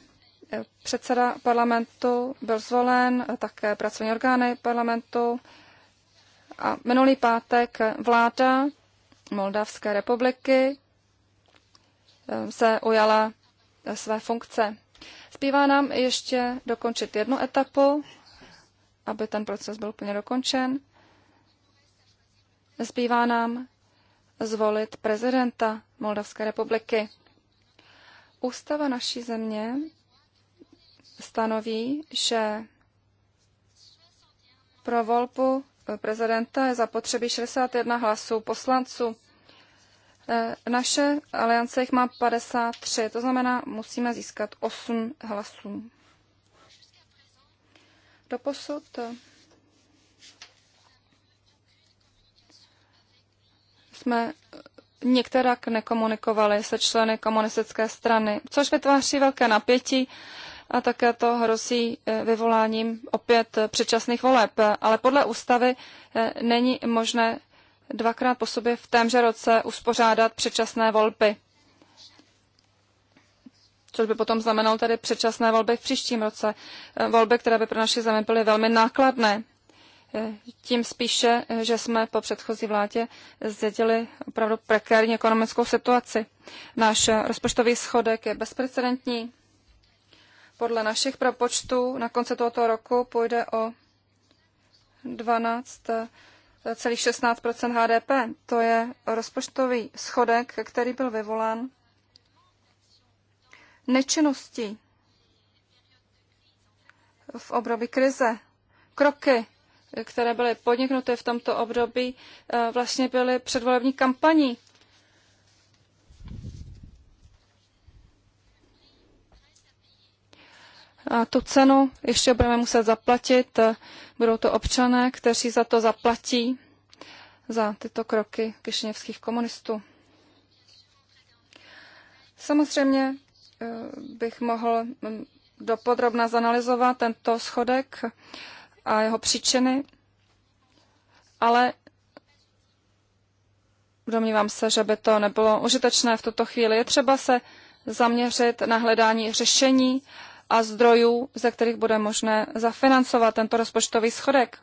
Předseda parlamentu byl zvolen, také pracovní orgány parlamentu a minulý pátek vláda Moldavské republiky eh, se ujala své funkce. Zbývá nám ještě dokončit jednu etapu, aby ten proces byl plně dokončen. Zbývá nám zvolit prezidenta Moldavské republiky. Ústava naší země stanoví, že pro volbu eh, prezidenta je zapotřebí 61 hlasů poslanců. Eh, naše aliance jich má 53, to znamená, musíme získat 8 hlasů. Doposud eh, jsme některak nekomunikovali se členy komunistické strany, což vytváří velké napětí a také to hrozí eh, vyvoláním opět eh, předčasných voleb. Ale podle ústavy eh, není možné dvakrát po sobě v témže roce uspořádat předčasné volby. Což by potom znamenalo tedy předčasné volby v příštím roce. Volby, které by pro naši zemi byly velmi nákladné tím spíše, že jsme po předchozí vládě zdědili opravdu prekérní ekonomickou situaci. Náš rozpočtový schodek je bezprecedentní. Podle našich propočtů na konci tohoto roku půjde o 12,16 HDP. To je rozpočtový schodek, který byl vyvolán nečinností v období krize, kroky, které byly podniknuty v tomto období, eh, vlastně byly předvolební kampaní. A tu cenu ještě budeme muset zaplatit. Budou to občané, kteří za to zaplatí, za tyto kroky kišněvských komunistů. Samozřejmě eh, bych mohl mm, dopodrobna zanalizovat tento schodek a jeho příčiny, ale domnívám se, že by to nebylo užitečné v tuto chvíli. Je třeba se zaměřit na hledání řešení a zdrojů, ze kterých bude možné zafinancovat tento rozpočtový schodek,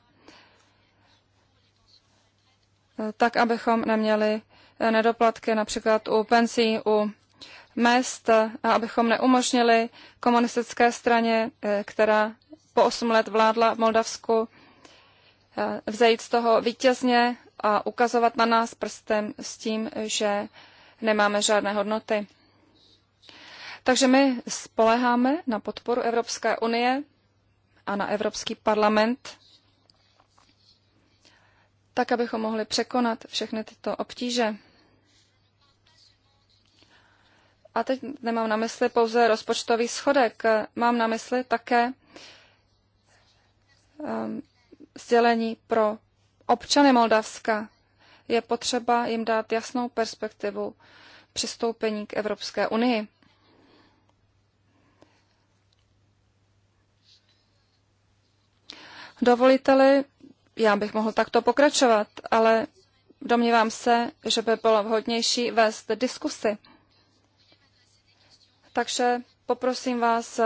tak abychom neměli nedoplatky například u pensí, u mest a abychom neumožnili komunistické straně, eh, která po osm let vládla v Moldavsku, eh, vzejít z toho vítězně a ukazovat na nás prstem s tím, že nemáme žádné hodnoty. Takže my spoleháme na podporu Evropské unie a na Evropský parlament, tak abychom mohli překonat všechny tyto obtíže. A teď nemám na mysli pouze rozpočtový schodek, mám na mysli také Um, sdělení pro občany Moldavska. Je potřeba jim dát jasnou perspektivu přistoupení k Evropské unii. Dovolíte-li, já bych mohl takto pokračovat, ale domnívám se, že by bylo vhodnější vést diskusy. Takže poprosím vás,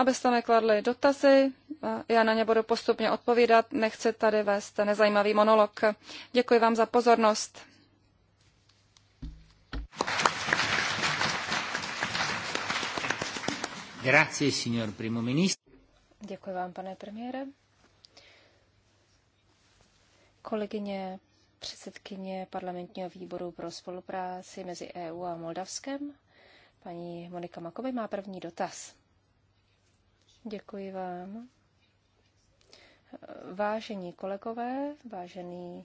abyste mi kladli dotazy. Já na ně budu postupně odpovídat. Nechci tady vést nezajímavý monolog. Děkuji vám za pozornost. Grazie, signor primo ministro. Děkuji vám, pane premiére. Kolegyně předsedkyně parlamentního výboru pro spolupráci mezi EU a Moldavskem, paní Monika Makovi, má první dotaz. Děkuji vám. Vážení kolegové, vážený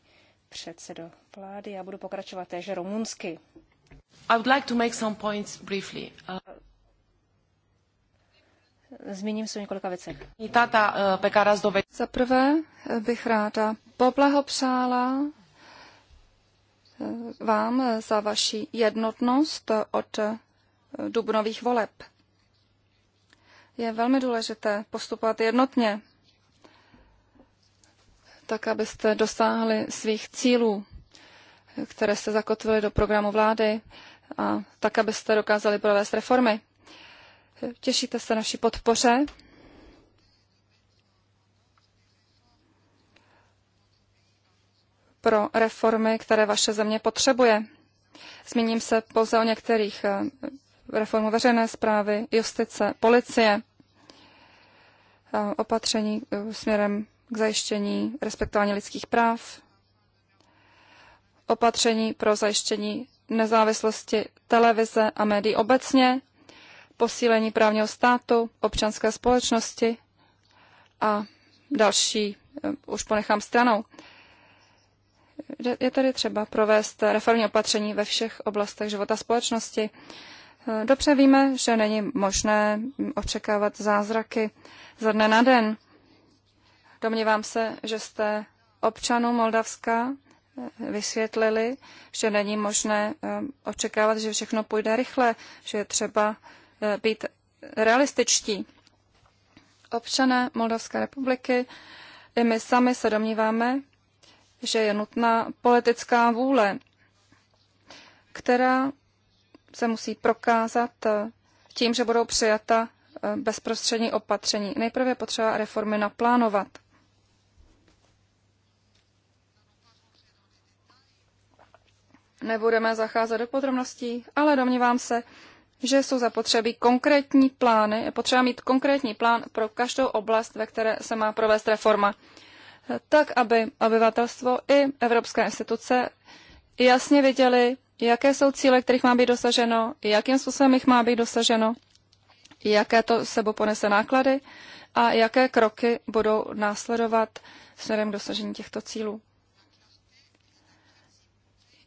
předsedo vlády, já budu pokračovat téže rumunsky. I would like to make some points briefly. Zmíním se o několika věcech. Eh, za prvé eh, bych ráda poblahopřála eh, vám za vaši jednotnost od dubnových voleb je velmi důležité postupovat jednotně, tak abyste dosáhli svých cílů, které jste zakotvili do programu vlády a tak, abyste dokázali provést reformy. Těšíte se naší podpoře. pro reformy, které vaše země potřebuje. Zmíním se pouze o některých reformu veřejné zprávy, justice, policie, opatření e, směrem k zajištění respektování lidských práv, opatření pro zajištění nezávislosti televize a médií obecně, posílení právního státu, občanské společnosti a další e, už ponechám stranou. Je tady třeba provést reformní opatření ve všech oblastech života společnosti. Dobře víme, že není možné očekávat zázraky ze dne na den. Domnívám se, že jste občanů Moldavska eh, vysvětlili, že není možné eh, očekávat, že všechno půjde rychle, že je třeba eh, být realističtí. Občané Moldavské republiky i my sami se domníváme, že je nutná politická vůle, která se musí prokázat eh, tím, že budou přijata eh, bezprostřední opatření. Nejprve je potřeba reformy naplánovat. Nebudeme zacházet do podrobností, ale domnívám se, že jsou zapotřebí konkrétní plány. Je potřeba mít konkrétní plán pro každou oblast, ve které se má provést reforma. Eh, tak, aby obyvatelstvo i evropské instituce jasně viděli, jaké jsou cíle, kterých má být dosaženo, jakým způsobem jich má být dosaženo, jaké to sebou ponese náklady a jaké kroky budou následovat směrem k dosažení těchto cílů.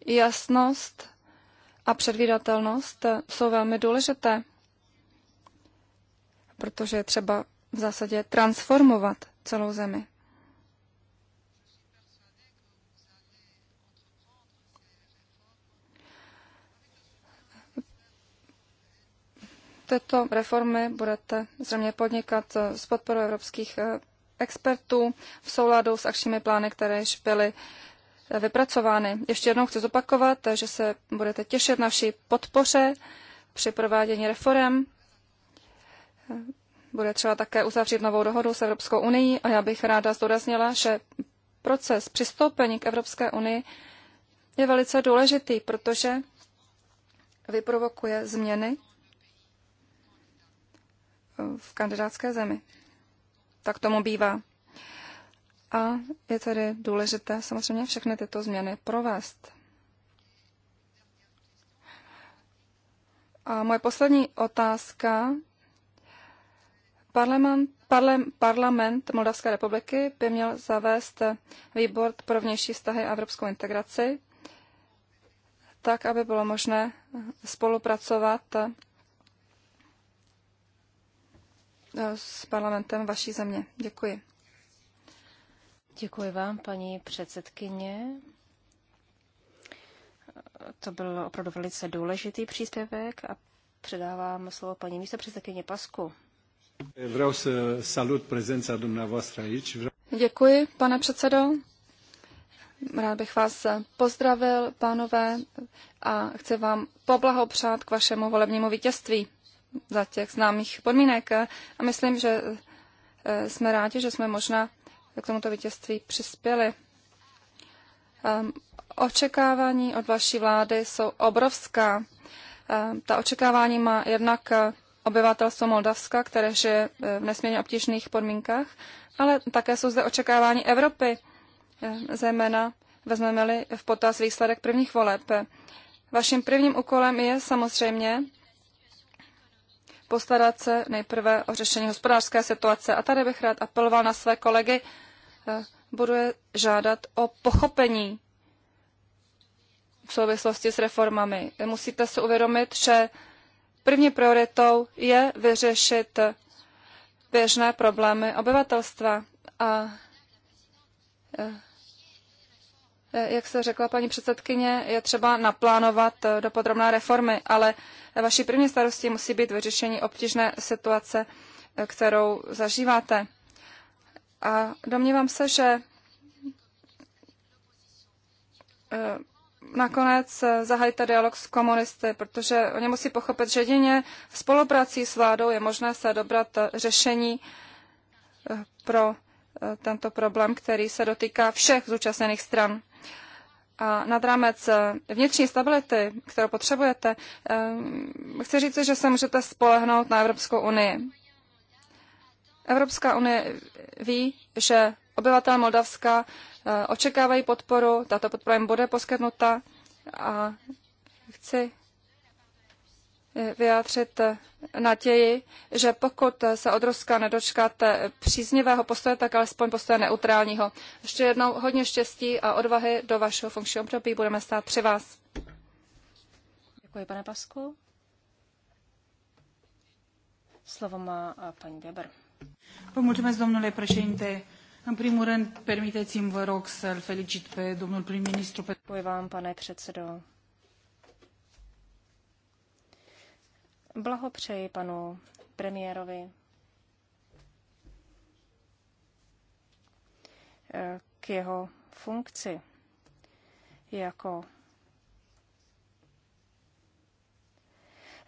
Jasnost a předvídatelnost jsou velmi důležité, protože je třeba v zásadě transformovat celou zemi. této reformy budete zřejmě podnikat eh, s podporou evropských eh, expertů v souladu s akčními plány, které již byly eh, vypracovány. Ještě jednou chci zopakovat, že se budete těšit na naší podpoře při provádění reform. Bude třeba také uzavřít novou dohodu s Evropskou unii a já bych ráda zdůraznila, že proces přistoupení k Evropské unii je velice důležitý, protože vyprovokuje změny v kandidátské zemi. Tak tomu bývá. A je tedy důležité samozřejmě všechny tyto změny provést. A moje poslední otázka. Parlament, parle, parlament Moldavské republiky by měl zavést výbor pro vnější vztahy a evropskou integraci, tak, aby bylo možné spolupracovat s parlamentem vaší země. Děkuji. Děkuji vám, paní předsedkyně. To byl opravdu velice důležitý příspěvek a předávám slovo paní místopředsedkyně Pasku. Vreau să salut prezența dumneavoastră aici. Děkuji, pane předsedo. Rád bych vás pozdravil, pánové, a chci vám poblahopřát k vašemu volebnímu vítězství za těch známých podmínek. A myslím, že eh, jsme rádi, že jsme možná k tomuto vítězství přispěli. Ehm, očekávání od vaší vlády jsou obrovská. Ehm, ta očekávání má jednak eh, obyvatelstvo Moldavska, které žije eh, v nesmírně obtížných podmínkách, ale také jsou zde očekávání Evropy, ehm, zejména vezmeme-li v potaz výsledek prvních voleb. Vaším prvním úkolem je samozřejmě postarat se nejprve o řešení hospodářské situace. A tady bych rád apeloval na své kolegy, eh, budu je žádat o pochopení v souvislosti s reformami. Musíte si uvědomit, že první prioritou je vyřešit běžné problémy obyvatelstva. A eh, Eh, jak se řekla paní předsedkyně, je třeba naplánovat eh, do reformy, ale eh, vaší první starostí musí být vyřešení obtížné situace, kterou zažíváte. A domnívám se, že nakonec zahajte dialog s komunisty, protože oni musí pochopit, že jedině spoluprací s vládou je možné se dobrat řešení pro tento problém, který se dotýká všech zúčastněných stran a nad rámec eh, vnitřní stability, kterou potřebujete, eh, chci říct, že se můžete spolehnout na Evropskou unii. Evropská unie ví, že obyvatel Moldavska eh, očekávají podporu, tato podpora jim bude poskytnuta a chci vyjádřit naději, že pokud se od Ruska nedočkáte příznivého postoje, tak alespoň postoje neutrálního. Ještě jednou hodně štěstí a odvahy do vašeho funkčního období. Budeme stát při vás. Děkuji, pane Pasku. Slovo má paní Weber. Pomůžeme mulțumesc, domnule președinte. În primul rând, permiteți-mi, vă rog, să-l felicit pe domnul prim-ministru. Děkuji vám, pane předsedo. Blahopřeji panu premiérovi e, k jeho funkci jako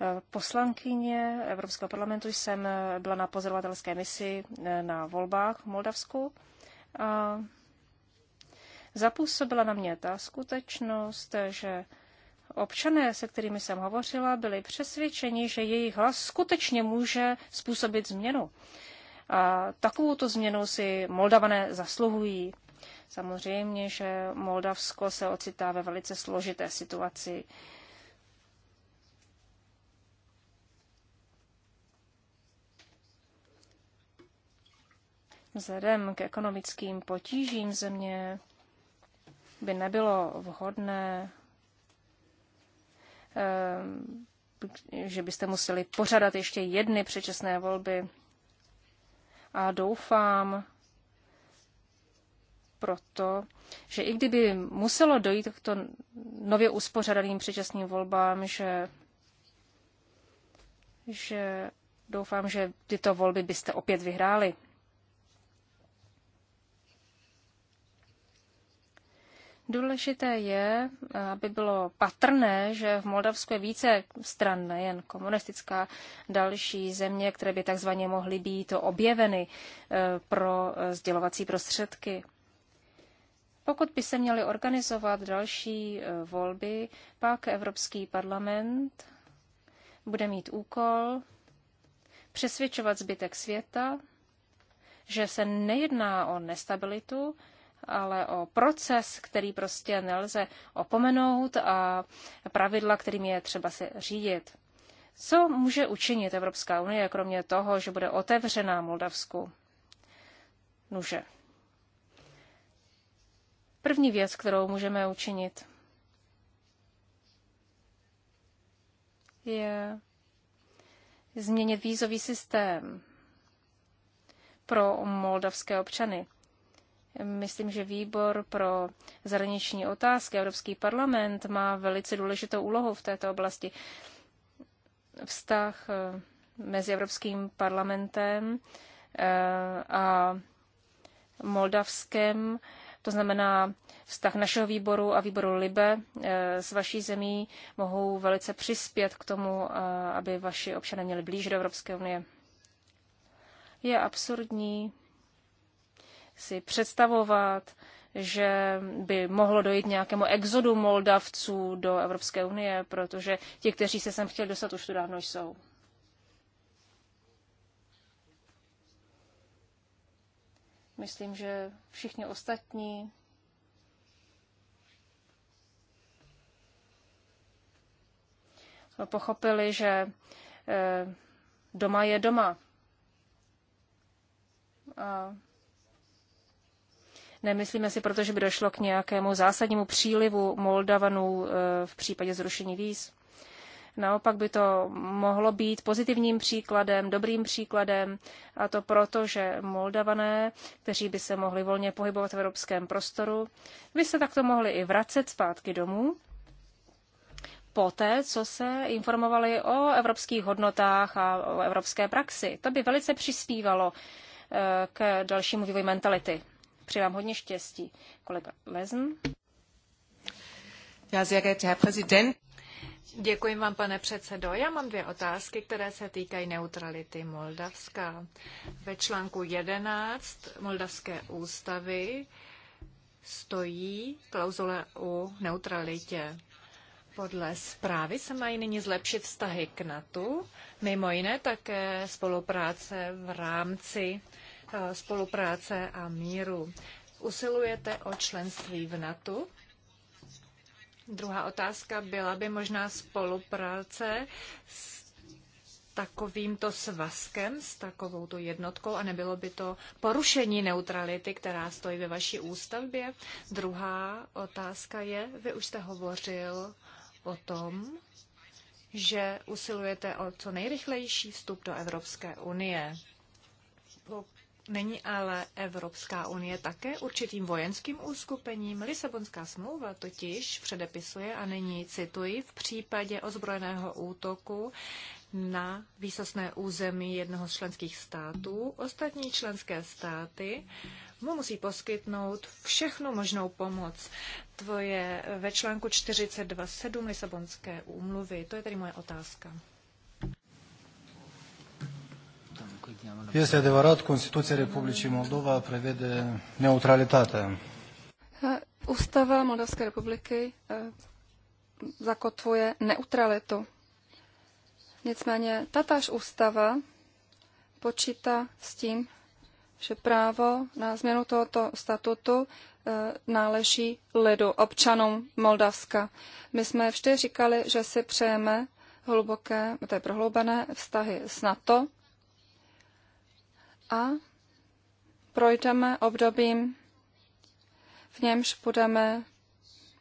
e, poslankyně Evropského parlamentu jsem byla na pozorovatelské misi e, na volbách v Moldavsku. A zapůsobila na mě ta skutečnost, že Občané, se kterými jsem hovořila, byli přesvědčeni, že jejich hlas skutečně může způsobit změnu. A takovouto změnu si Moldavané zasluhují. Samozřejmě, že Moldavsko se ocitá ve velice složité situaci. Vzhledem k ekonomickým potížím země by nebylo vhodné Ehm, že byste museli pořadat ještě jedny předčasné volby. A doufám proto, že i kdyby muselo dojít k to nově uspořadaným předčasným volbám, že, že doufám, že tyto volby byste opět vyhráli. Důležité je, aby bylo patrné, že v Moldavsku je více stran, nejen komunistická, další země, které by takzvaně mohly být objeveny eh, pro eh, sdělovací prostředky. Pokud by se měly organizovat další eh, volby, pak Evropský parlament bude mít úkol přesvědčovat zbytek světa, že se nejedná o nestabilitu, ale o proces, který prostě nelze opomenout a pravidla, kterým je třeba se řídit. Co může učinit Evropská unie, kromě toho, že bude otevřená Moldavsku? Nuže. První věc, kterou můžeme učinit, je změnit vízový systém pro moldavské občany. Myslím, že výbor pro zahraniční otázky, Evropský parlament, má velice důležitou úlohu v této oblasti. Vztah eh, mezi Evropským parlamentem eh, a Moldavskem, to znamená vztah našeho výboru a výboru LIBE eh, s vaší zemí, mohou velice přispět k tomu, aby vaši občané měli blíž do Evropské unie. Je absurdní, si představovat, že by mohlo dojít nějakému exodu Moldavců do Evropské unie, protože ti, kteří se sem chtěli dostat, už tu dávno jsou. Myslím, že všichni ostatní pochopili, že eh, doma je doma. A Nemyslíme si proto, že by došlo k nějakému zásadnímu přílivu Moldavanů eh, v případě zrušení víz. Naopak by to mohlo být pozitivním příkladem, dobrým příkladem, a to proto, že Moldavané, kteří by se mohli volně pohybovat v evropském prostoru, by se takto mohli i vracet zpátky domů, poté, co se informovali o evropských hodnotách a o evropské praxi. To by velice přispívalo eh, k dalšímu vývoji mentality. Přeji vám hodně štěstí. Kolega Lezn. Já sehr geehrter Děkuji vám, pane předsedo. Já mám dvě otázky, které se týkají neutrality Moldavska. Ve článku 11 Moldavské ústavy stojí klauzule o neutralitě. Podle zprávy se mají nyní zlepšit vztahy k NATO, mimo jiné také spolupráce v rámci Eh, spolupráce a míru. Usilujete o členství v NATO? Druhá otázka byla by možná spolupráce s takovýmto svazkem, s takovouto jednotkou a nebylo by to porušení neutrality, která stojí ve vaší ústavbě? Druhá otázka je, vy už jste hovořil o tom, že usilujete o co nejrychlejší vstup do Evropské unie. Není ale Evropská unie také určitým vojenským úskupením? Lisabonská smlouva totiž předepisuje, a nyní cituji, v případě ozbrojeného útoku na výsostné území jednoho z členských států, ostatní členské státy mu musí poskytnout všechnu možnou pomoc. To je ve článku 42.7 Lisabonské úmluvy. To je tedy moje otázka. Este adevărat, Constituția Republicii Moldova prevede neutralitatea. Ústava Moldavské republiky eh, zakotvuje neutralitu. Nicméně tatáž ústava počítá s tím, že právo na změnu tohoto statutu eh, náleží lidu, občanům Moldavska. My jsme vždy říkali, že si přejeme hluboké, to je prohloubené vztahy s NATO, a projdeme obdobím, v němž budeme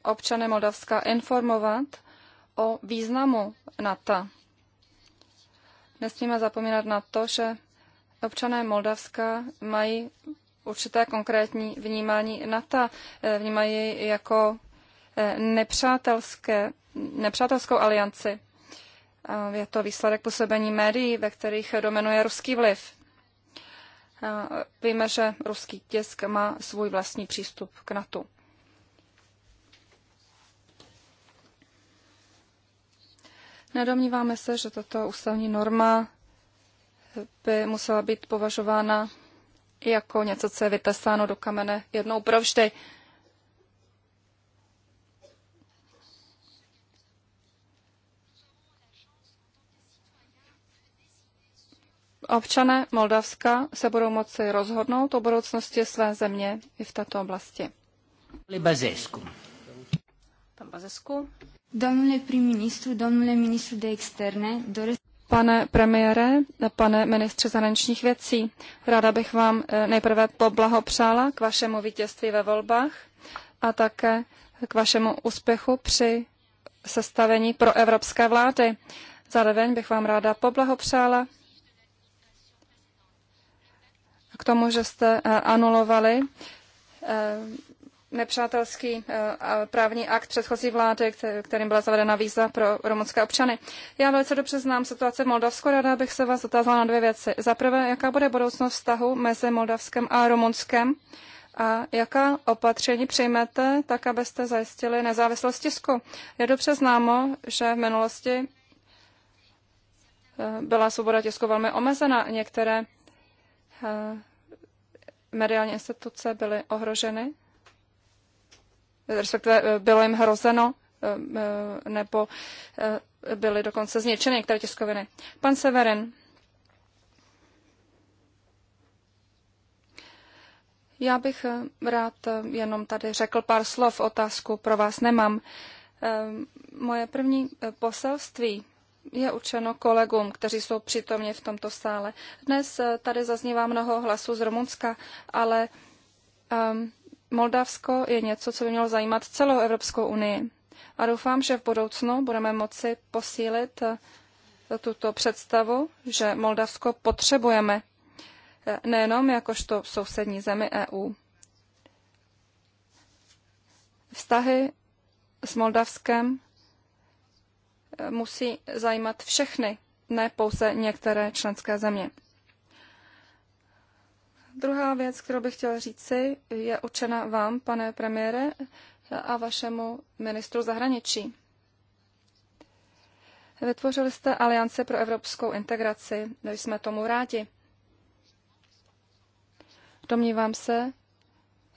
občany Moldavska informovat o významu NATO. Nesmíme zapomínat na to, že občané Moldavska mají určité konkrétní vnímání NATO, eh, vnímají jako eh, nepřátelské, nepřátelskou alianci. Je to výsledek působení médií, ve kterých dominuje ruský vliv. Eh, víme, že ruský tisk má svůj vlastní přístup k NATO. Nedomníváme se, že tato ústavní norma by musela být považována jako něco, co je vytesáno do kamene jednou provždy. vždy Občané Moldavska se budou moci rozhodnout o budoucnosti své země i v této oblasti. Bazescu. Pan Bazescu. Domnule prim-ministru, domnule ministru de externe, dore... Pane premiére, pane ministře zahraničních věcí, ráda bych vám eh, nejprve poblahopřála k vašemu vítězství ve volbách a také k vašemu úspěchu při sestavení pro evropské vlády. Zároveň bych vám ráda poblahopřála k tomu, že jste eh, anulovali eh, nepřátelský eh, právní akt předchozí vlády, kterým byla zavedena víza pro rumunské občany. Já velice dobře znám situace v Moldavsku, ráda bych se vás otázala na dvě věci. Za prvé, jaká bude budoucnost vztahu mezi Moldavskem a Rumunskem a jaká opatření přijmete, tak abyste zajistili nezávislost tisku. Je dobře známo, že v minulosti byla svoboda tisku velmi omezena. Některé mediální instituce byly ohroženy, respektive eh, bylo jim hrozeno eh, eh, nebo byly dokonce zničeny některé tiskoviny. Pan Severin. Já bych rád jenom tady řekl pár slov. Otázku pro vás nemám. Moje první poselství je určeno kolegům, kteří jsou přítomni v tomto sále. Dnes eh, tady zaznívá mnoho hlasů z Rumunska, ale um, Moldavsko je něco, co by mělo zajímat celou Evropskou unii. A doufám, že v budoucnu budeme moci posílit eh, tuto představu, že Moldavsko potřebujeme eh, nejenom jakožto sousední zemi EU. Vztahy s Moldavskem musí zajímat všechny, ne pouze některé členské země. Druhá věc, kterou bych chtěla říci, je určena vám, pane premiére, a vašemu ministru zahraničí. Vytvořili jste Aliance pro evropskou integraci, jsme tomu rádi. Domnívám se,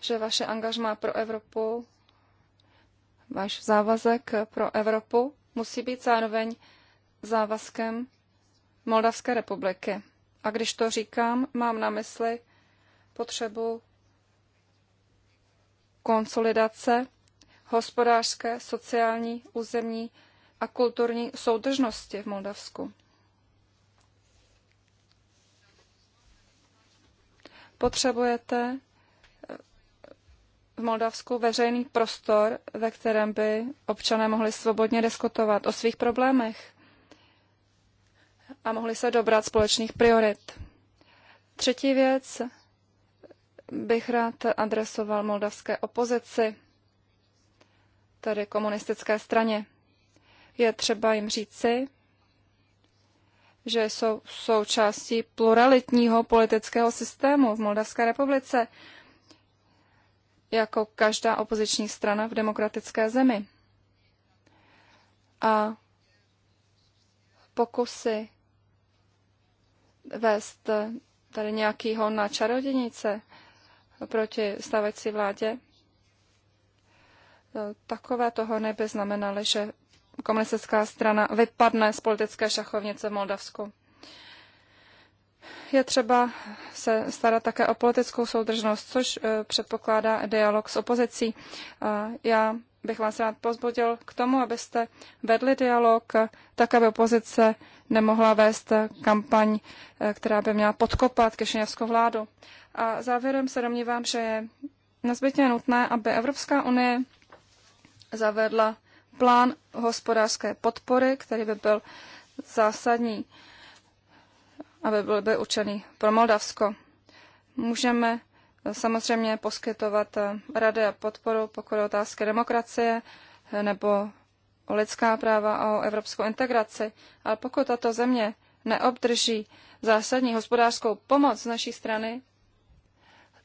že vaše angažma pro Evropu, váš závazek pro Evropu musí být zároveň závazkem Moldavské republiky. A když to říkám, mám na mysli potřebu konsolidace hospodářské, sociální, územní a kulturní soudržnosti v Moldavsku. Potřebujete Moldavsku veřejný prostor, ve kterém by občané mohli svobodně diskutovat o svých problémech a mohli se dobrat společných priorit. Třetí věc bych rád adresoval moldavské opozici, tedy komunistické straně. Je třeba jim říci, že jsou součástí pluralitního politického systému v Moldavské republice jako každá opoziční strana v demokratické zemi. A pokusy vést tady nějakýho na čarodějnice proti stávající vládě, takové toho neby znamenaly, že komunistická strana vypadne z politické šachovnice v Moldavsku je třeba se starat také o politickou soudržnost, což eh, předpokládá dialog s opozicí. Já bych vás rád pozbudil k tomu, abyste vedli dialog, tak aby opozice nemohla vést kampaň, eh, která by měla podkopat kešiněvskou vládu. A závěrem se domnívám, že je nezbytně nutné, aby Evropská unie zavedla plán hospodářské podpory, který by byl zásadní aby byl by určený pro Moldavsko. Můžeme eh, samozřejmě poskytovat eh, rady a podporu, pokud je otázky demokracie eh, nebo o lidská práva a o evropskou integraci. Ale pokud tato země neobdrží zásadní hospodářskou pomoc z naší strany,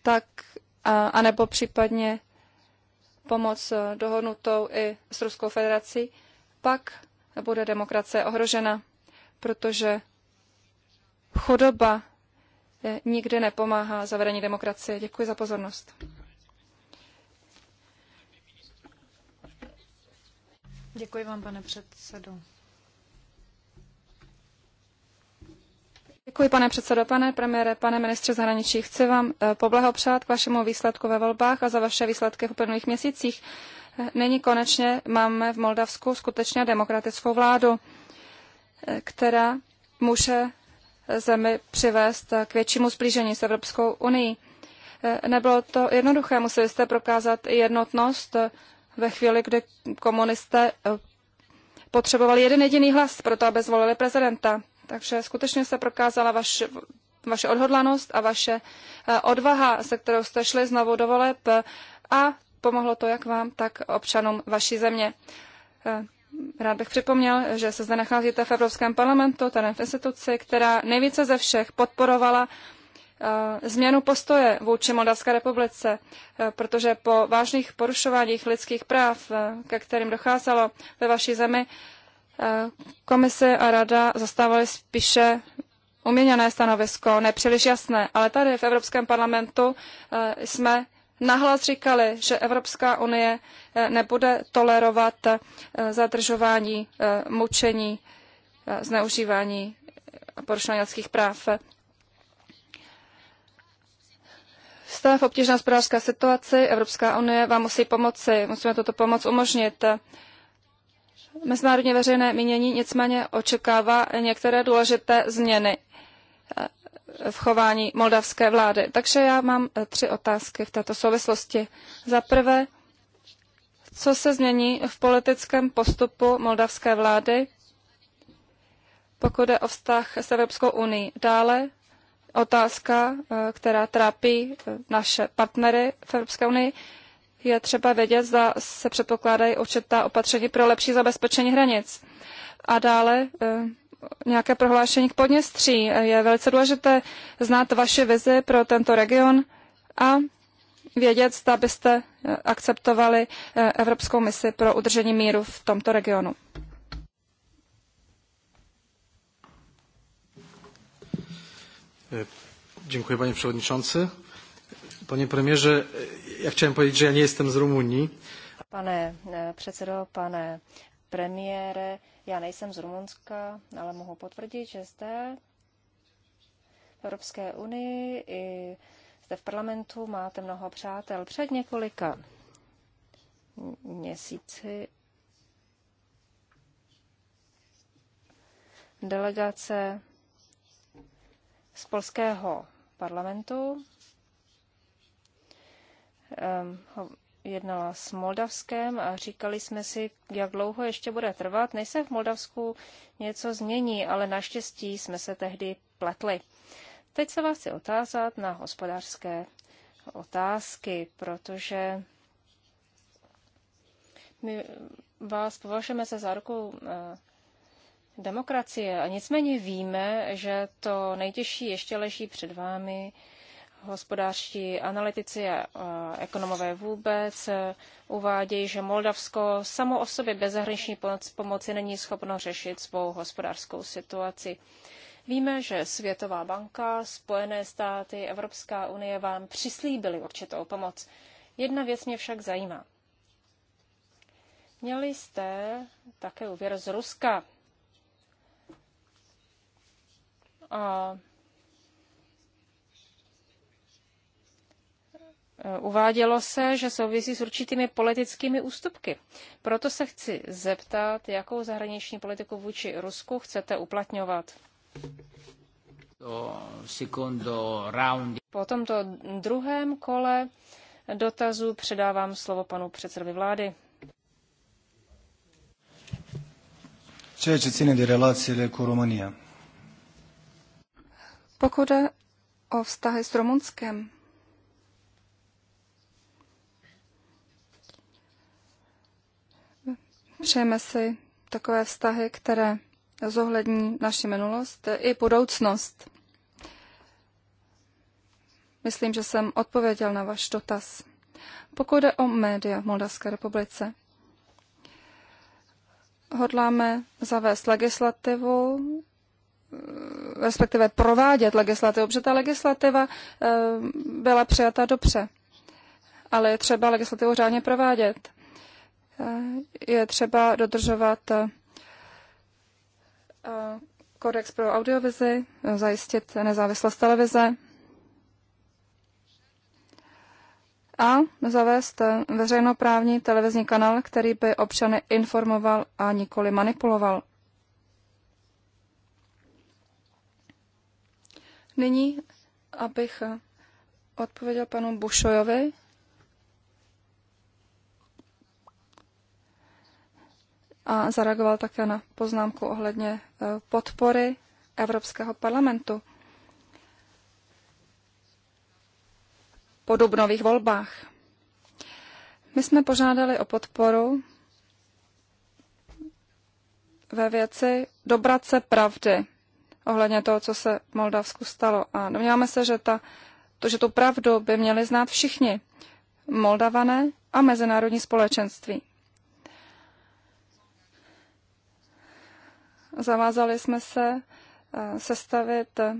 tak a, anebo případně pomoc dohodnutou i s Ruskou federací, pak bude demokracie ohrožena, protože chudoba eh, nikdy nepomáhá zavedení demokracie. Děkuji za pozornost. Děkuji vám, pane předsedo. Děkuji, pane předsedo, pane premiére, pane ministře zahraničí. Chci vám eh, poblahopřát k vašemu výsledku ve volbách a za vaše výsledky v uplynulých měsících. Eh, nyní konečně máme v Moldavsku skutečně demokratickou vládu, která může zemi přivést k většímu zblížení s Evropskou unii. Nebylo to jednoduché, museli jste prokázat jednotnost ve chvíli, kdy komunisté eh, potřebovali jeden jediný hlas pro to, aby zvolili prezidenta. Takže skutečně se prokázala vaše, vaše odhodlanost a vaše eh, odvaha, se kterou jste šli znovu do voleb eh, a pomohlo to jak vám, tak občanům vaší země. Rád bych připomněl, že se zde nacházíte v Evropském parlamentu, tedy v instituci, která nejvíce ze všech podporovala eh, změnu postoje vůči Moldavské republice, eh, protože po vážných porušováních lidských práv, eh, ke kterým docházelo ve vaší zemi, komise a rada zastávaly spíše uměněné stanovisko, nepříliš jasné. Ale tady v Evropském parlamentu jsme nahlas říkali, že Evropská unie eh, nebude tolerovat eh, zadržování, eh, mučení, zneužívání a porušování lidských práv. Jste v obtížné hospodářské situaci, Evropská unie vám musí pomoci, musíme tuto pomoc umožnit. Mezinárodně veřejné mínění nicméně očekává některé důležité změny v chování moldavské vlády. Takže já mám eh, tři otázky v této souvislosti. Za prvé, co se změní v politickém postupu moldavské vlády, pokud jde o vztah s Evropskou unii. Dále otázka, eh, která trápí eh, naše partnery v Evropské unii, je třeba vědět, zda se předpokládají určitá opatření pro lepší zabezpečení hranic. A dále nějaké prohlášení k Podněstří. Je velice důležité znát vaši vizi pro tento region a vědět, zda byste eh, akceptovali eh, Evropskou misi pro udržení míru v tomto regionu. Eh, dziękuję panie przewodniczący. Panie premierze, ja chciałem powiedzieć, że ja nie jestem z Rumunii. Pane předsedo, pane premiére, já nejsem z Rumunska, ale mohu potvrdit, že zde v Evropské unii i zde v parlamentu máte mnoho přátel. Před několika měsíci delegace z polského parlamentu ehm, jednala s Moldavskem a říkali jsme si, jak dlouho ještě bude trvat, než se v Moldavsku něco změní, ale naštěstí jsme se tehdy pletli. Teď se vás chci otázat na hospodářské otázky, protože my vás považujeme za záruku eh, demokracie a nicméně víme, že to nejtěžší ještě leží před vámi, hospodářští analytici a ekonomové vůbec e, uvádějí, že Moldavsko samo o sobě bez zahraniční pomoci není schopno řešit svou hospodářskou situaci. Víme, že Světová banka, Spojené státy, Evropská unie vám přislíbily určitou pomoc. Jedna věc mě však zajímá. Měli jste také úvěr z Ruska. A Eh, uvádělo se, že souvisí s určitými politickými ústupky. Proto se chci zeptat, jakou zahraniční politiku vůči Rusku chcete uplatňovat. Po tomto druhém kole dotazu předávám slovo panu předsedovi vlády. Ceea ce Pokud o vztahy s Rumunskem, Přejeme si takové vztahy, které zohlední naši minulost i budoucnost. Myslím, že jsem odpověděl na váš dotaz. Pokud jde o média v Moldavské republice, hodláme zavést legislativu, respektive provádět legislativu, protože ta legislativa eh, byla přijata dobře, ale je třeba legislativu řádně provádět. Eh, je třeba dodržovat eh, kodex pro audiovizi, zajistit nezávislost televize a zavést veřejnoprávní televizní kanál, který by občany informoval a nikoli manipuloval. Nyní, abych odpověděl panu Bušojovi, a zareagoval také na poznámku ohledně e, podpory Evropského parlamentu po dubnových volbách. My jsme požádali o podporu ve věci dobrat se pravdy ohledně toho, co se v Moldavsku stalo. A domníváme se, že, ta, to, že tu pravdu by měli znát všichni, Moldavané a mezinárodní společenství. Zavázali jsme se eh, sestavit eh,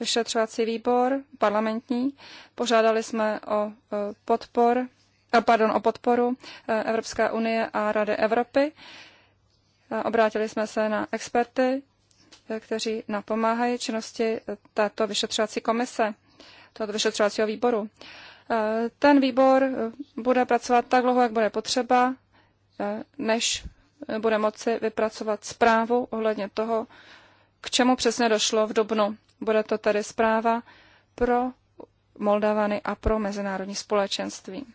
vyšetřovací výbor parlamentní. Požádali jsme o eh, podpor, pardon, o podporu Evropské unie a Rady Evropy. Obrátili jsme se na experty, kteří napomáhají činnosti této vyšetřovací komise, tohoto vyšetřovacího výboru. Ten výbor bude pracovat tak dlouho, jak bude potřeba, než bude moci vypracovat zprávu ohledně toho, k čemu přesně došlo v Dubnu. Bude to tedy zpráva pro Moldavany a pro mezinárodní společenství.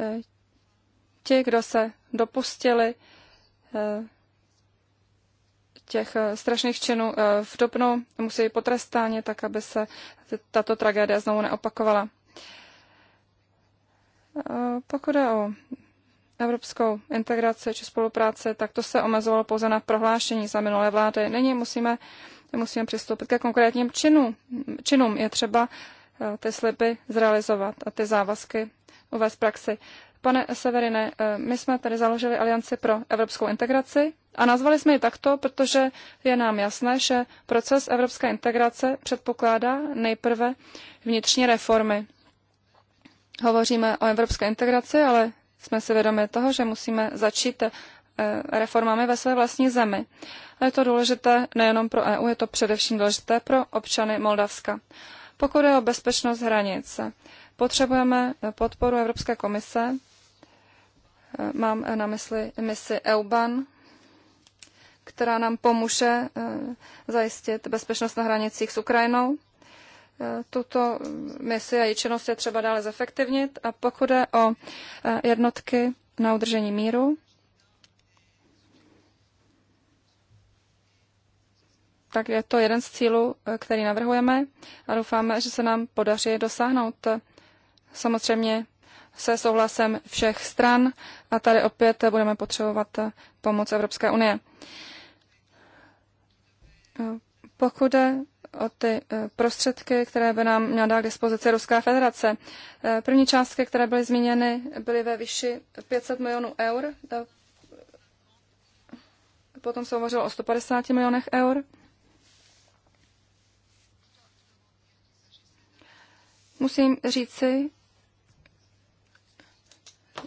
E, ti, kdo se dopustili e, těch e, strašných činů v Dubnu, musí potrestáni tak, aby se tato tragédie znovu neopakovala. Pokud je o evropskou integraci či spolupráci, tak to se omezovalo pouze na prohlášení za minulé vlády. Nyní musíme, musíme přistoupit ke konkrétním činům. činům. Je třeba eh, ty sliby zrealizovat a ty závazky uvést praxi. Pane Severine, eh, my jsme tady založili Alianci pro evropskou integraci a nazvali jsme ji takto, protože je nám jasné, že proces evropské integrace předpokládá nejprve vnitřní reformy hovoříme o evropské integraci, ale jsme si vědomi toho, že musíme začít eh, reformami ve své vlastní zemi. A je to důležité nejenom pro EU, je to především důležité pro občany Moldavska. Pokud je o bezpečnost hranic, potřebujeme podporu Evropské komise. Eh, mám na mysli misi EUBAN, která nám pomůže eh, zajistit bezpečnost na hranicích s Ukrajinou. Eh, tuto misi a její činnost je třeba dále zefektivnit. A pokud je o eh, jednotky na udržení míru, tak je to jeden z cílů, eh, který navrhujeme a doufáme, že se nám podaří dosáhnout. Samozřejmě se souhlasem všech stran a tady opět budeme potřebovat pomoc Evropské unie. Pokud jde o ty e, prostředky, které by nám měla dát k dispozici Ruská federace. E, první částky, které byly zmíněny, byly ve výši 500 milionů eur. Potom se hovořilo o 150 milionech eur. Musím říci,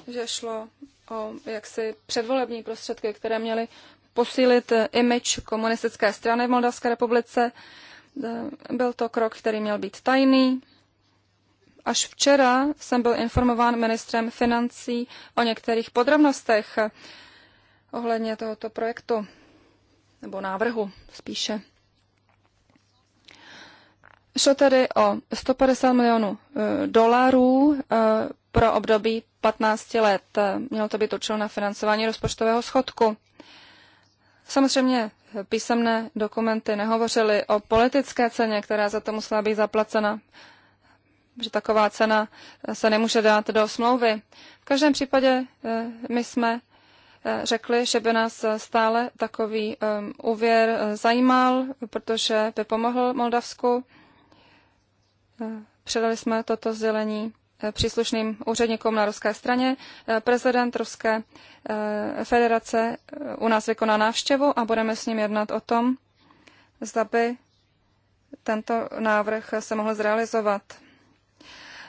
že šlo o jaksi předvolební prostředky, které měly posílit image komunistické strany v Moldavské republice. Eh, byl to krok, který měl být tajný. Až včera jsem byl informován ministrem financí o některých podrobnostech eh, ohledně tohoto projektu, nebo návrhu spíše. Šlo tedy o 150 milionů eh, dolarů pro období 15 let. Mělo to být určeno na financování rozpočtového schodku. Samozřejmě písemné dokumenty nehovořily o politické ceně, která za to musela být zaplacena, že taková cena se nemůže dát do smlouvy. V každém případě eh, my jsme eh, řekli, že by nás stále takový eh, úvěr zajímal, protože by pomohl Moldavsku. Předali jsme toto sdělení Eh, příslušným úředníkům na ruské straně. Eh, prezident Ruské eh, federace u nás vykoná návštěvu a budeme s ním jednat o tom, zda by tento návrh se mohl zrealizovat.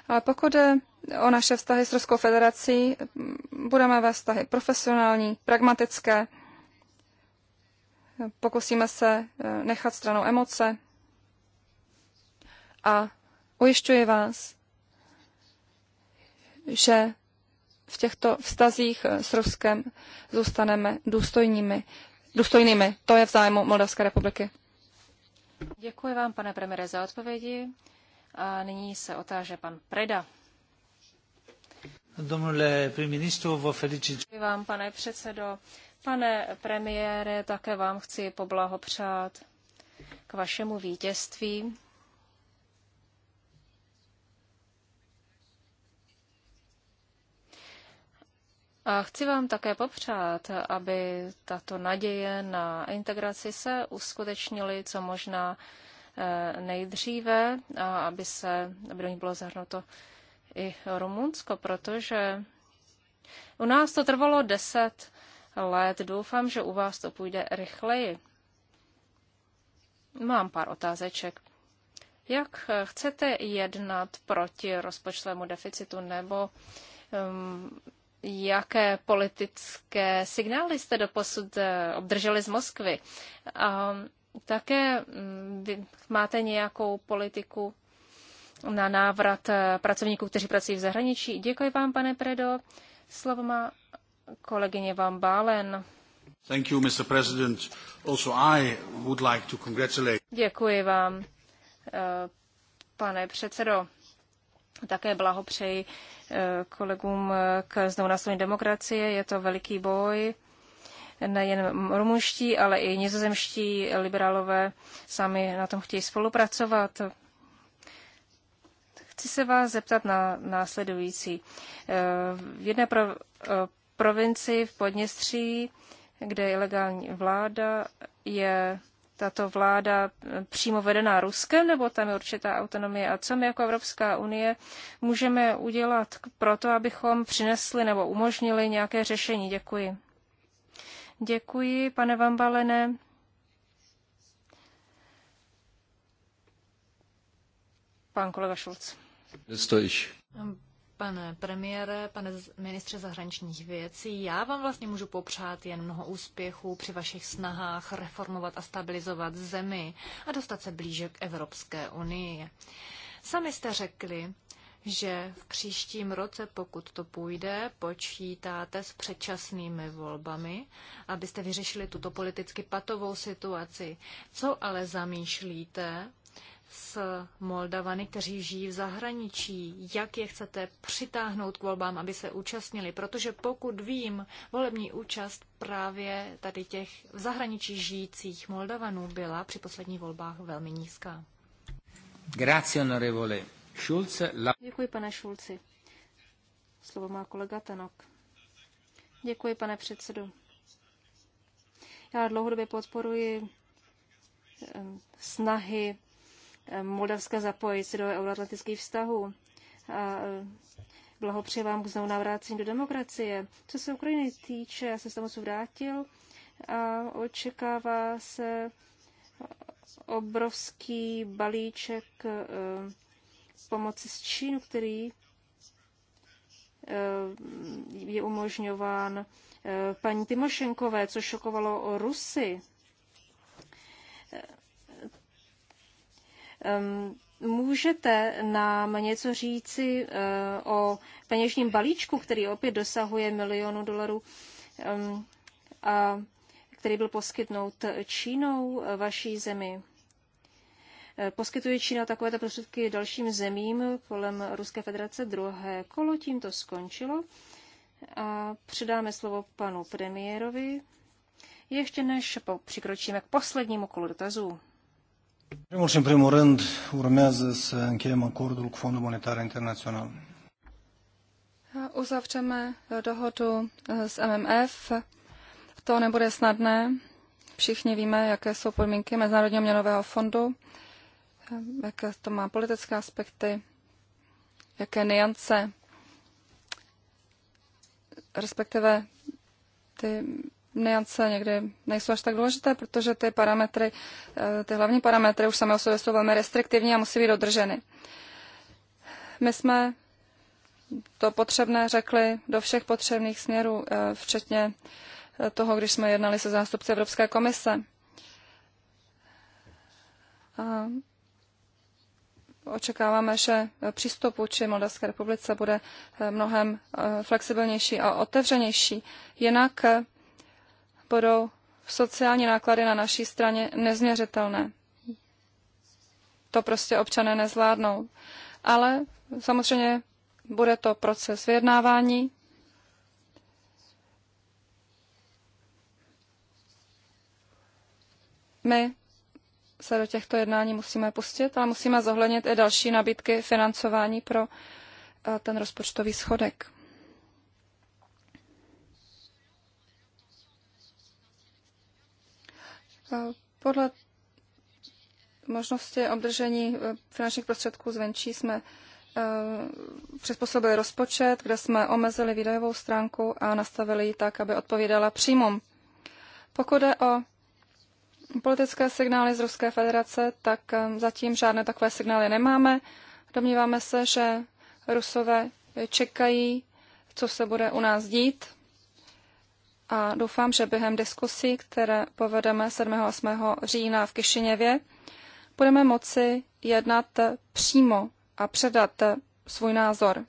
Ale pokud je o naše vztahy s Ruskou federací, mm, budeme ve vztahy profesionální, pragmatické, pokusíme se nechat stranou emoce a ujišťuji vás, že v těchto vztazích eh, s Ruskem zůstaneme důstojnými. důstojnými. To je v zájmu Moldavské republiky. Děkuji vám, pane premiére, za odpovědi. A nyní se otáže pan Preda. Domnule prim-ministru, felicit. Děkuji vám, pane předsedo. Pane premiére, také vám chci poblahopřát k vašemu vítězství A chci vám také popřát, aby tato naděje na integraci se uskutečnily co možná eh, nejdříve a aby, se, aby do ní bylo zahrnuto i Rumunsko, protože u nás to trvalo deset let. Doufám, že u vás to půjde rychleji. Mám pár otázeček. Jak eh, chcete jednat proti rozpočtovému deficitu nebo um, jaké politické signály jste doposud eh, obdrželi z Moskvy. A také mm, máte nějakou politiku na návrat eh, pracovníků, kteří pracují v zahraničí. Děkuji vám, pane Predo. Slovo má kolegyně Van Bálen. Thank you, Mr. President. Also I would like to congratulate... Děkuji vám, eh, pane předsedo. Také blahopřeji eh, kolegům k znovu nastolení demokracie. Je to veliký boj. Nejen rumunští, ale i nizozemští liberálové sami na tom chtějí spolupracovat. Chci se vás zeptat na následující. Eh, v jedné pro, eh, provinci v Podněstří, kde je ilegální vláda, je tato vláda eh, přímo vedená Ruskem, nebo tam je určitá autonomie? A co my jako Evropská unie můžeme udělat pro to, abychom přinesli nebo umožnili nějaké řešení? Děkuji. Děkuji, pane Vambalene. Pan kolega Šulc. Pane premiére, pane ministře zahraničních věcí, já vám vlastně můžu popřát jen mnoho úspěchů při vašich snahách reformovat a stabilizovat zemi a dostat se blíže k Evropské unii. Sami jste řekli, že v příštím roce, pokud to půjde, počítáte s předčasnými volbami, abyste vyřešili tuto politicky patovou situaci. Co ale zamýšlíte s Moldavany, kteří žijí v zahraničí, jak je chcete přitáhnout k volbám, aby se účastnili, protože pokud vím, volební účast právě tady těch v zahraničí žijících Moldavanů byla při posledních volbách velmi nízká. Schulze, Děkuji, pane Šulci. Slovo má kolega Tanok. Děkuji, pane předsedo. Já dlouhodobě podporuji eh, snahy Moldavska zapojit se do euroatlantických vztahů. A e, blahopřeji vám k znovu navrácení do demokracie. Co se Ukrajiny týče, já jsem se tam vrátil a očekává se obrovský balíček e, pomoci s Čínu, který e, je umožňován paní Timošenkové, co šokovalo Rusy Můžete nám něco říci eh, o peněžním balíčku, který opět dosahuje milionu dolarů a který byl poskytnout Čínou eh, vaší zemi? Eh, poskytuje Čína takovéto prostředky dalším zemím kolem Ruské federace. Druhé kolo tím to skončilo. A předáme slovo panu premiérovi, ještě než přikročíme k poslednímu kolu dotazů. Primul și în primul rând urmează să încheiem acordul cu Fondul Monetar Internațional. Uzavřeme eh, dohodu eh, s MMF. To nebude snadné. Všichni víme, jaké jsou podmínky Mezinárodního měnového fondu, eh, jaké to má politické aspekty, jaké niance, respektive ty niance někdy nejsou až tak důležité, protože ty parametry, eh, ty hlavní parametry už samé o sobě jsou velmi restriktivní a musí být dodrženy. My jsme to potřebné řekli do všech potřebných směrů, eh, včetně eh, toho, když jsme jednali se zástupci Evropské komise. A očekáváme, že přístup vůči Moldavské republice bude mnohem flexibilnější a otevřenější. Jinak v sociální náklady na naší straně nezměřitelné. To prostě občané nezvládnou. Ale samozřejmě bude to proces vyjednávání. My se do těchto jednání musíme pustit, ale musíme zohlednit i další nabídky financování pro eh, ten rozpočtový schodek. Podle možnosti obdržení eh, finančních prostředků zvenčí jsme eh, přizpůsobili rozpočet, kde jsme omezili výdajovou stránku a nastavili ji tak, aby odpovídala příjmům. Pokud je o politické signály z Ruské federace, tak eh, zatím žádné takové signály nemáme. Domníváme se, že Rusové čekají, co se bude u nás dít a doufám, že během diskusí, které povedeme 7. a 8. října v Kišiněvě, budeme moci jednat přímo a předat svůj názor.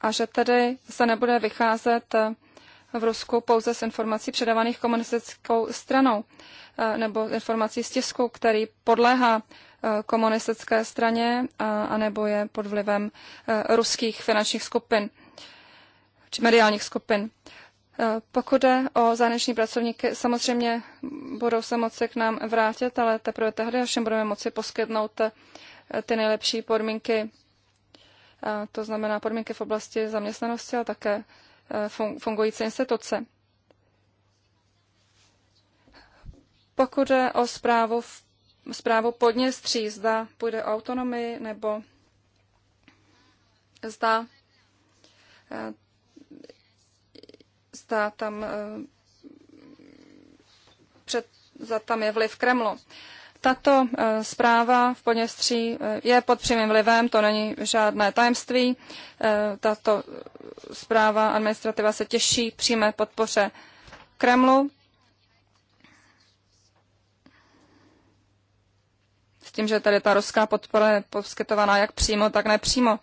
A že tedy se nebude vycházet v Rusku pouze z informací předávaných komunistickou stranou eh, nebo informací z tisku, který podléhá Eh, komunistické straně, a, anebo je pod vlivem eh, ruských finančních skupin či mediálních skupin. Eh, pokud jde o zahraniční pracovníky, samozřejmě budou se moci k nám vrátit, ale teprve tehdy, až jim budeme moci poskytnout ty nejlepší podmínky, to znamená podmínky v oblasti zaměstnanosti a také fungující instituce. Pokud jde o zprávu v zprávu Podněstří, zda půjde o autonomii nebo zda, eh, zda tam eh, před, za tam je vliv Kremlu. Tato eh, zpráva v Podněstří je pod přímým vlivem, to není žádné tajemství. Tato zpráva administrativa se těší přímé podpoře Kremlu tím, že tady ta ruská podpora je poskytovaná jak přímo, tak nepřímo.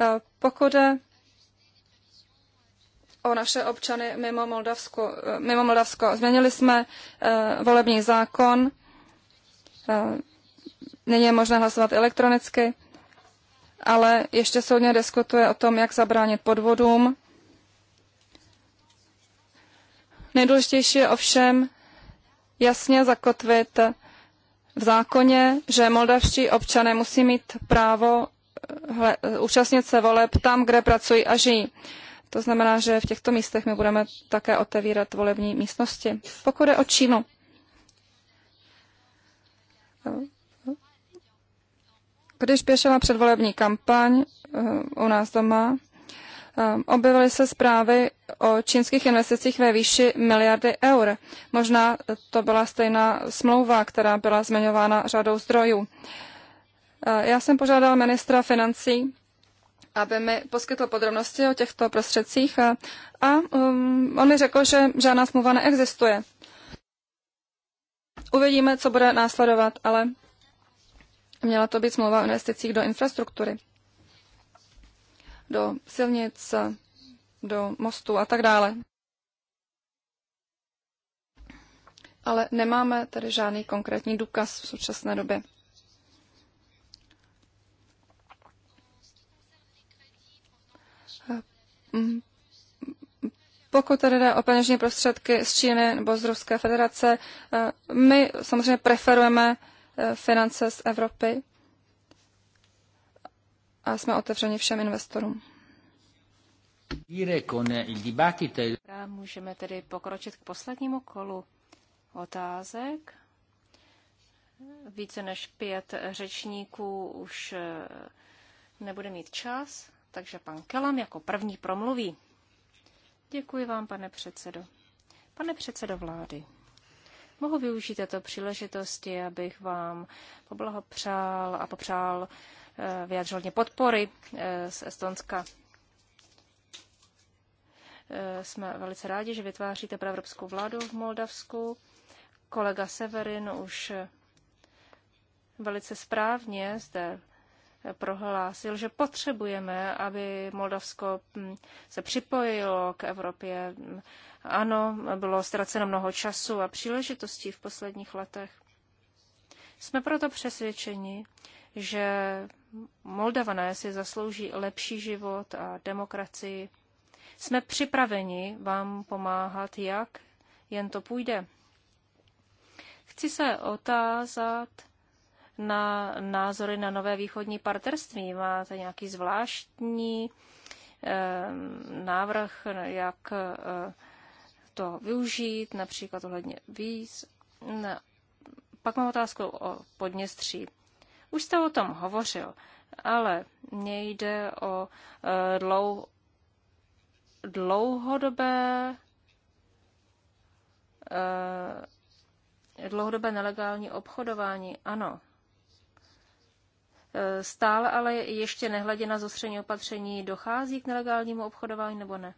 E, pokud je o naše občany mimo Moldavsko, e, mimo Moldavsko. změnili jsme e, volební zákon, nyní je možné hlasovat elektronicky, ale ještě soudně diskutuje o tom, jak zabránit podvodům. Nejdůležitější je ovšem jasně zakotvit v zákoně, že moldavští občané musí mít právo eh, hle, eh, účastnit se voleb tam, kde pracují a žijí. To znamená, že v těchto místech my budeme také otevírat volební místnosti. Pokud je o Čínu, eh, když běžela předvolební kampaň u nás doma, Ehm, objevily se zprávy o čínských investicích ve výši miliardy eur. Možná eh, to byla stejná smlouva, která byla zmiňována řadou zdrojů. Eh, já jsem požádal ministra financí, aby mi poskytl podrobnosti o těchto prostředcích eh, a, a um, ehm, on mi řekl, že žádná smlouva neexistuje. Uvidíme, co bude následovat, ale měla to být smlouva o investicích do infrastruktury do silnic, do mostu a tak dále. Ale nemáme tady žádný konkrétní důkaz v současné době. Mm, pokud tedy jde o peněžní prostředky z Číny nebo z Ruské federace, eh, my samozřejmě preferujeme eh, finance z Evropy, a jsme otevřeni všem investorům. E můžeme tedy pokročit k poslednímu kolu otázek. Více než pět řečníků už eh, nebude mít čas, takže pan Kelam jako první promluví. Děkuji vám, pane předsedo. Pane předsedo vlády, mohu využít této příležitosti, abych vám poblahopřál a popřál vyjádřil hodně podpory eh, z Estonska. Eh, jsme velice rádi, že vytváříte proevropskou vládu v Moldavsku. Kolega Severin už eh, velice správně zde prohlásil, že potřebujeme, aby Moldavsko hm, se připojilo k Evropě. Ano, bylo ztraceno mnoho času a příležitostí v posledních letech. Jsme proto přesvědčeni, že Moldavané si zaslouží lepší život a demokracii. Jsme připraveni vám pomáhat, jak jen to půjde. Chci se otázat na názory na nové východní partnerství. Máte nějaký zvláštní eh, návrh, jak eh, to využít, například ohledně víc. Ne. Pak mám otázku o Podněstří. Už jste o tom hovořil, ale mně jde o eh, dlou, dlouhodobé eh, dlouhodobé nelegální obchodování, ano. Eh, stále ale ještě nehledě na zostření opatření, dochází k nelegálnímu obchodování nebo ne?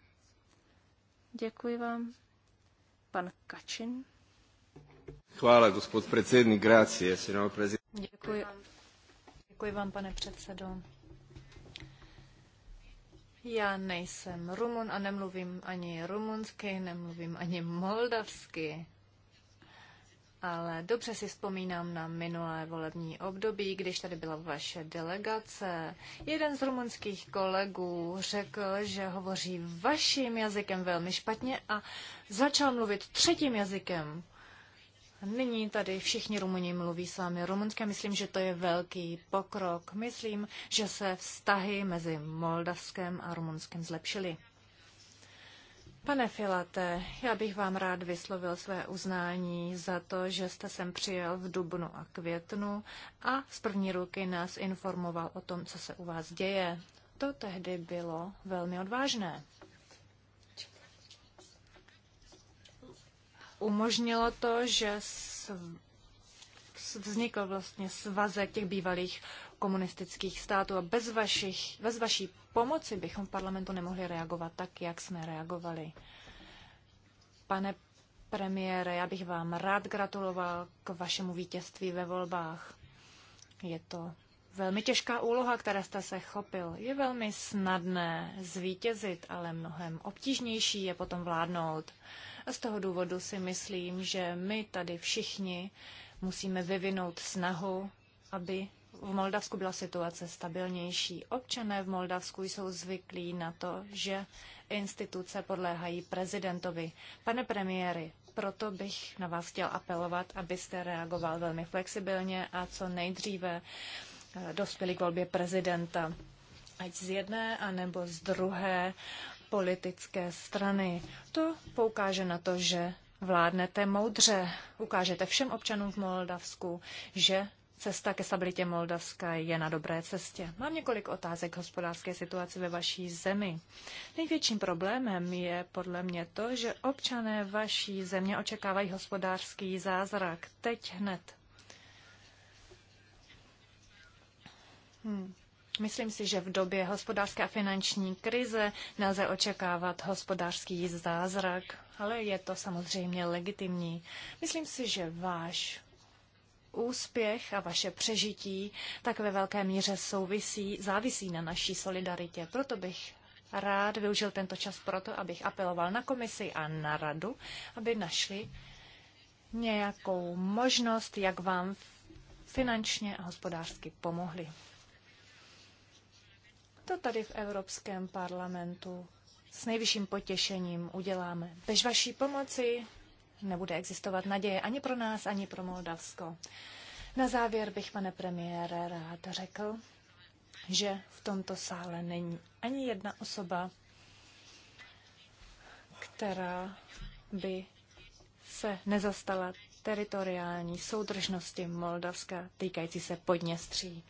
Děkuji vám. Pan Kačin. Hvala, gospod predsednik, grácie, senor prezident. Děkuji. Děkuji vám, pane předsedo. Já nejsem Rumun a nemluvím ani rumunsky, nemluvím ani moldavsky. Ale dobře si vzpomínám na minulé volební období, když tady byla vaše delegace. Jeden z rumunských kolegů řekl, že hovoří vaším jazykem velmi špatně a začal mluvit třetím jazykem. Nyní tady všichni Rumuni mluví sami rumunsky myslím, že to je velký pokrok. Myslím, že se vztahy mezi Moldavskem a Rumunskem zlepšily. Pane Filate, já bych vám rád vyslovil své uznání za to, že jste sem přijel v dubnu a květnu a z první ruky nás informoval o tom, co se u vás děje. To tehdy bylo velmi odvážné. umožnilo to, že vznikl vlastně svazek těch bývalých komunistických států a bez, vašich, bez vaší pomoci bychom v parlamentu nemohli reagovat tak, jak jsme reagovali. Pane premiére, já bych vám rád gratuloval k vašemu vítězství ve volbách. Je to velmi těžká úloha, které jste se chopil. Je velmi snadné zvítězit, ale mnohem obtížnější je potom vládnout. A z toho důvodu si myslím, že my tady všichni musíme vyvinout snahu, aby v Moldavsku byla situace stabilnější. Občané v Moldavsku jsou zvyklí na to, že instituce podléhají prezidentovi. Pane premiéry, proto bych na vás chtěl apelovat, abyste reagoval velmi flexibilně a co nejdříve eh, dospěli k volbě prezidenta. Ať z jedné, anebo z druhé politické strany. To poukáže na to, že vládnete moudře, ukážete všem občanům v Moldavsku, že cesta ke stabilitě Moldavska je na dobré cestě. Mám několik otázek k hospodářské situaci ve vaší zemi. Největším problémem je podle mě to, že občané vaší země očekávají hospodářský zázrak teď hned. Hmm. Myslím si, že v době hospodářské a finanční krize nelze očekávat hospodářský zázrak, ale je to samozřejmě legitimní. Myslím si, že váš úspěch a vaše přežití tak ve velké míře souvisí, závisí na naší solidaritě. Proto bych rád využil tento čas proto, abych apeloval na komisi a na radu, aby našli nějakou možnost, jak vám finančně a hospodářsky pomohli. To tady v Evropském parlamentu s nejvyšším potěšením uděláme. Bez vaší pomoci nebude existovat naděje ani pro nás, ani pro Moldavsko. Na závěr bych, pane premiére, rád řekl, že v tomto sále není ani jedna osoba, která by se nezastala teritoriální soudržnosti Moldavska týkající se Podněstří.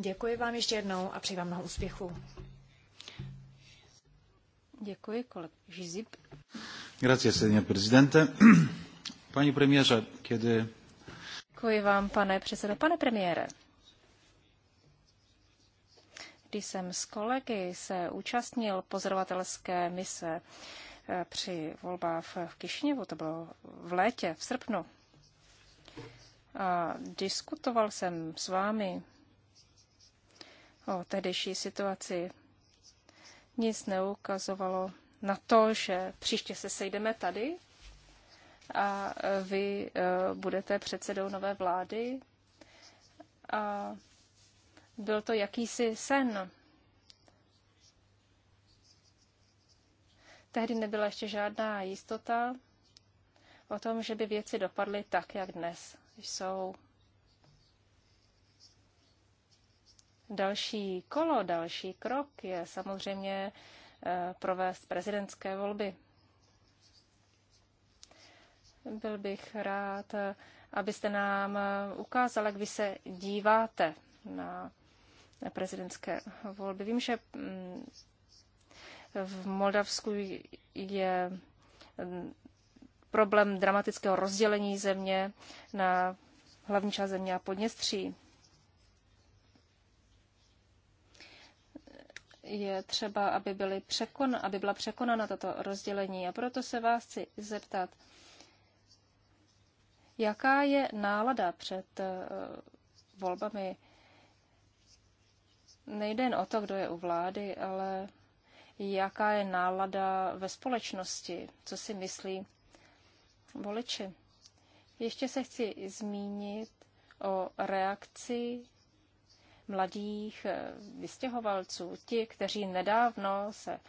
Děkuji vám ještě jednou a přeji vám mnoho úspěchů. Děkuji, kolega Žizip. Grazie, senior prezidente. Pani premiéře, kiedy... Děkuji vám, pane předsedo. Pane premiére, když jsem s kolegy se účastnil pozorovatelské mise eh, při volbách v Kišněvu, to bylo v létě, v srpnu, a diskutoval jsem s vámi o tehdejší situaci. Nic neukazovalo na to, že příště se sejdeme tady a vy eh, budete předsedou nové vlády. A byl to jakýsi sen. Tehdy nebyla ještě žádná jistota o tom, že by věci dopadly tak, jak dnes jsou. Další kolo, další krok je samozřejmě eh, provést prezidentské volby. Byl bych rád, abyste nám eh, ukázal, jak vy se díváte na prezidentské volby. Vím, že mm, v Moldavsku je mm, problém dramatického rozdělení země na hlavní část země a Podněstří. je třeba, aby, byly překon, aby byla překonána tato rozdělení. A proto se vás chci zeptat, jaká je nálada před eh, volbami. Nejde jen o to, kdo je u vlády, ale jaká je nálada ve společnosti, co si myslí voliči. Ještě se chci zmínit o reakci mladých eh, vystěhovalců, ti, kteří nedávno se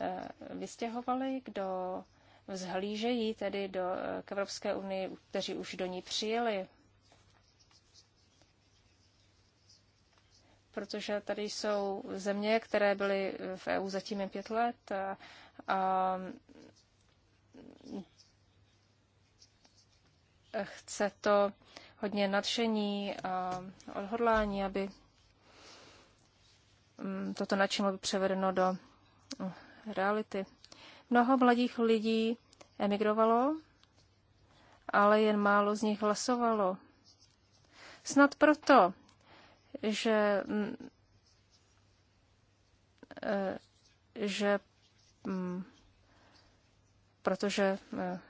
eh, vystěhovali, kdo vzhlížejí tedy do, eh, k Evropské unii, kteří už do ní přijeli. Protože tady jsou země, které byly v EU zatím jen pět let a, a chce to hodně nadšení a odhodlání, aby Mm, toto nadšení by převedeno do no, reality. Mnoho mladých lidí emigrovalo, ale jen málo z nich hlasovalo. Snad proto, že, mm, eh, že mm, protože eh,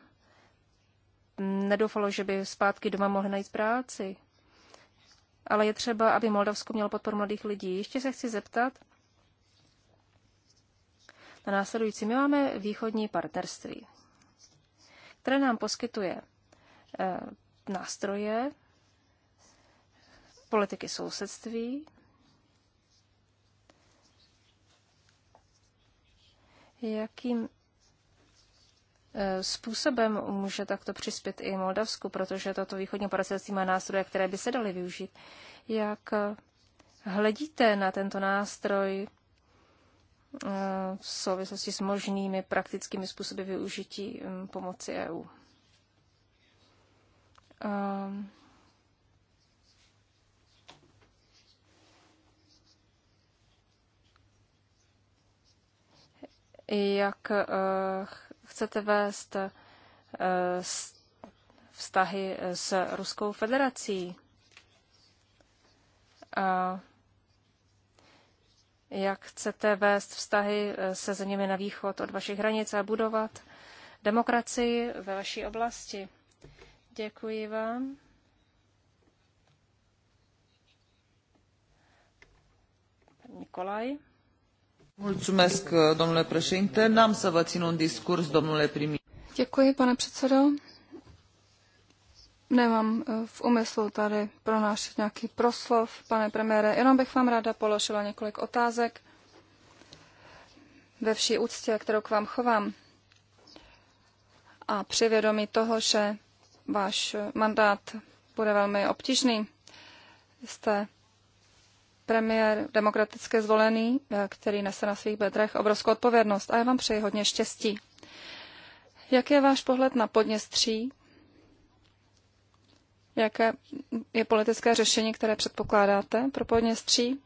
nedoufalo, že by zpátky doma mohli najít práci ale je třeba, aby Moldavsko mělo podporu mladých lidí. Ještě se chci zeptat na následující. My máme východní partnerství, které nám poskytuje eh, nástroje politiky sousedství, jakým způsobem může takto přispět i Moldavsku, protože toto východní partnerství má nástroje, které by se daly využít. Jak hledíte na tento nástroj eh, v souvislosti s možnými praktickými způsoby využití hm, pomoci EU? Ehm. Jak eh, chcete vést eh, vztahy eh, s Ruskou federací. A jak chcete vést vztahy eh, se zeměmi na východ od vašich hranic a budovat demokracii ve vaší oblasti. Děkuji vám. Nikolaj. Mulțumesc, domnule președinte. N-am să vă țin un discurs, domnule primi. Děkuji, pane předsedo. Nemám eh, v úmyslu tady pronášet nějaký proslov, pane premiére. Jenom bych vám ráda položila několik otázek ve vší úctě, kterou k vám chovám. A při vědomí toho, že váš mandát bude velmi obtížný, jste premiér demokraticky zvolený, eh, který nese na svých bedrech obrovskou odpovědnost a já vám přeji hodně štěstí. Jak je váš pohled na Podněstří? Jaké je politické řešení, které předpokládáte pro Podněstří?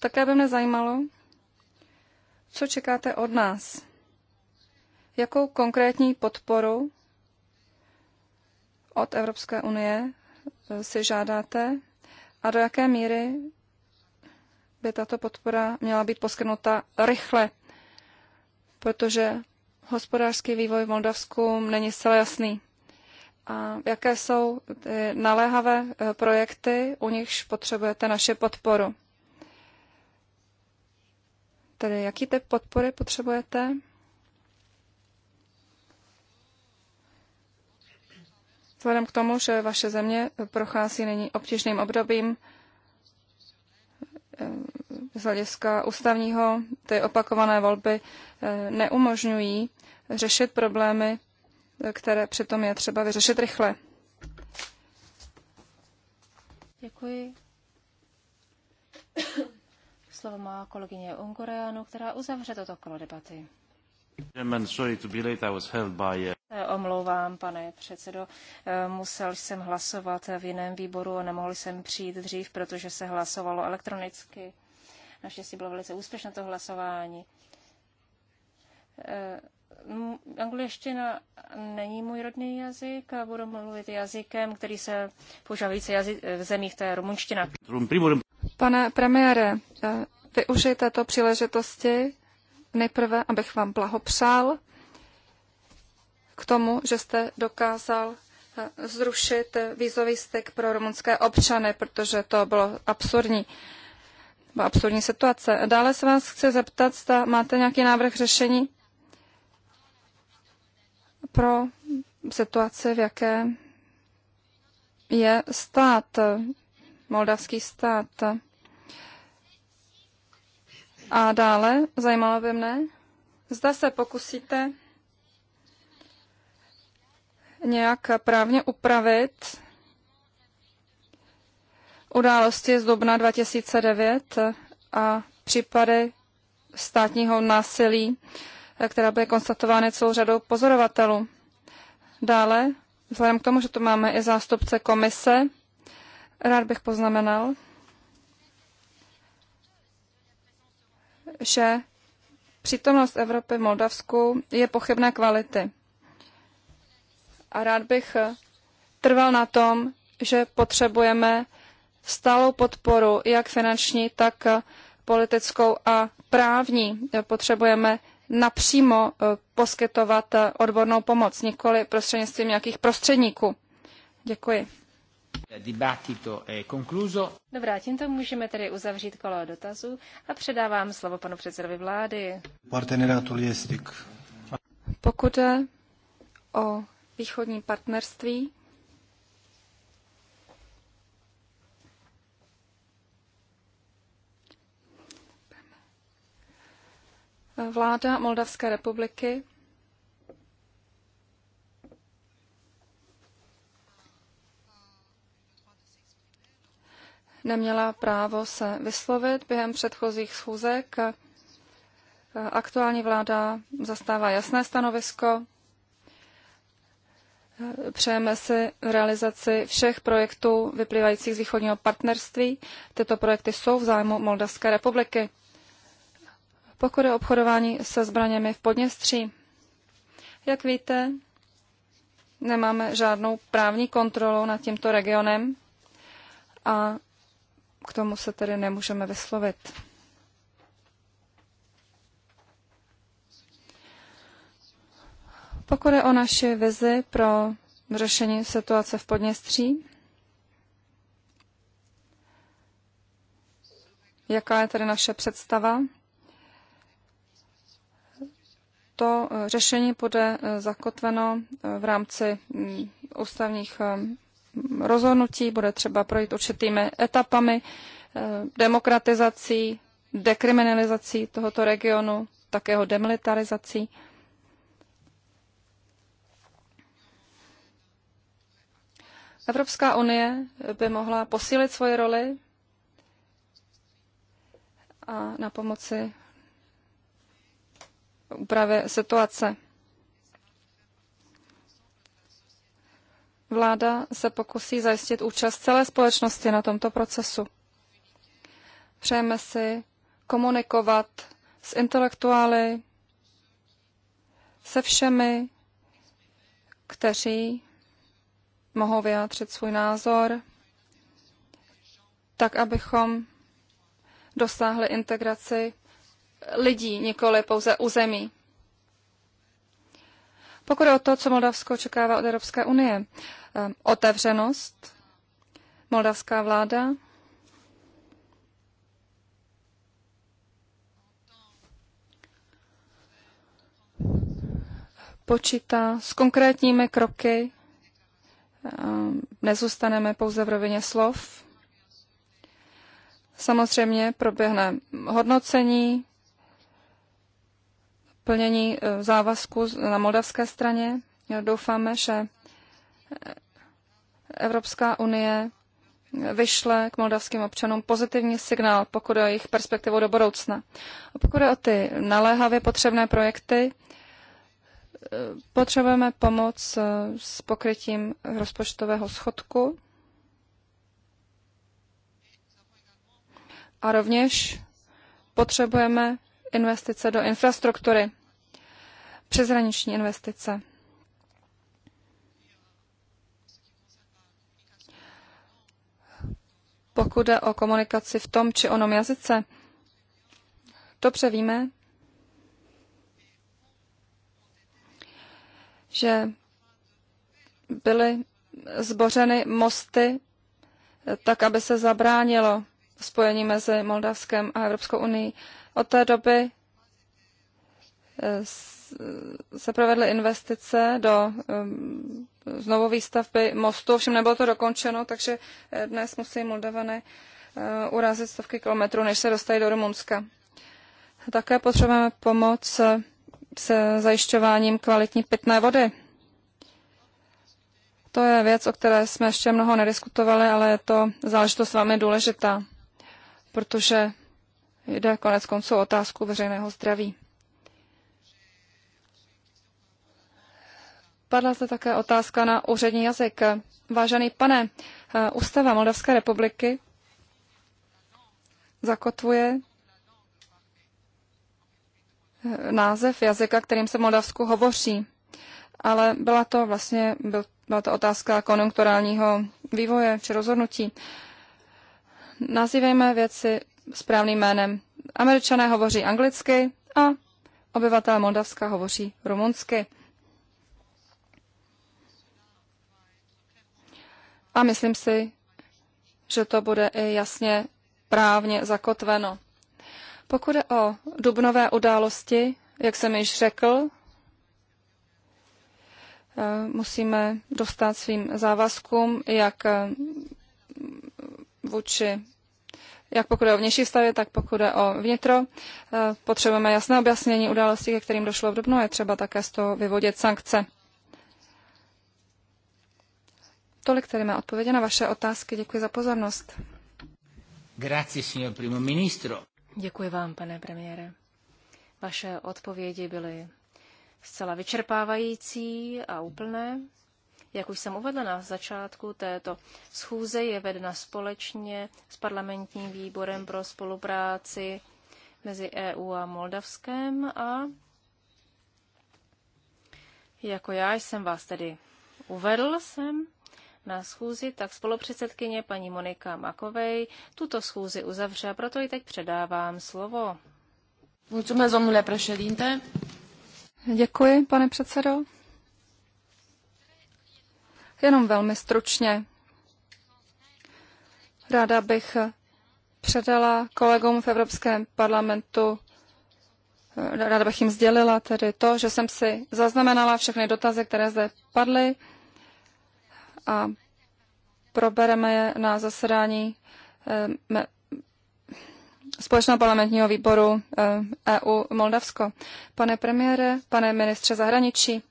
Také by mě zajímalo, co čekáte od nás? Jakou konkrétní podporu od Evropské unie eh, si žádáte a do jaké míry by tato podpora měla být poskytnuta rychle, protože hospodářský vývoj v Moldavsku není zcela jasný. A jaké jsou ty naléhavé eh, projekty, u nichž potřebujete naše podporu? Tedy jaký typ podpory potřebujete? Vzhledem k tomu, že vaše země prochází nyní obtížným obdobím, eh, z hlediska ústavního ty opakované volby eh, neumožňují řešit problémy, které přitom je třeba vyřešit rychle. Děkuji. Slovo má kolegyně Ungoreanu, která uzavře toto kolo debaty. Omlouvám, pane předsedo. Eh, musel jsem hlasovat v jiném výboru a nemohl jsem přijít dřív, protože se hlasovalo elektronicky. Naštěstí bylo velice úspěšné to hlasování. Eh, angličtina není můj rodný jazyk a budu mluvit jazykem, který se používá více jazyk, v zemích, to je rumunština. Pane premiére, eh, využijte této příležitosti nejprve, abych vám blahopřál k tomu, že jste dokázal eh, zrušit vízový styk pro rumunské občany, protože to bylo absurdní nebo absurdní situace. Dále se vás chci zeptat, zda máte nějaký návrh řešení pro situaci, v jaké je stát, moldavský stát. A dále, zajímalo by mne, zda se pokusíte nějak právně upravit události z dubna 2009 a případy státního násilí, která byly konstatovány celou řadou pozorovatelů. Dále, vzhledem k tomu, že tu máme i zástupce komise, rád bych poznamenal, že přítomnost Evropy v Moldavsku je pochybné kvality. A rád bych trval na tom, že potřebujeme stálou podporu, jak finanční, tak eh, politickou a právní. Eh, potřebujeme napřímo eh, poskytovat odbornou pomoc, nikoli prostřednictvím nějakých prostředníků. Děkuji. Dobrá, tímto můžeme tedy uzavřít kolo dotazů a předávám slovo panu předsedovi vlády. Pokud je o východní partnerství, Vláda Moldavské republiky neměla právo se vyslovit během předchozích schůzek. Aktuální vláda zastává jasné stanovisko. Přejeme si realizaci všech projektů vyplývajících z východního partnerství. Tyto projekty jsou v zájmu Moldavské republiky pokud je obchodování se zbraněmi v Podněstří. Jak víte, nemáme žádnou právní kontrolu nad tímto regionem a k tomu se tedy nemůžeme vyslovit. Pokud jde o naši vizi pro řešení situace v Podněstří, jaká je tedy naše představa to eh, řešení bude eh, zakotveno eh, v rámci mm, ústavních rozhodnutí, bude třeba projít určitými etapami demokratizací, dekriminalizací tohoto regionu, takého jeho demilitarizací. Evropská unie by mohla posílit svoji roli a na pomoci úpravě situace. Vláda se pokusí zajistit účast celé společnosti na tomto procesu. Přejeme si komunikovat s intelektuály, se všemi, kteří mohou vyjádřit svůj názor, tak abychom dosáhli integraci lidí, nikoli pouze území. Pokud je o to, co Moldavsko očekává od Evropské unie, eh, otevřenost, moldavská vláda, počítá s konkrétními kroky, eh, nezůstaneme pouze v rovině slov. Samozřejmě proběhne hodnocení plnění eh, závazku na moldavské straně. Doufáme, že eh, Evropská unie vyšle k moldavským občanům pozitivní signál, pokud je o jejich perspektivu do budoucna. A pokud je o ty naléhavě potřebné projekty, eh, potřebujeme pomoc s pokrytím rozpočtového schodku a rovněž potřebujeme investice do infrastruktury, přeshraniční investice. Pokud jde o komunikaci v tom či onom jazyce, dobře víme, že byly zbořeny mosty tak, aby se zabránilo spojení mezi Moldavskem a Evropskou unii. Od té doby eh, se provedly investice do eh, znovu výstavby mostu, ovšem nebylo to dokončeno, takže eh, dnes musí Moldavany urazit stovky kilometrů, než se dostají do Rumunska. Také potřebujeme pomoc se zajišťováním kvalitní pitné vody. To je věc, o které jsme ještě mnoho nediskutovali, ale je to záležitost velmi důležitá, protože Jde konec konců o otázku veřejného zdraví. Padla zde také otázka na úřední jazyk. Vážený pane, eh, Ústava Moldavské republiky zakotvuje eh, název jazyka, kterým se Moldavsku hovoří. Ale byla to vlastně byla to otázka konjunkturálního vývoje či rozhodnutí. Nazývejme věci správným jménem. Američané hovoří anglicky a obyvatel Moldavska hovoří rumunsky. A myslím si, že to bude i jasně právně zakotveno. Pokud je o dubnové události, jak jsem již řekl, eh, musíme dostat svým závazkům, jak eh, vůči jak pokud je o vnější vztahy, tak pokud je o vnitro. Eh, potřebujeme jasné objasnění událostí, ke kterým došlo v Dubnu, je třeba také z toho vyvodit sankce. Tolik tedy má odpovědi na vaše otázky. Děkuji za pozornost. Grazie, signor primo ministro. Děkuji vám, pane premiére. Vaše odpovědi byly zcela vyčerpávající a úplné. Jak už jsem uvedla na začátku této schůze, je vedena společně s parlamentním výborem pro spolupráci mezi EU a Moldavskem a jako já jsem vás tedy uvedl jsem na schůzi, tak spolupředsedkyně paní Monika Makovej tuto schůzi uzavře a proto ji teď předávám slovo. Děkuji, pane předsedo. Jenom velmi stručně. Ráda bych předala kolegům v Evropském parlamentu, eh, ráda bych jim sdělila tedy to, že jsem si zaznamenala všechny dotazy, které zde padly a probereme je na zasedání eh, Společného parlamentního výboru EU eh, e Moldavsko. Pane premiére, pane ministře zahraničí,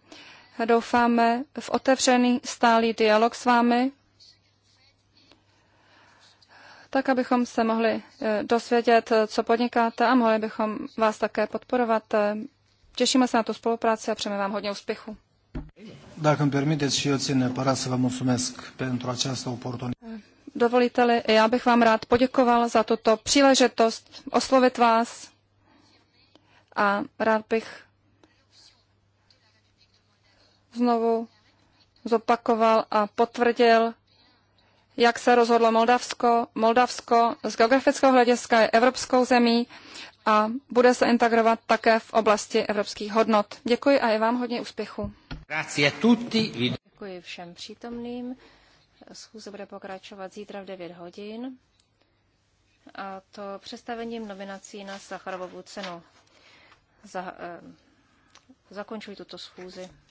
doufáme v otevřený stálý dialog s vámi, tak abychom se mohli eh, dosvědět, eh, co podnikáte a mohli bychom vás také podporovat. Eh, Těšíme se na tu spolupráci a přejeme vám hodně úspěchu. Dacă permiteți și eu țin neapărat să vă mulțumesc pentru această oportunitate. Dovolíte-li, já bych vám rád poděkoval za tuto příležitost oslovit vás a rád bych znovu zopakoval a potvrdil, jak se rozhodlo Moldavsko. Moldavsko z geografického hlediska je evropskou zemí a bude se integrovat také v oblasti evropských hodnot. Děkuji a je vám hodně úspěchu. Děkuji všem přítomným. Schůze bude pokračovat zítra v 9 hodin a to představením nominací na Sacharovovu cenu. Za, eh, zakončuji tuto schůzi.